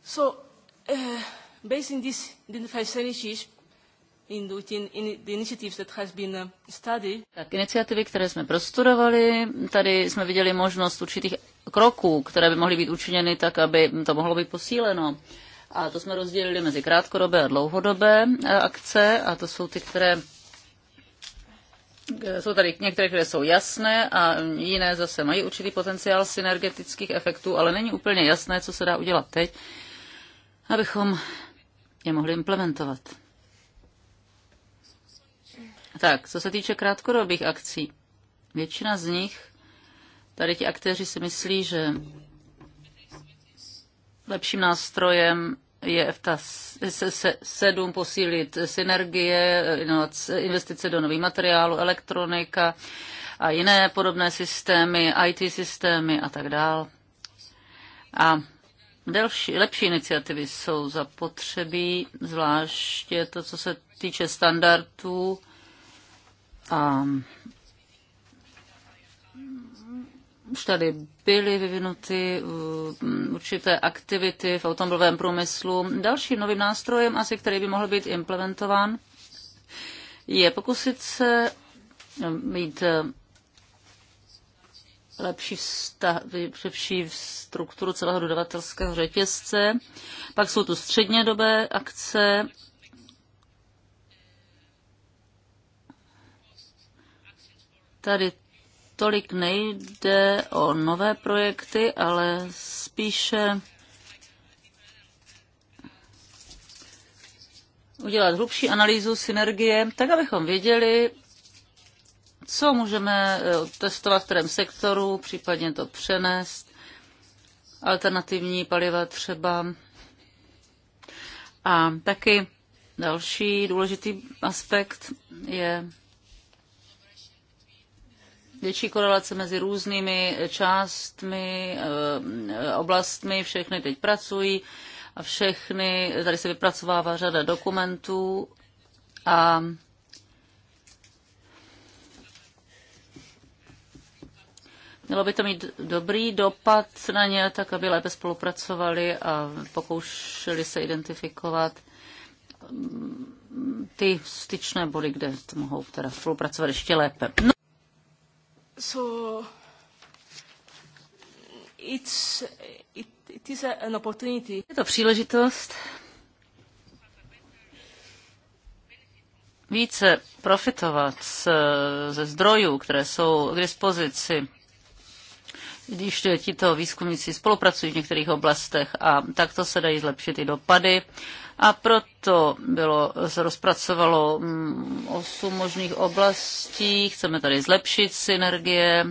So, uh, based on these initiatives, in the, in the initiatives that has been uh, studied. Tak iniciativy, které jsme prostudovali, tady jsme viděli možnost určitých kroků, které by mohly být učiněny tak, aby to mohlo být posíleno. A to jsme rozdělili mezi krátkodobé a dlouhodobé eh, akce a to jsou ty, které jsou tady některé, které jsou jasné a jiné zase mají určitý potenciál synergetických efektů, ale není úplně jasné, co se dá udělat teď, abychom je mohli implementovat. Tak, co se týče krátkodobých akcí, většina z nich, tady ti aktéři si myslí, že lepším nástrojem je v ta sedm posílit synergie, investice do nových materiálů, elektronika a jiné podobné systémy, IT systémy a tak dál. A Delší, lepší iniciativy jsou zapotřebí, zvláště to, co se týče standardů a už tady byly vyvinuty mm, určité aktivity v automobilovém průmyslu. Dalším novým nástrojem, asi který by mohl být implementován, je pokusit se mm, mít eh, lepší, vztah, lepší strukturu celého dodavatelského řetězce. Pak jsou tu střednědobé akce, Tady tolik nejde o nové projekty, ale spíše udělat hlubší analýzu synergie, tak abychom věděli, co můžeme eh, testovat v kterém sektoru, případně to přenést, alternativní paliva třeba. A taky další důležitý aspekt je větší korelace mezi různými částmi, eh, oblastmi, všechny teď pracují a všechny, tady se vypracovává řada dokumentů a Mělo by to mít dobrý dopad na ně, tak aby lépe spolupracovali a pokoušeli se identifikovat mm, ty styčné body, kde to mohou teda spolupracovat ještě lépe. No so it's, it, it is an opportunity. Je to příležitost více profitovat ze zdrojů, které jsou k dispozici když tito výzkumníci spolupracují v některých oblastech a takto se dají zlepšit i dopady. A proto bylo, se rozpracovalo mm, osm možných oblastí. Chceme tady zlepšit synergie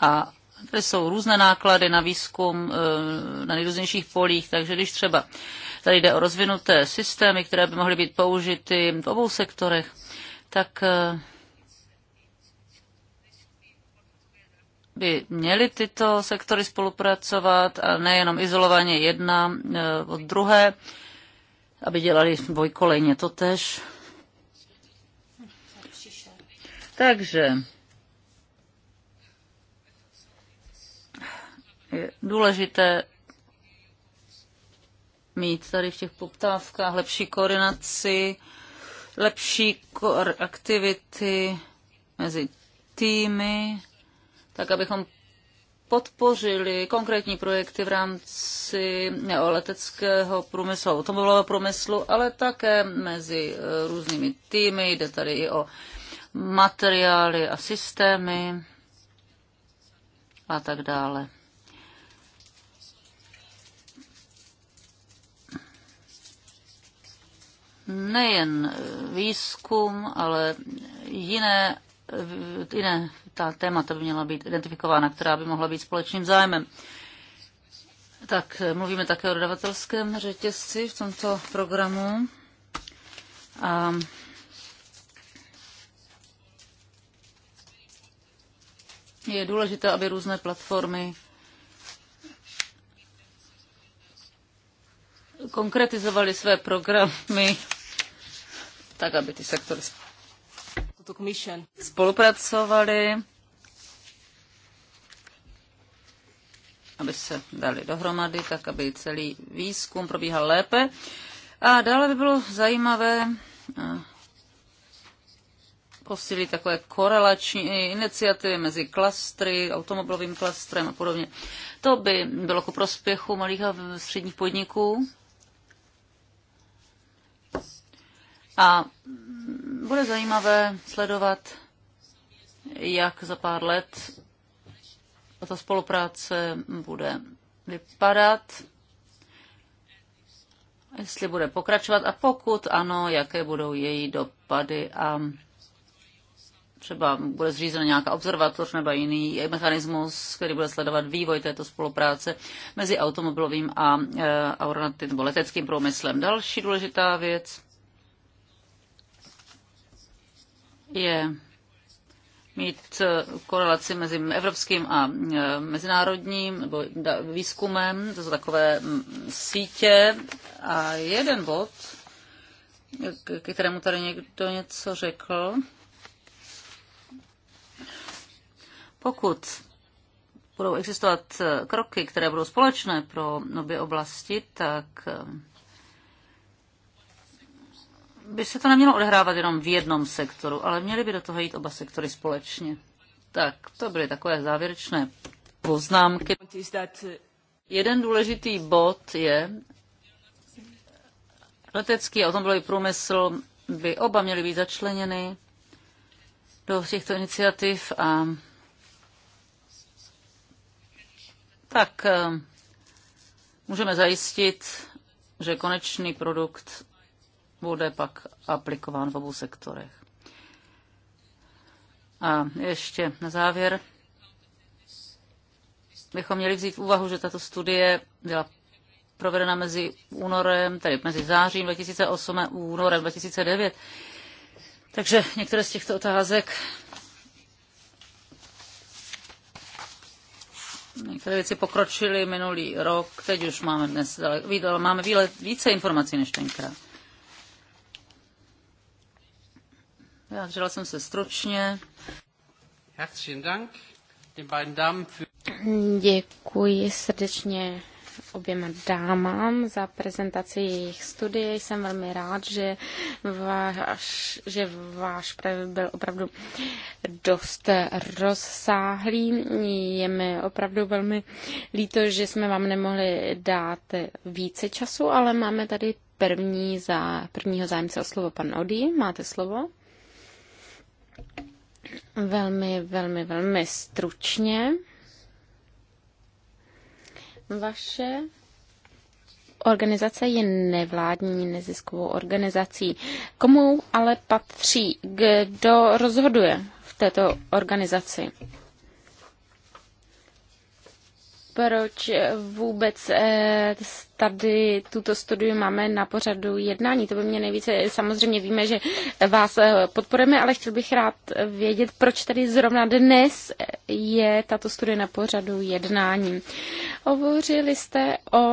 a tady jsou různé náklady na výzkum e, na nejrůznějších polích, takže když třeba tady jde o rozvinuté systémy, které by mohly být použity v obou sektorech, tak e, by měly tyto sektory spolupracovat a nejenom izolovaně jedna e, od druhé, aby dělali dvojkolejně to tež. Takže je důležité mít tady v těch poptávkách lepší koordinaci, lepší aktivity mezi týmy, tak abychom podpořili konkrétní projekty v rámci leteckého průmyslu, automobilového průmyslu, ale také mezi eh, různými týmy. Jde tady i o materiály a systémy a tak dále. Nejen eh, výzkum, ale jiné, jiné ta témata by měla být identifikována, která by mohla být společným zájmem. Tak eh, mluvíme také o dodavatelském řetězci v tomto programu. A je důležité, aby různé platformy konkretizovaly své programy tak, aby ty sektory spolupracovali, aby se dali dohromady, tak aby celý výzkum probíhal lépe. A dále by bylo zajímavé eh, posílit takové korelační iniciativy mezi klastry, automobilovým klastrem a podobně. To by bylo ku prospěchu malých a středních podniků. A bude zajímavé sledovat, jak za pár let ta spolupráce bude vypadat, jestli bude pokračovat a pokud ano, jaké budou její dopady a třeba bude zřízena nějaká observatoř nebo jiný mechanismus, který bude sledovat vývoj této spolupráce mezi automobilovým a, e, a nebo leteckým průmyslem. Další důležitá věc je mít korelaci mezi evropským a e, mezinárodním nebo výzkumem. To jsou takové sítě. A jeden bod, k kterému tady někdo něco řekl, pokud budou existovat e, kroky, které budou společné pro obě oblasti, tak e, by se to nemělo odehrávat jenom v jednom sektoru, ale měly by do toho jít oba sektory společně. Tak, to byly takové závěrečné poznámky. Jeden důležitý bod je, letecký a automobilový průmysl by oba měly být začleněny do těchto iniciativ a tak eh, můžeme zajistit, že konečný produkt bude pak aplikován v obou sektorech. A ještě na závěr bychom měli vzít v úvahu, že tato studie byla provedena mezi únorem, tedy mezi zářím 2008 a únorem 2009. Takže některé z těchto otázek Některé věci pokročily minulý rok, teď už máme dnes, ale máme více informací než tenkrát. Vyjádřila jsem se stručně. Herzlichen Dank den beiden Damen für... Děkuji srdečně oběma dámám za prezentaci jejich studie. Jsem velmi rád, že váš, že váš projev byl opravdu dost rozsáhlý. Je mi opravdu velmi líto, že jsme vám nemohli dát více času, ale máme tady první za, prvního zájemce o slovo, pan Odi. Máte slovo? Velmi, velmi, velmi stručně. Vaše organizace je nevládní neziskovou organizací. Komu ale patří? Kdo rozhoduje v této organizaci? proč eh, vůbec eh, tady tuto studii máme na pořadu jednání. To by mě nejvíce, samozřejmě víme, že vás eh, podporujeme, ale chtěl bych rád vědět, proč tady zrovna dnes je tato studie na pořadu jednání. Hovořili jste o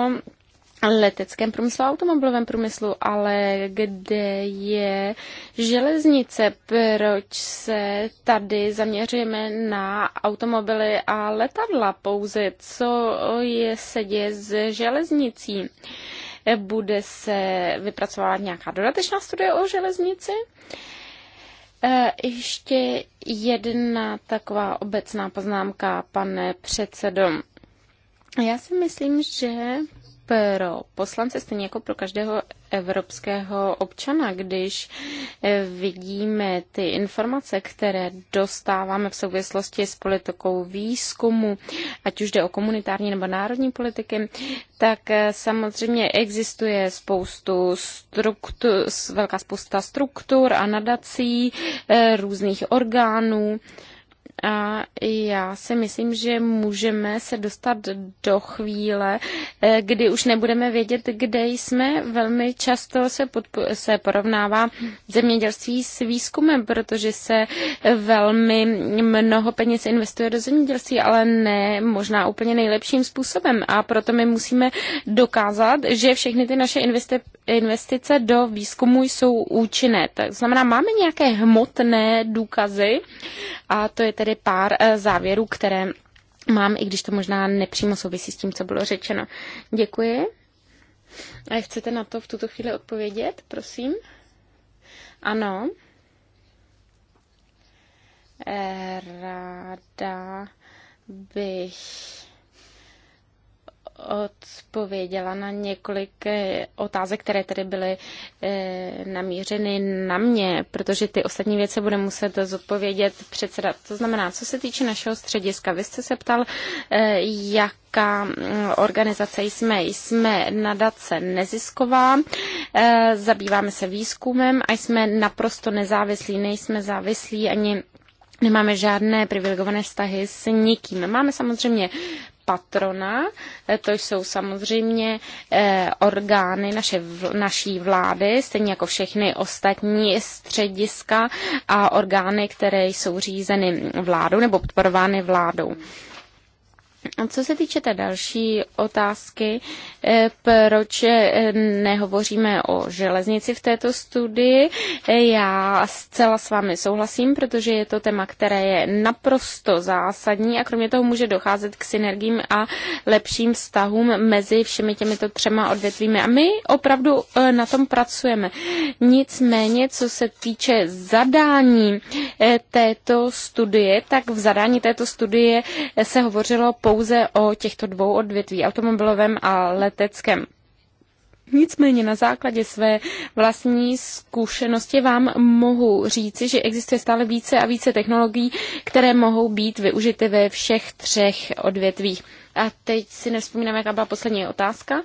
leteckém průmyslu automobilovém průmyslu, ale kde je železnice? Proč se tady zaměřujeme na automobily a letadla pouze? Co je, se děje s železnicí? Bude se vypracovat nějaká dodatečná studie o železnici? E, ještě jedna taková obecná poznámka, pane předsedo. Já si myslím, že pro poslance, stejně jako pro každého evropského občana, když eh, vidíme ty informace, které dostáváme v souvislosti s politikou výzkumu, ať už jde o komunitární nebo národní politiky, tak eh, samozřejmě existuje spoustu struktur, velká spousta struktur a nadací, eh, různých orgánů, a já si myslím, že můžeme se dostat do chvíle, eh, kdy už nebudeme vědět, kde jsme. Velmi často se, podpo- se porovnává zemědělství s výzkumem, protože se velmi mnoho peněz investuje do zemědělství, ale ne možná úplně nejlepším způsobem. A proto my musíme dokázat, že všechny ty naše investi- investice do výzkumu jsou účinné. To znamená, máme nějaké hmotné důkazy a to je tedy tedy pár eh, závěrů, které mám, i když to možná nepřímo souvisí s tím, co bylo řečeno. Děkuji. A chcete na to v tuto chvíli odpovědět, prosím? Ano. Eh, ráda bych odpověděla na několik eh, otázek, které tedy byly eh, namířeny na mě, protože ty ostatní věci bude muset zodpovědět předseda. To znamená, co se týče našeho střediska, vy jste se ptal, jak eh, jaká mm, organizace jsme. Jsme nadace nezisková, zabýváme se výzkumem a jsme naprosto nezávislí, nejsme závislí ani Nemáme žádné privilegované vztahy s nikým. Máme samozřejmě patrona. E, to jsou samozřejmě e, orgány naše, naší vlády, stejně jako všechny ostatní střediska a orgány, které jsou řízeny vládou nebo podporovány vládou. Co se týče té další otázky, eh, proč eh, nehovoříme o železnici v této studii, eh, já zcela s vámi souhlasím, protože je to téma, které je naprosto zásadní a kromě toho může docházet k synergím a lepším vztahům mezi všemi těmito třema odvětvími. A my opravdu na tom pracujeme. Nicméně, co se týče zadání této studie, tak v zadání této studie se hovořilo po pouze o těchto dvou odvětví, automobilovém a leteckém. Nicméně na základě své vlastní zkušenosti vám mohu říci, že existuje stále více a více technologií, které mohou být využity ve všech třech odvětvích. A teď si nevzpomínám, jaká byla poslední otázka.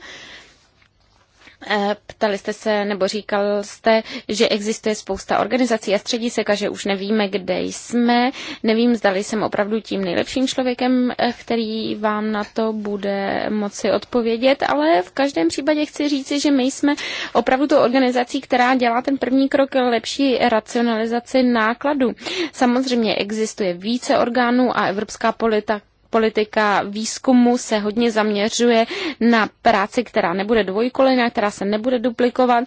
Eh, ptali jste se, nebo říkal jste, že existuje spousta organizací a středisek a že už nevíme, kde jsme. Nevím, zdali jsem opravdu tím nejlepším člověkem, eh, který vám na to bude moci odpovědět, ale v každém případě chci říci, že my jsme opravdu tou organizací, která dělá ten první krok lepší racionalizaci nákladu. Samozřejmě existuje více orgánů a evropská politika politika výzkumu se hodně zaměřuje na práci, která nebude dvojkolejná, která se nebude duplikovat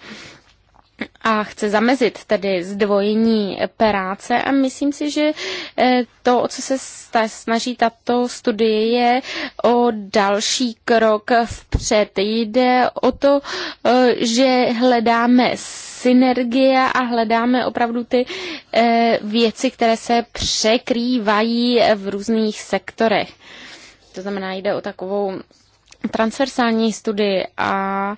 a chce zamezit tedy zdvojení práce a myslím si, že eh, to, o co se snaží tato studie, je o další krok vpřed. Jde o to, eh, že hledáme synergie a hledáme opravdu ty eh, věci, které se překrývají v různých sektorech. To znamená, jde o takovou transversální studii a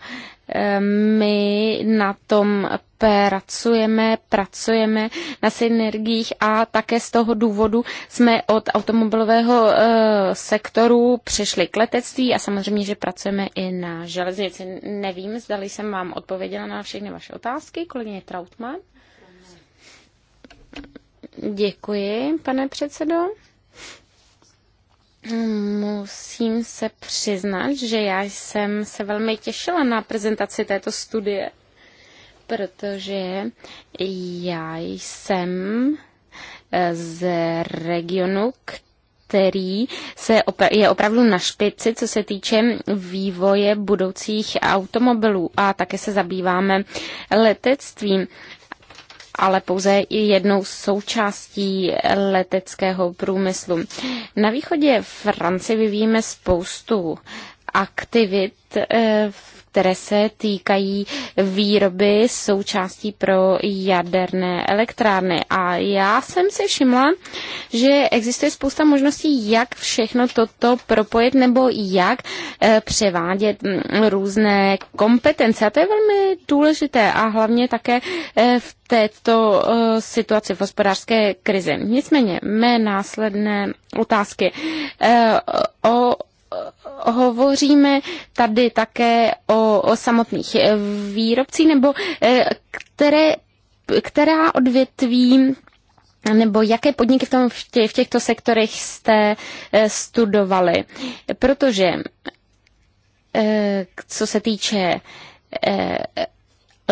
eh, my na tom pracujeme, pracujeme na synergiích a také z toho důvodu jsme od automobilového eh, sektoru přešli k letectví a samozřejmě, že pracujeme i na železnici. Nevím, zdali jsem vám odpověděla na všechny vaše otázky, kolegyně Trautmann. Děkuji, pane předsedo. Musím se přiznat, že já jsem se velmi těšila na prezentaci této studie protože já jsem eh, z regionu, který se opra- je opravdu na špici, co se týče vývoje budoucích automobilů a také se zabýváme letectvím ale pouze jednou součástí leteckého průmyslu. Na východě Francii vyvíjíme spoustu aktivit eh, v které se týkají výroby součástí pro jaderné elektrárny. A já jsem si všimla, že existuje spousta možností, jak všechno toto propojit nebo jak eh, převádět mm, různé kompetence. A to je velmi důležité a hlavně také eh, v této eh, situaci v hospodářské krizi. Nicméně, mé následné otázky o hovoříme tady také o, o samotných výrobcích, nebo eh, které, která odvětví nebo jaké podniky v, tom, v, tě, v těchto sektorech jste eh, studovali? Protože eh, co se týče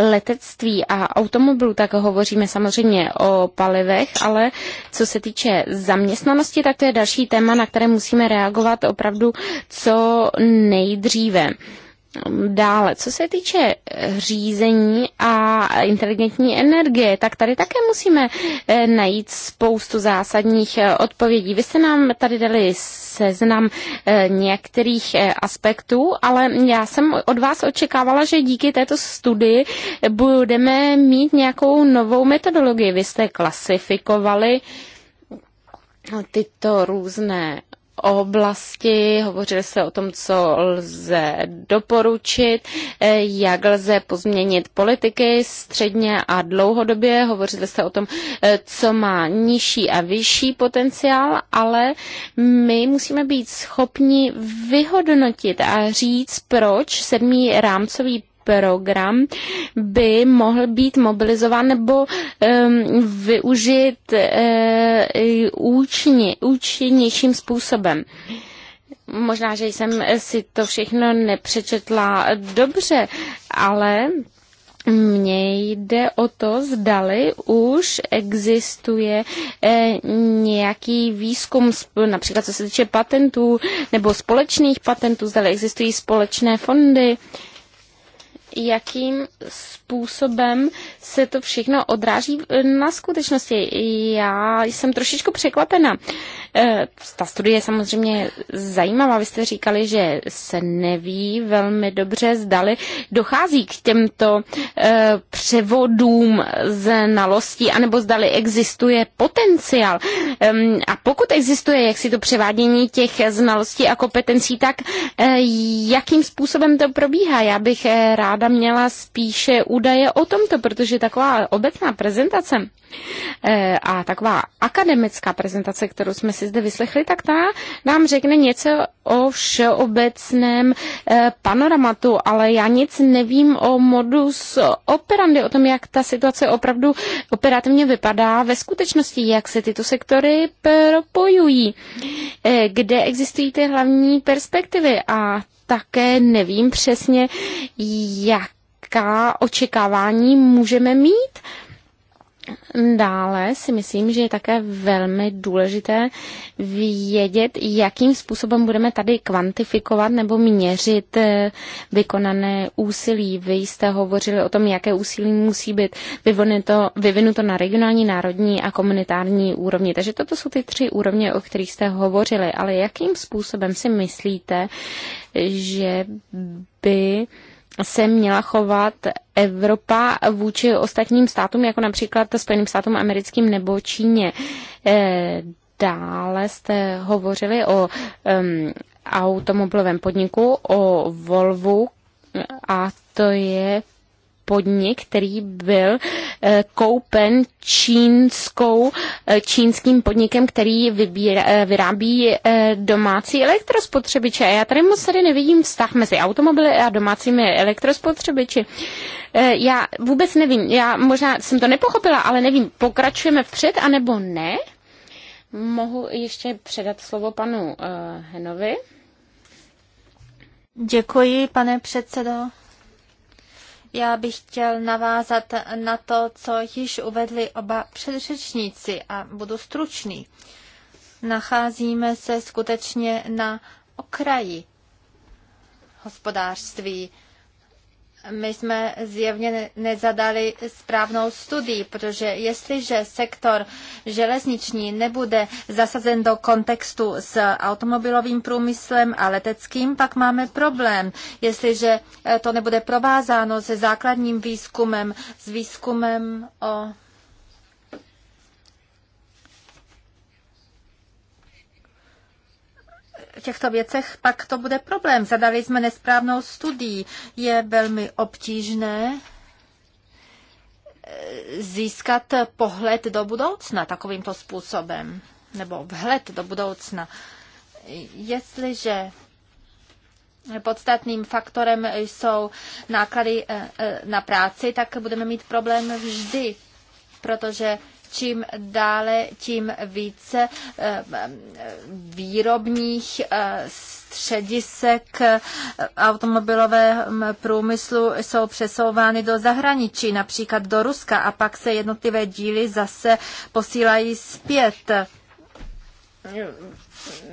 letectví a automobilů, tak hovoříme samozřejmě o palivech, ale co se týče zaměstnanosti, tak to je další téma, na které musíme reagovat opravdu co nejdříve. Ehm, dále, co se týče eh, řízení a inteligentní energie, tak tady také musíme eh, najít spoustu zásadních eh, odpovědí. Vy jste nám tady dali seznam některých aspektů, ale já jsem od vás očekávala, že díky této studii budeme mít nějakou novou metodologii. Vy jste klasifikovali tyto různé oblasti, hovořili se o tom, co lze doporučit, eh, jak lze pozměnit politiky středně a dlouhodobě, hovořili se o tom, eh, co má nižší a vyšší potenciál, ale my musíme být schopni vyhodnotit a říct, proč sedmý rámcový program by mohl být mobilizován nebo um, využit uh, účinnějším způsobem. Možná, že jsem si to všechno nepřečetla dobře, ale mně jde o to, zdali už existuje eh, nějaký výzkum, například co se týče patentů nebo společných patentů, zdali existují společné fondy jakým způsobem se to všechno odráží na skutečnosti. Já jsem trošičku překvapena. Eh, ta studie je samozřejmě zajímavá. Vy jste říkali, že se neví velmi dobře, zdali dochází k těmto eh, převodům znalostí, anebo zdali existuje potenciál. A pokud existuje, jak si to převádění těch znalostí a kompetencí, tak eh, jakým způsobem to probíhá? Já bych ráda měla spíše údaje o tomto, protože taková obecná prezentace a taková akademická prezentace, kterou jsme si zde vyslechli, tak ta nám řekne něco o všeobecném eh, panoramatu, ale já nic nevím o modus operandi, o tom, jak ta situace opravdu operativně vypadá ve skutečnosti, jak se tyto sektory propojují, eh, kde existují ty hlavní perspektivy a také nevím přesně, jaká očekávání můžeme mít Dále si myslím, že je také velmi důležité vědět, jakým způsobem budeme tady kvantifikovat nebo měřit eh, vykonané úsilí. Vy jste hovořili o tom, jaké úsilí musí být vyvinuto, vyvinuto na regionální, národní a komunitární úrovni. Takže toto jsou ty tři úrovně, o kterých jste hovořili. Ale jakým způsobem si myslíte, že by se měla chovat Evropa vůči ostatním státům, jako například Spojeným státům americkým nebo Číně. Eh, dále jste hovořili o um, automobilovém podniku, o Volvu a to je v podnik, který byl eh, koupen čínskou, eh, čínským podnikem, který vybíra, eh, vyrábí domácí elektrospotřebiče. A já tady moc tady nevidím vztah mezi automobily a domácími elektrospotřebiči. Já vůbec nevím, já možná jsem to nepochopila, ale nevím, pokračujeme vpřed anebo ne? Mohu ještě předat slovo panu uh, Henovi. Děkuji, pane předsedo. Já bych chtěl navázat na to, co již uvedli oba předřečníci a budu stručný. Nacházíme se skutečně na okraji hospodářství my jsme zjevně nezadali správnou studii, protože jestliže sektor železniční nebude zasazen do kontextu s automobilovým průmyslem a leteckým, pak máme problém. Jestliže eh, to nebude provázáno se základním výzkumem, s výzkumem o těchto věcech, pak to bude problém. Zadali jsme nesprávnou studii. Je velmi obtížné eh, získat pohled do budoucna takovýmto způsobem, nebo vhled do budoucna. Jestliže podstatným faktorem jsou náklady eh, eh, na práci, tak budeme mít problém vždy, protože čím dále, tím více eh, výrobních eh, středisek eh, automobilového průmyslu jsou přesouvány do zahraničí, například do Ruska, a pak se jednotlivé díly zase posílají zpět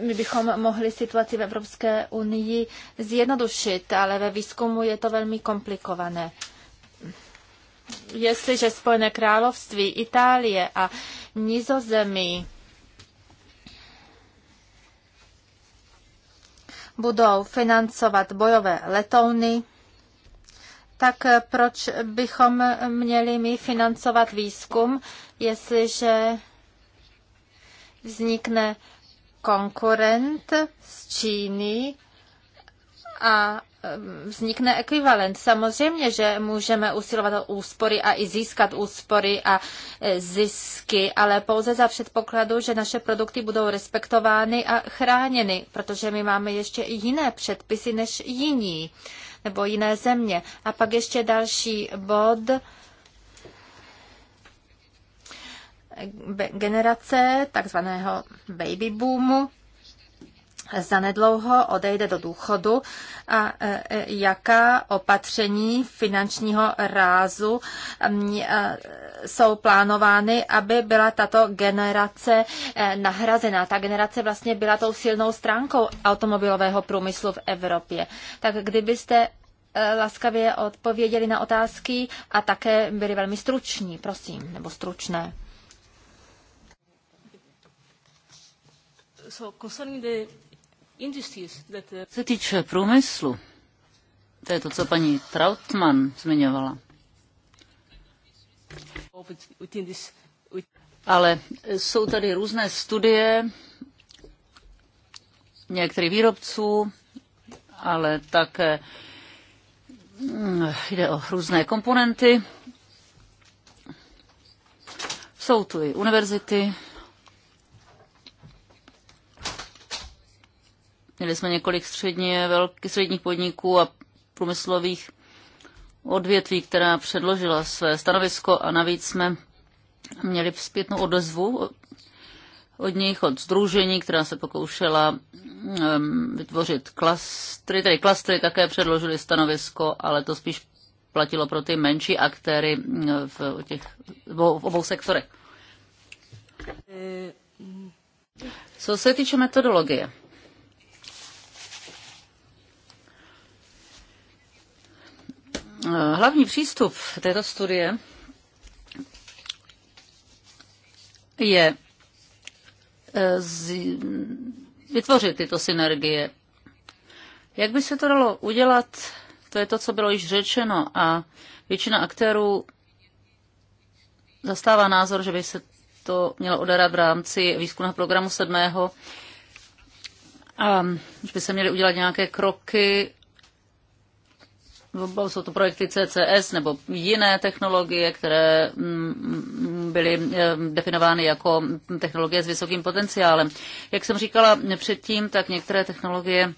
my bychom mohli situaci v Evropské unii zjednodušit, ale ve výzkumu je to velmi komplikované jestliže Spojené království, Itálie a Nizozemí budou financovat bojové letouny, tak proč bychom měli my financovat výzkum, jestliže vznikne konkurent z Číny a Eh, vznikne ekvivalent. Samozřejmě, že můžeme usilovat o úspory a i získat úspory a eh, zisky, ale pouze za předpokladu, že naše produkty budou respektovány a chráněny, protože my máme ještě i jiné předpisy než jiní nebo jiné země. A pak ještě další bod. generace takzvaného baby boomu zanedlouho odejde do důchodu a e, e, jaká opatření finančního rázu mm, e, jsou plánovány, aby byla tato generace nahrazená. Ta generace vlastně byla tou silnou stránkou automobilového průmyslu v Evropě. Tak kdybyste laskavě odpověděli na otázky a také byli velmi struční, prosím, nebo stručné. So concerning the Uh, se týče průmyslu, to je to, co paní Trautmann zmiňovala. Ale jsou tady různé studie některých výrobců, ale také mm, jde o různé komponenty. Jsou tu i univerzity, Měli jsme několik středně velkých středních podniků a průmyslových odvětví, která předložila své stanovisko a navíc jsme měli zpětnou odezvu od nich, od združení, která se pokoušela um, vytvořit klastry, tedy klastry také předložili stanovisko, ale to spíš platilo pro ty menší aktéry v, těch, v obou sektorech. Eh, Co se týče metodologie, Hlavní přístup této studie je eh, vytvořit tyto synergie. Jak by se to dalo udělat, to je to, co bylo již řečeno a většina aktérů zastává názor, že by se to mělo odehrát v rámci výzkumného programu sedmého a že by se měly udělat nějaké kroky jsou to projekty CCS nebo jiné technologie, které mm, byly eh, definovány jako technologie s vysokým potenciálem. Jak jsem říkala předtím, tak některé technologie,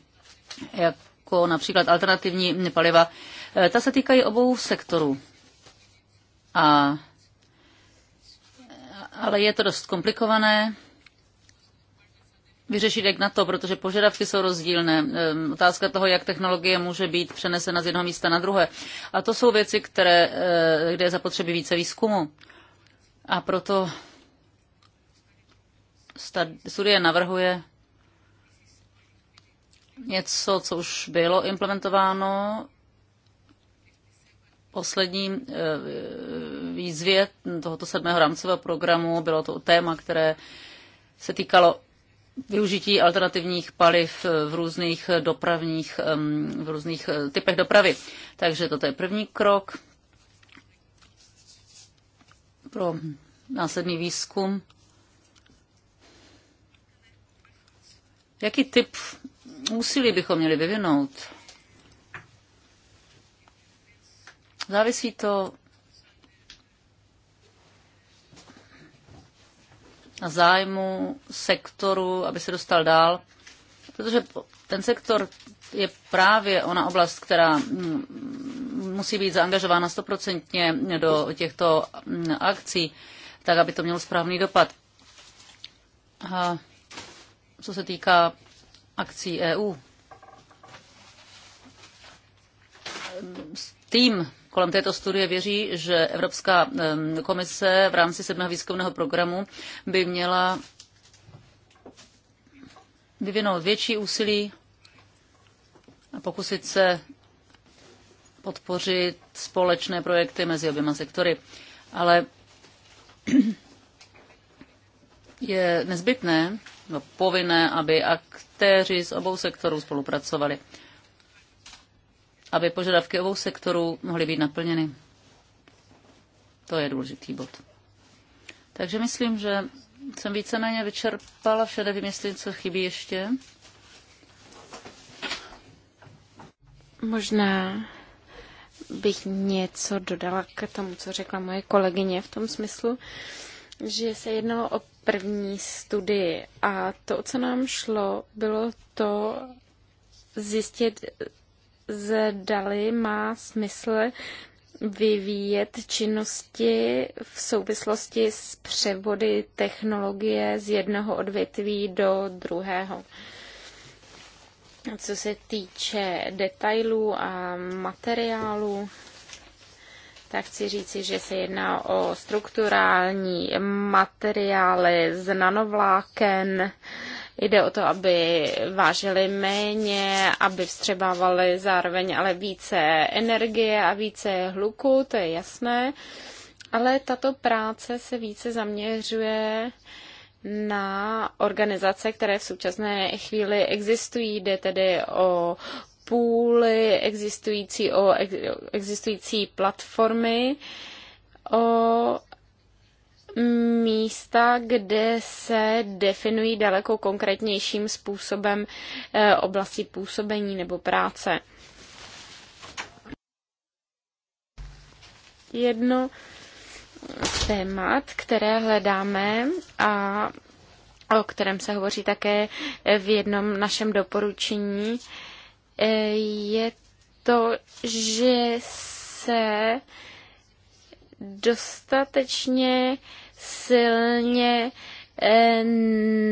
jako například alternativní paliva, eh, ta se týkají obou sektorů. A, ale je to dost komplikované vyřešit, jak na to, protože požadavky jsou rozdílné. Ehm, otázka toho, jak technologie může být přenesena z jednoho místa na druhé. A to jsou věci, které, eh, kde je zapotřebí více výzkumu. A proto studie navrhuje něco, co už bylo implementováno poslední eh, výzvě tohoto sedmého rámcového programu. Bylo to téma, které se týkalo využití alternativních paliv v různých dopravních, v různých eh, typech dopravy. Takže toto je první krok pro následný výzkum. Jaký typ úsilí bychom měli vyvinout? Závisí to zájmu sektoru, aby se dostal dál, protože ten sektor je právě ona oblast, která mm, musí být zaangažována stoprocentně do těchto mm, akcí, tak aby to mělo správný dopad. A co se týká akcí EU, tým kolem této studie věří, že Evropská komise v rámci sedmého výzkumného programu by měla vyvinout větší úsilí a pokusit se podpořit společné projekty mezi oběma sektory. Ale *clears throat* je nezbytné, no, povinné, aby aktéři z obou sektorů spolupracovali aby požadavky obou sektorů mohly být naplněny. To je důležitý bod. Takže myslím, že jsem víceméně vyčerpala vše, nevím, jestli něco chybí ještě. Možná bych něco dodala k tomu, co řekla moje kolegyně v tom smyslu, že se jednalo o první studii a to, co nám šlo, bylo to zjistit, zdali má smysl vyvíjet činnosti v souvislosti s převody technologie z jednoho odvětví do druhého. Co se týče detailů a materiálu, tak chci říci, že se jedná o strukturální materiály z nanovláken, Jde o to, aby vážili méně, aby vstřebávali zároveň ale více energie a více hluku, to je jasné. Ale tato práce se více zaměřuje na organizace, které v současné chvíli existují. Jde tedy o půly existující, o existující platformy, o místa, kde se definují daleko konkrétnějším způsobem eh, oblasti působení nebo práce. Jedno z témat, které hledáme a o kterém se hovoří také v jednom našem doporučení, eh, je to, že se dostatečně silně eh,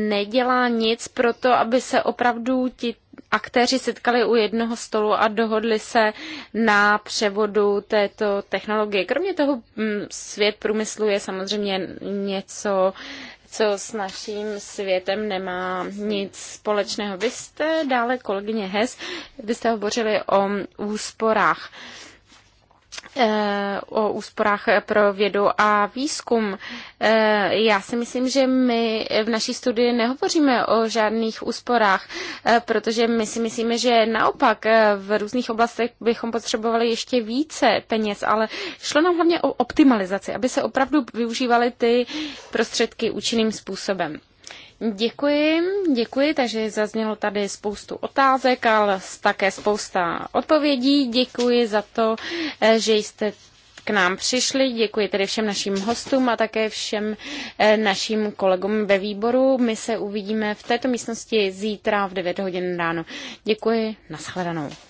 nedělá nic pro to, aby se opravdu ti aktéři setkali u jednoho stolu a dohodli se na převodu této technologie. Kromě toho mm, svět průmyslu je samozřejmě něco, co s naším světem nemá nic společného. Vy jste dále, kolegyně Hes, vy jste hovořili o úsporách o úsporách pro vědu a výzkum. Eh, já si myslím, že my v naší studii nehovoříme o žádných úsporách, eh, protože my si myslíme, že naopak eh, v různých oblastech bychom potřebovali ještě více peněz, ale šlo nám hlavně o optimalizaci, aby se opravdu využívaly ty prostředky účinným způsobem. Děkuji, děkuji, takže zaznělo tady spoustu otázek, ale také spousta odpovědí. Děkuji za to, eh, že jste k nám přišli. Děkuji tedy všem našim hostům a také všem eh, našim kolegům ve výboru. My se uvidíme v této místnosti zítra v 9 hodin ráno. Děkuji, nashledanou.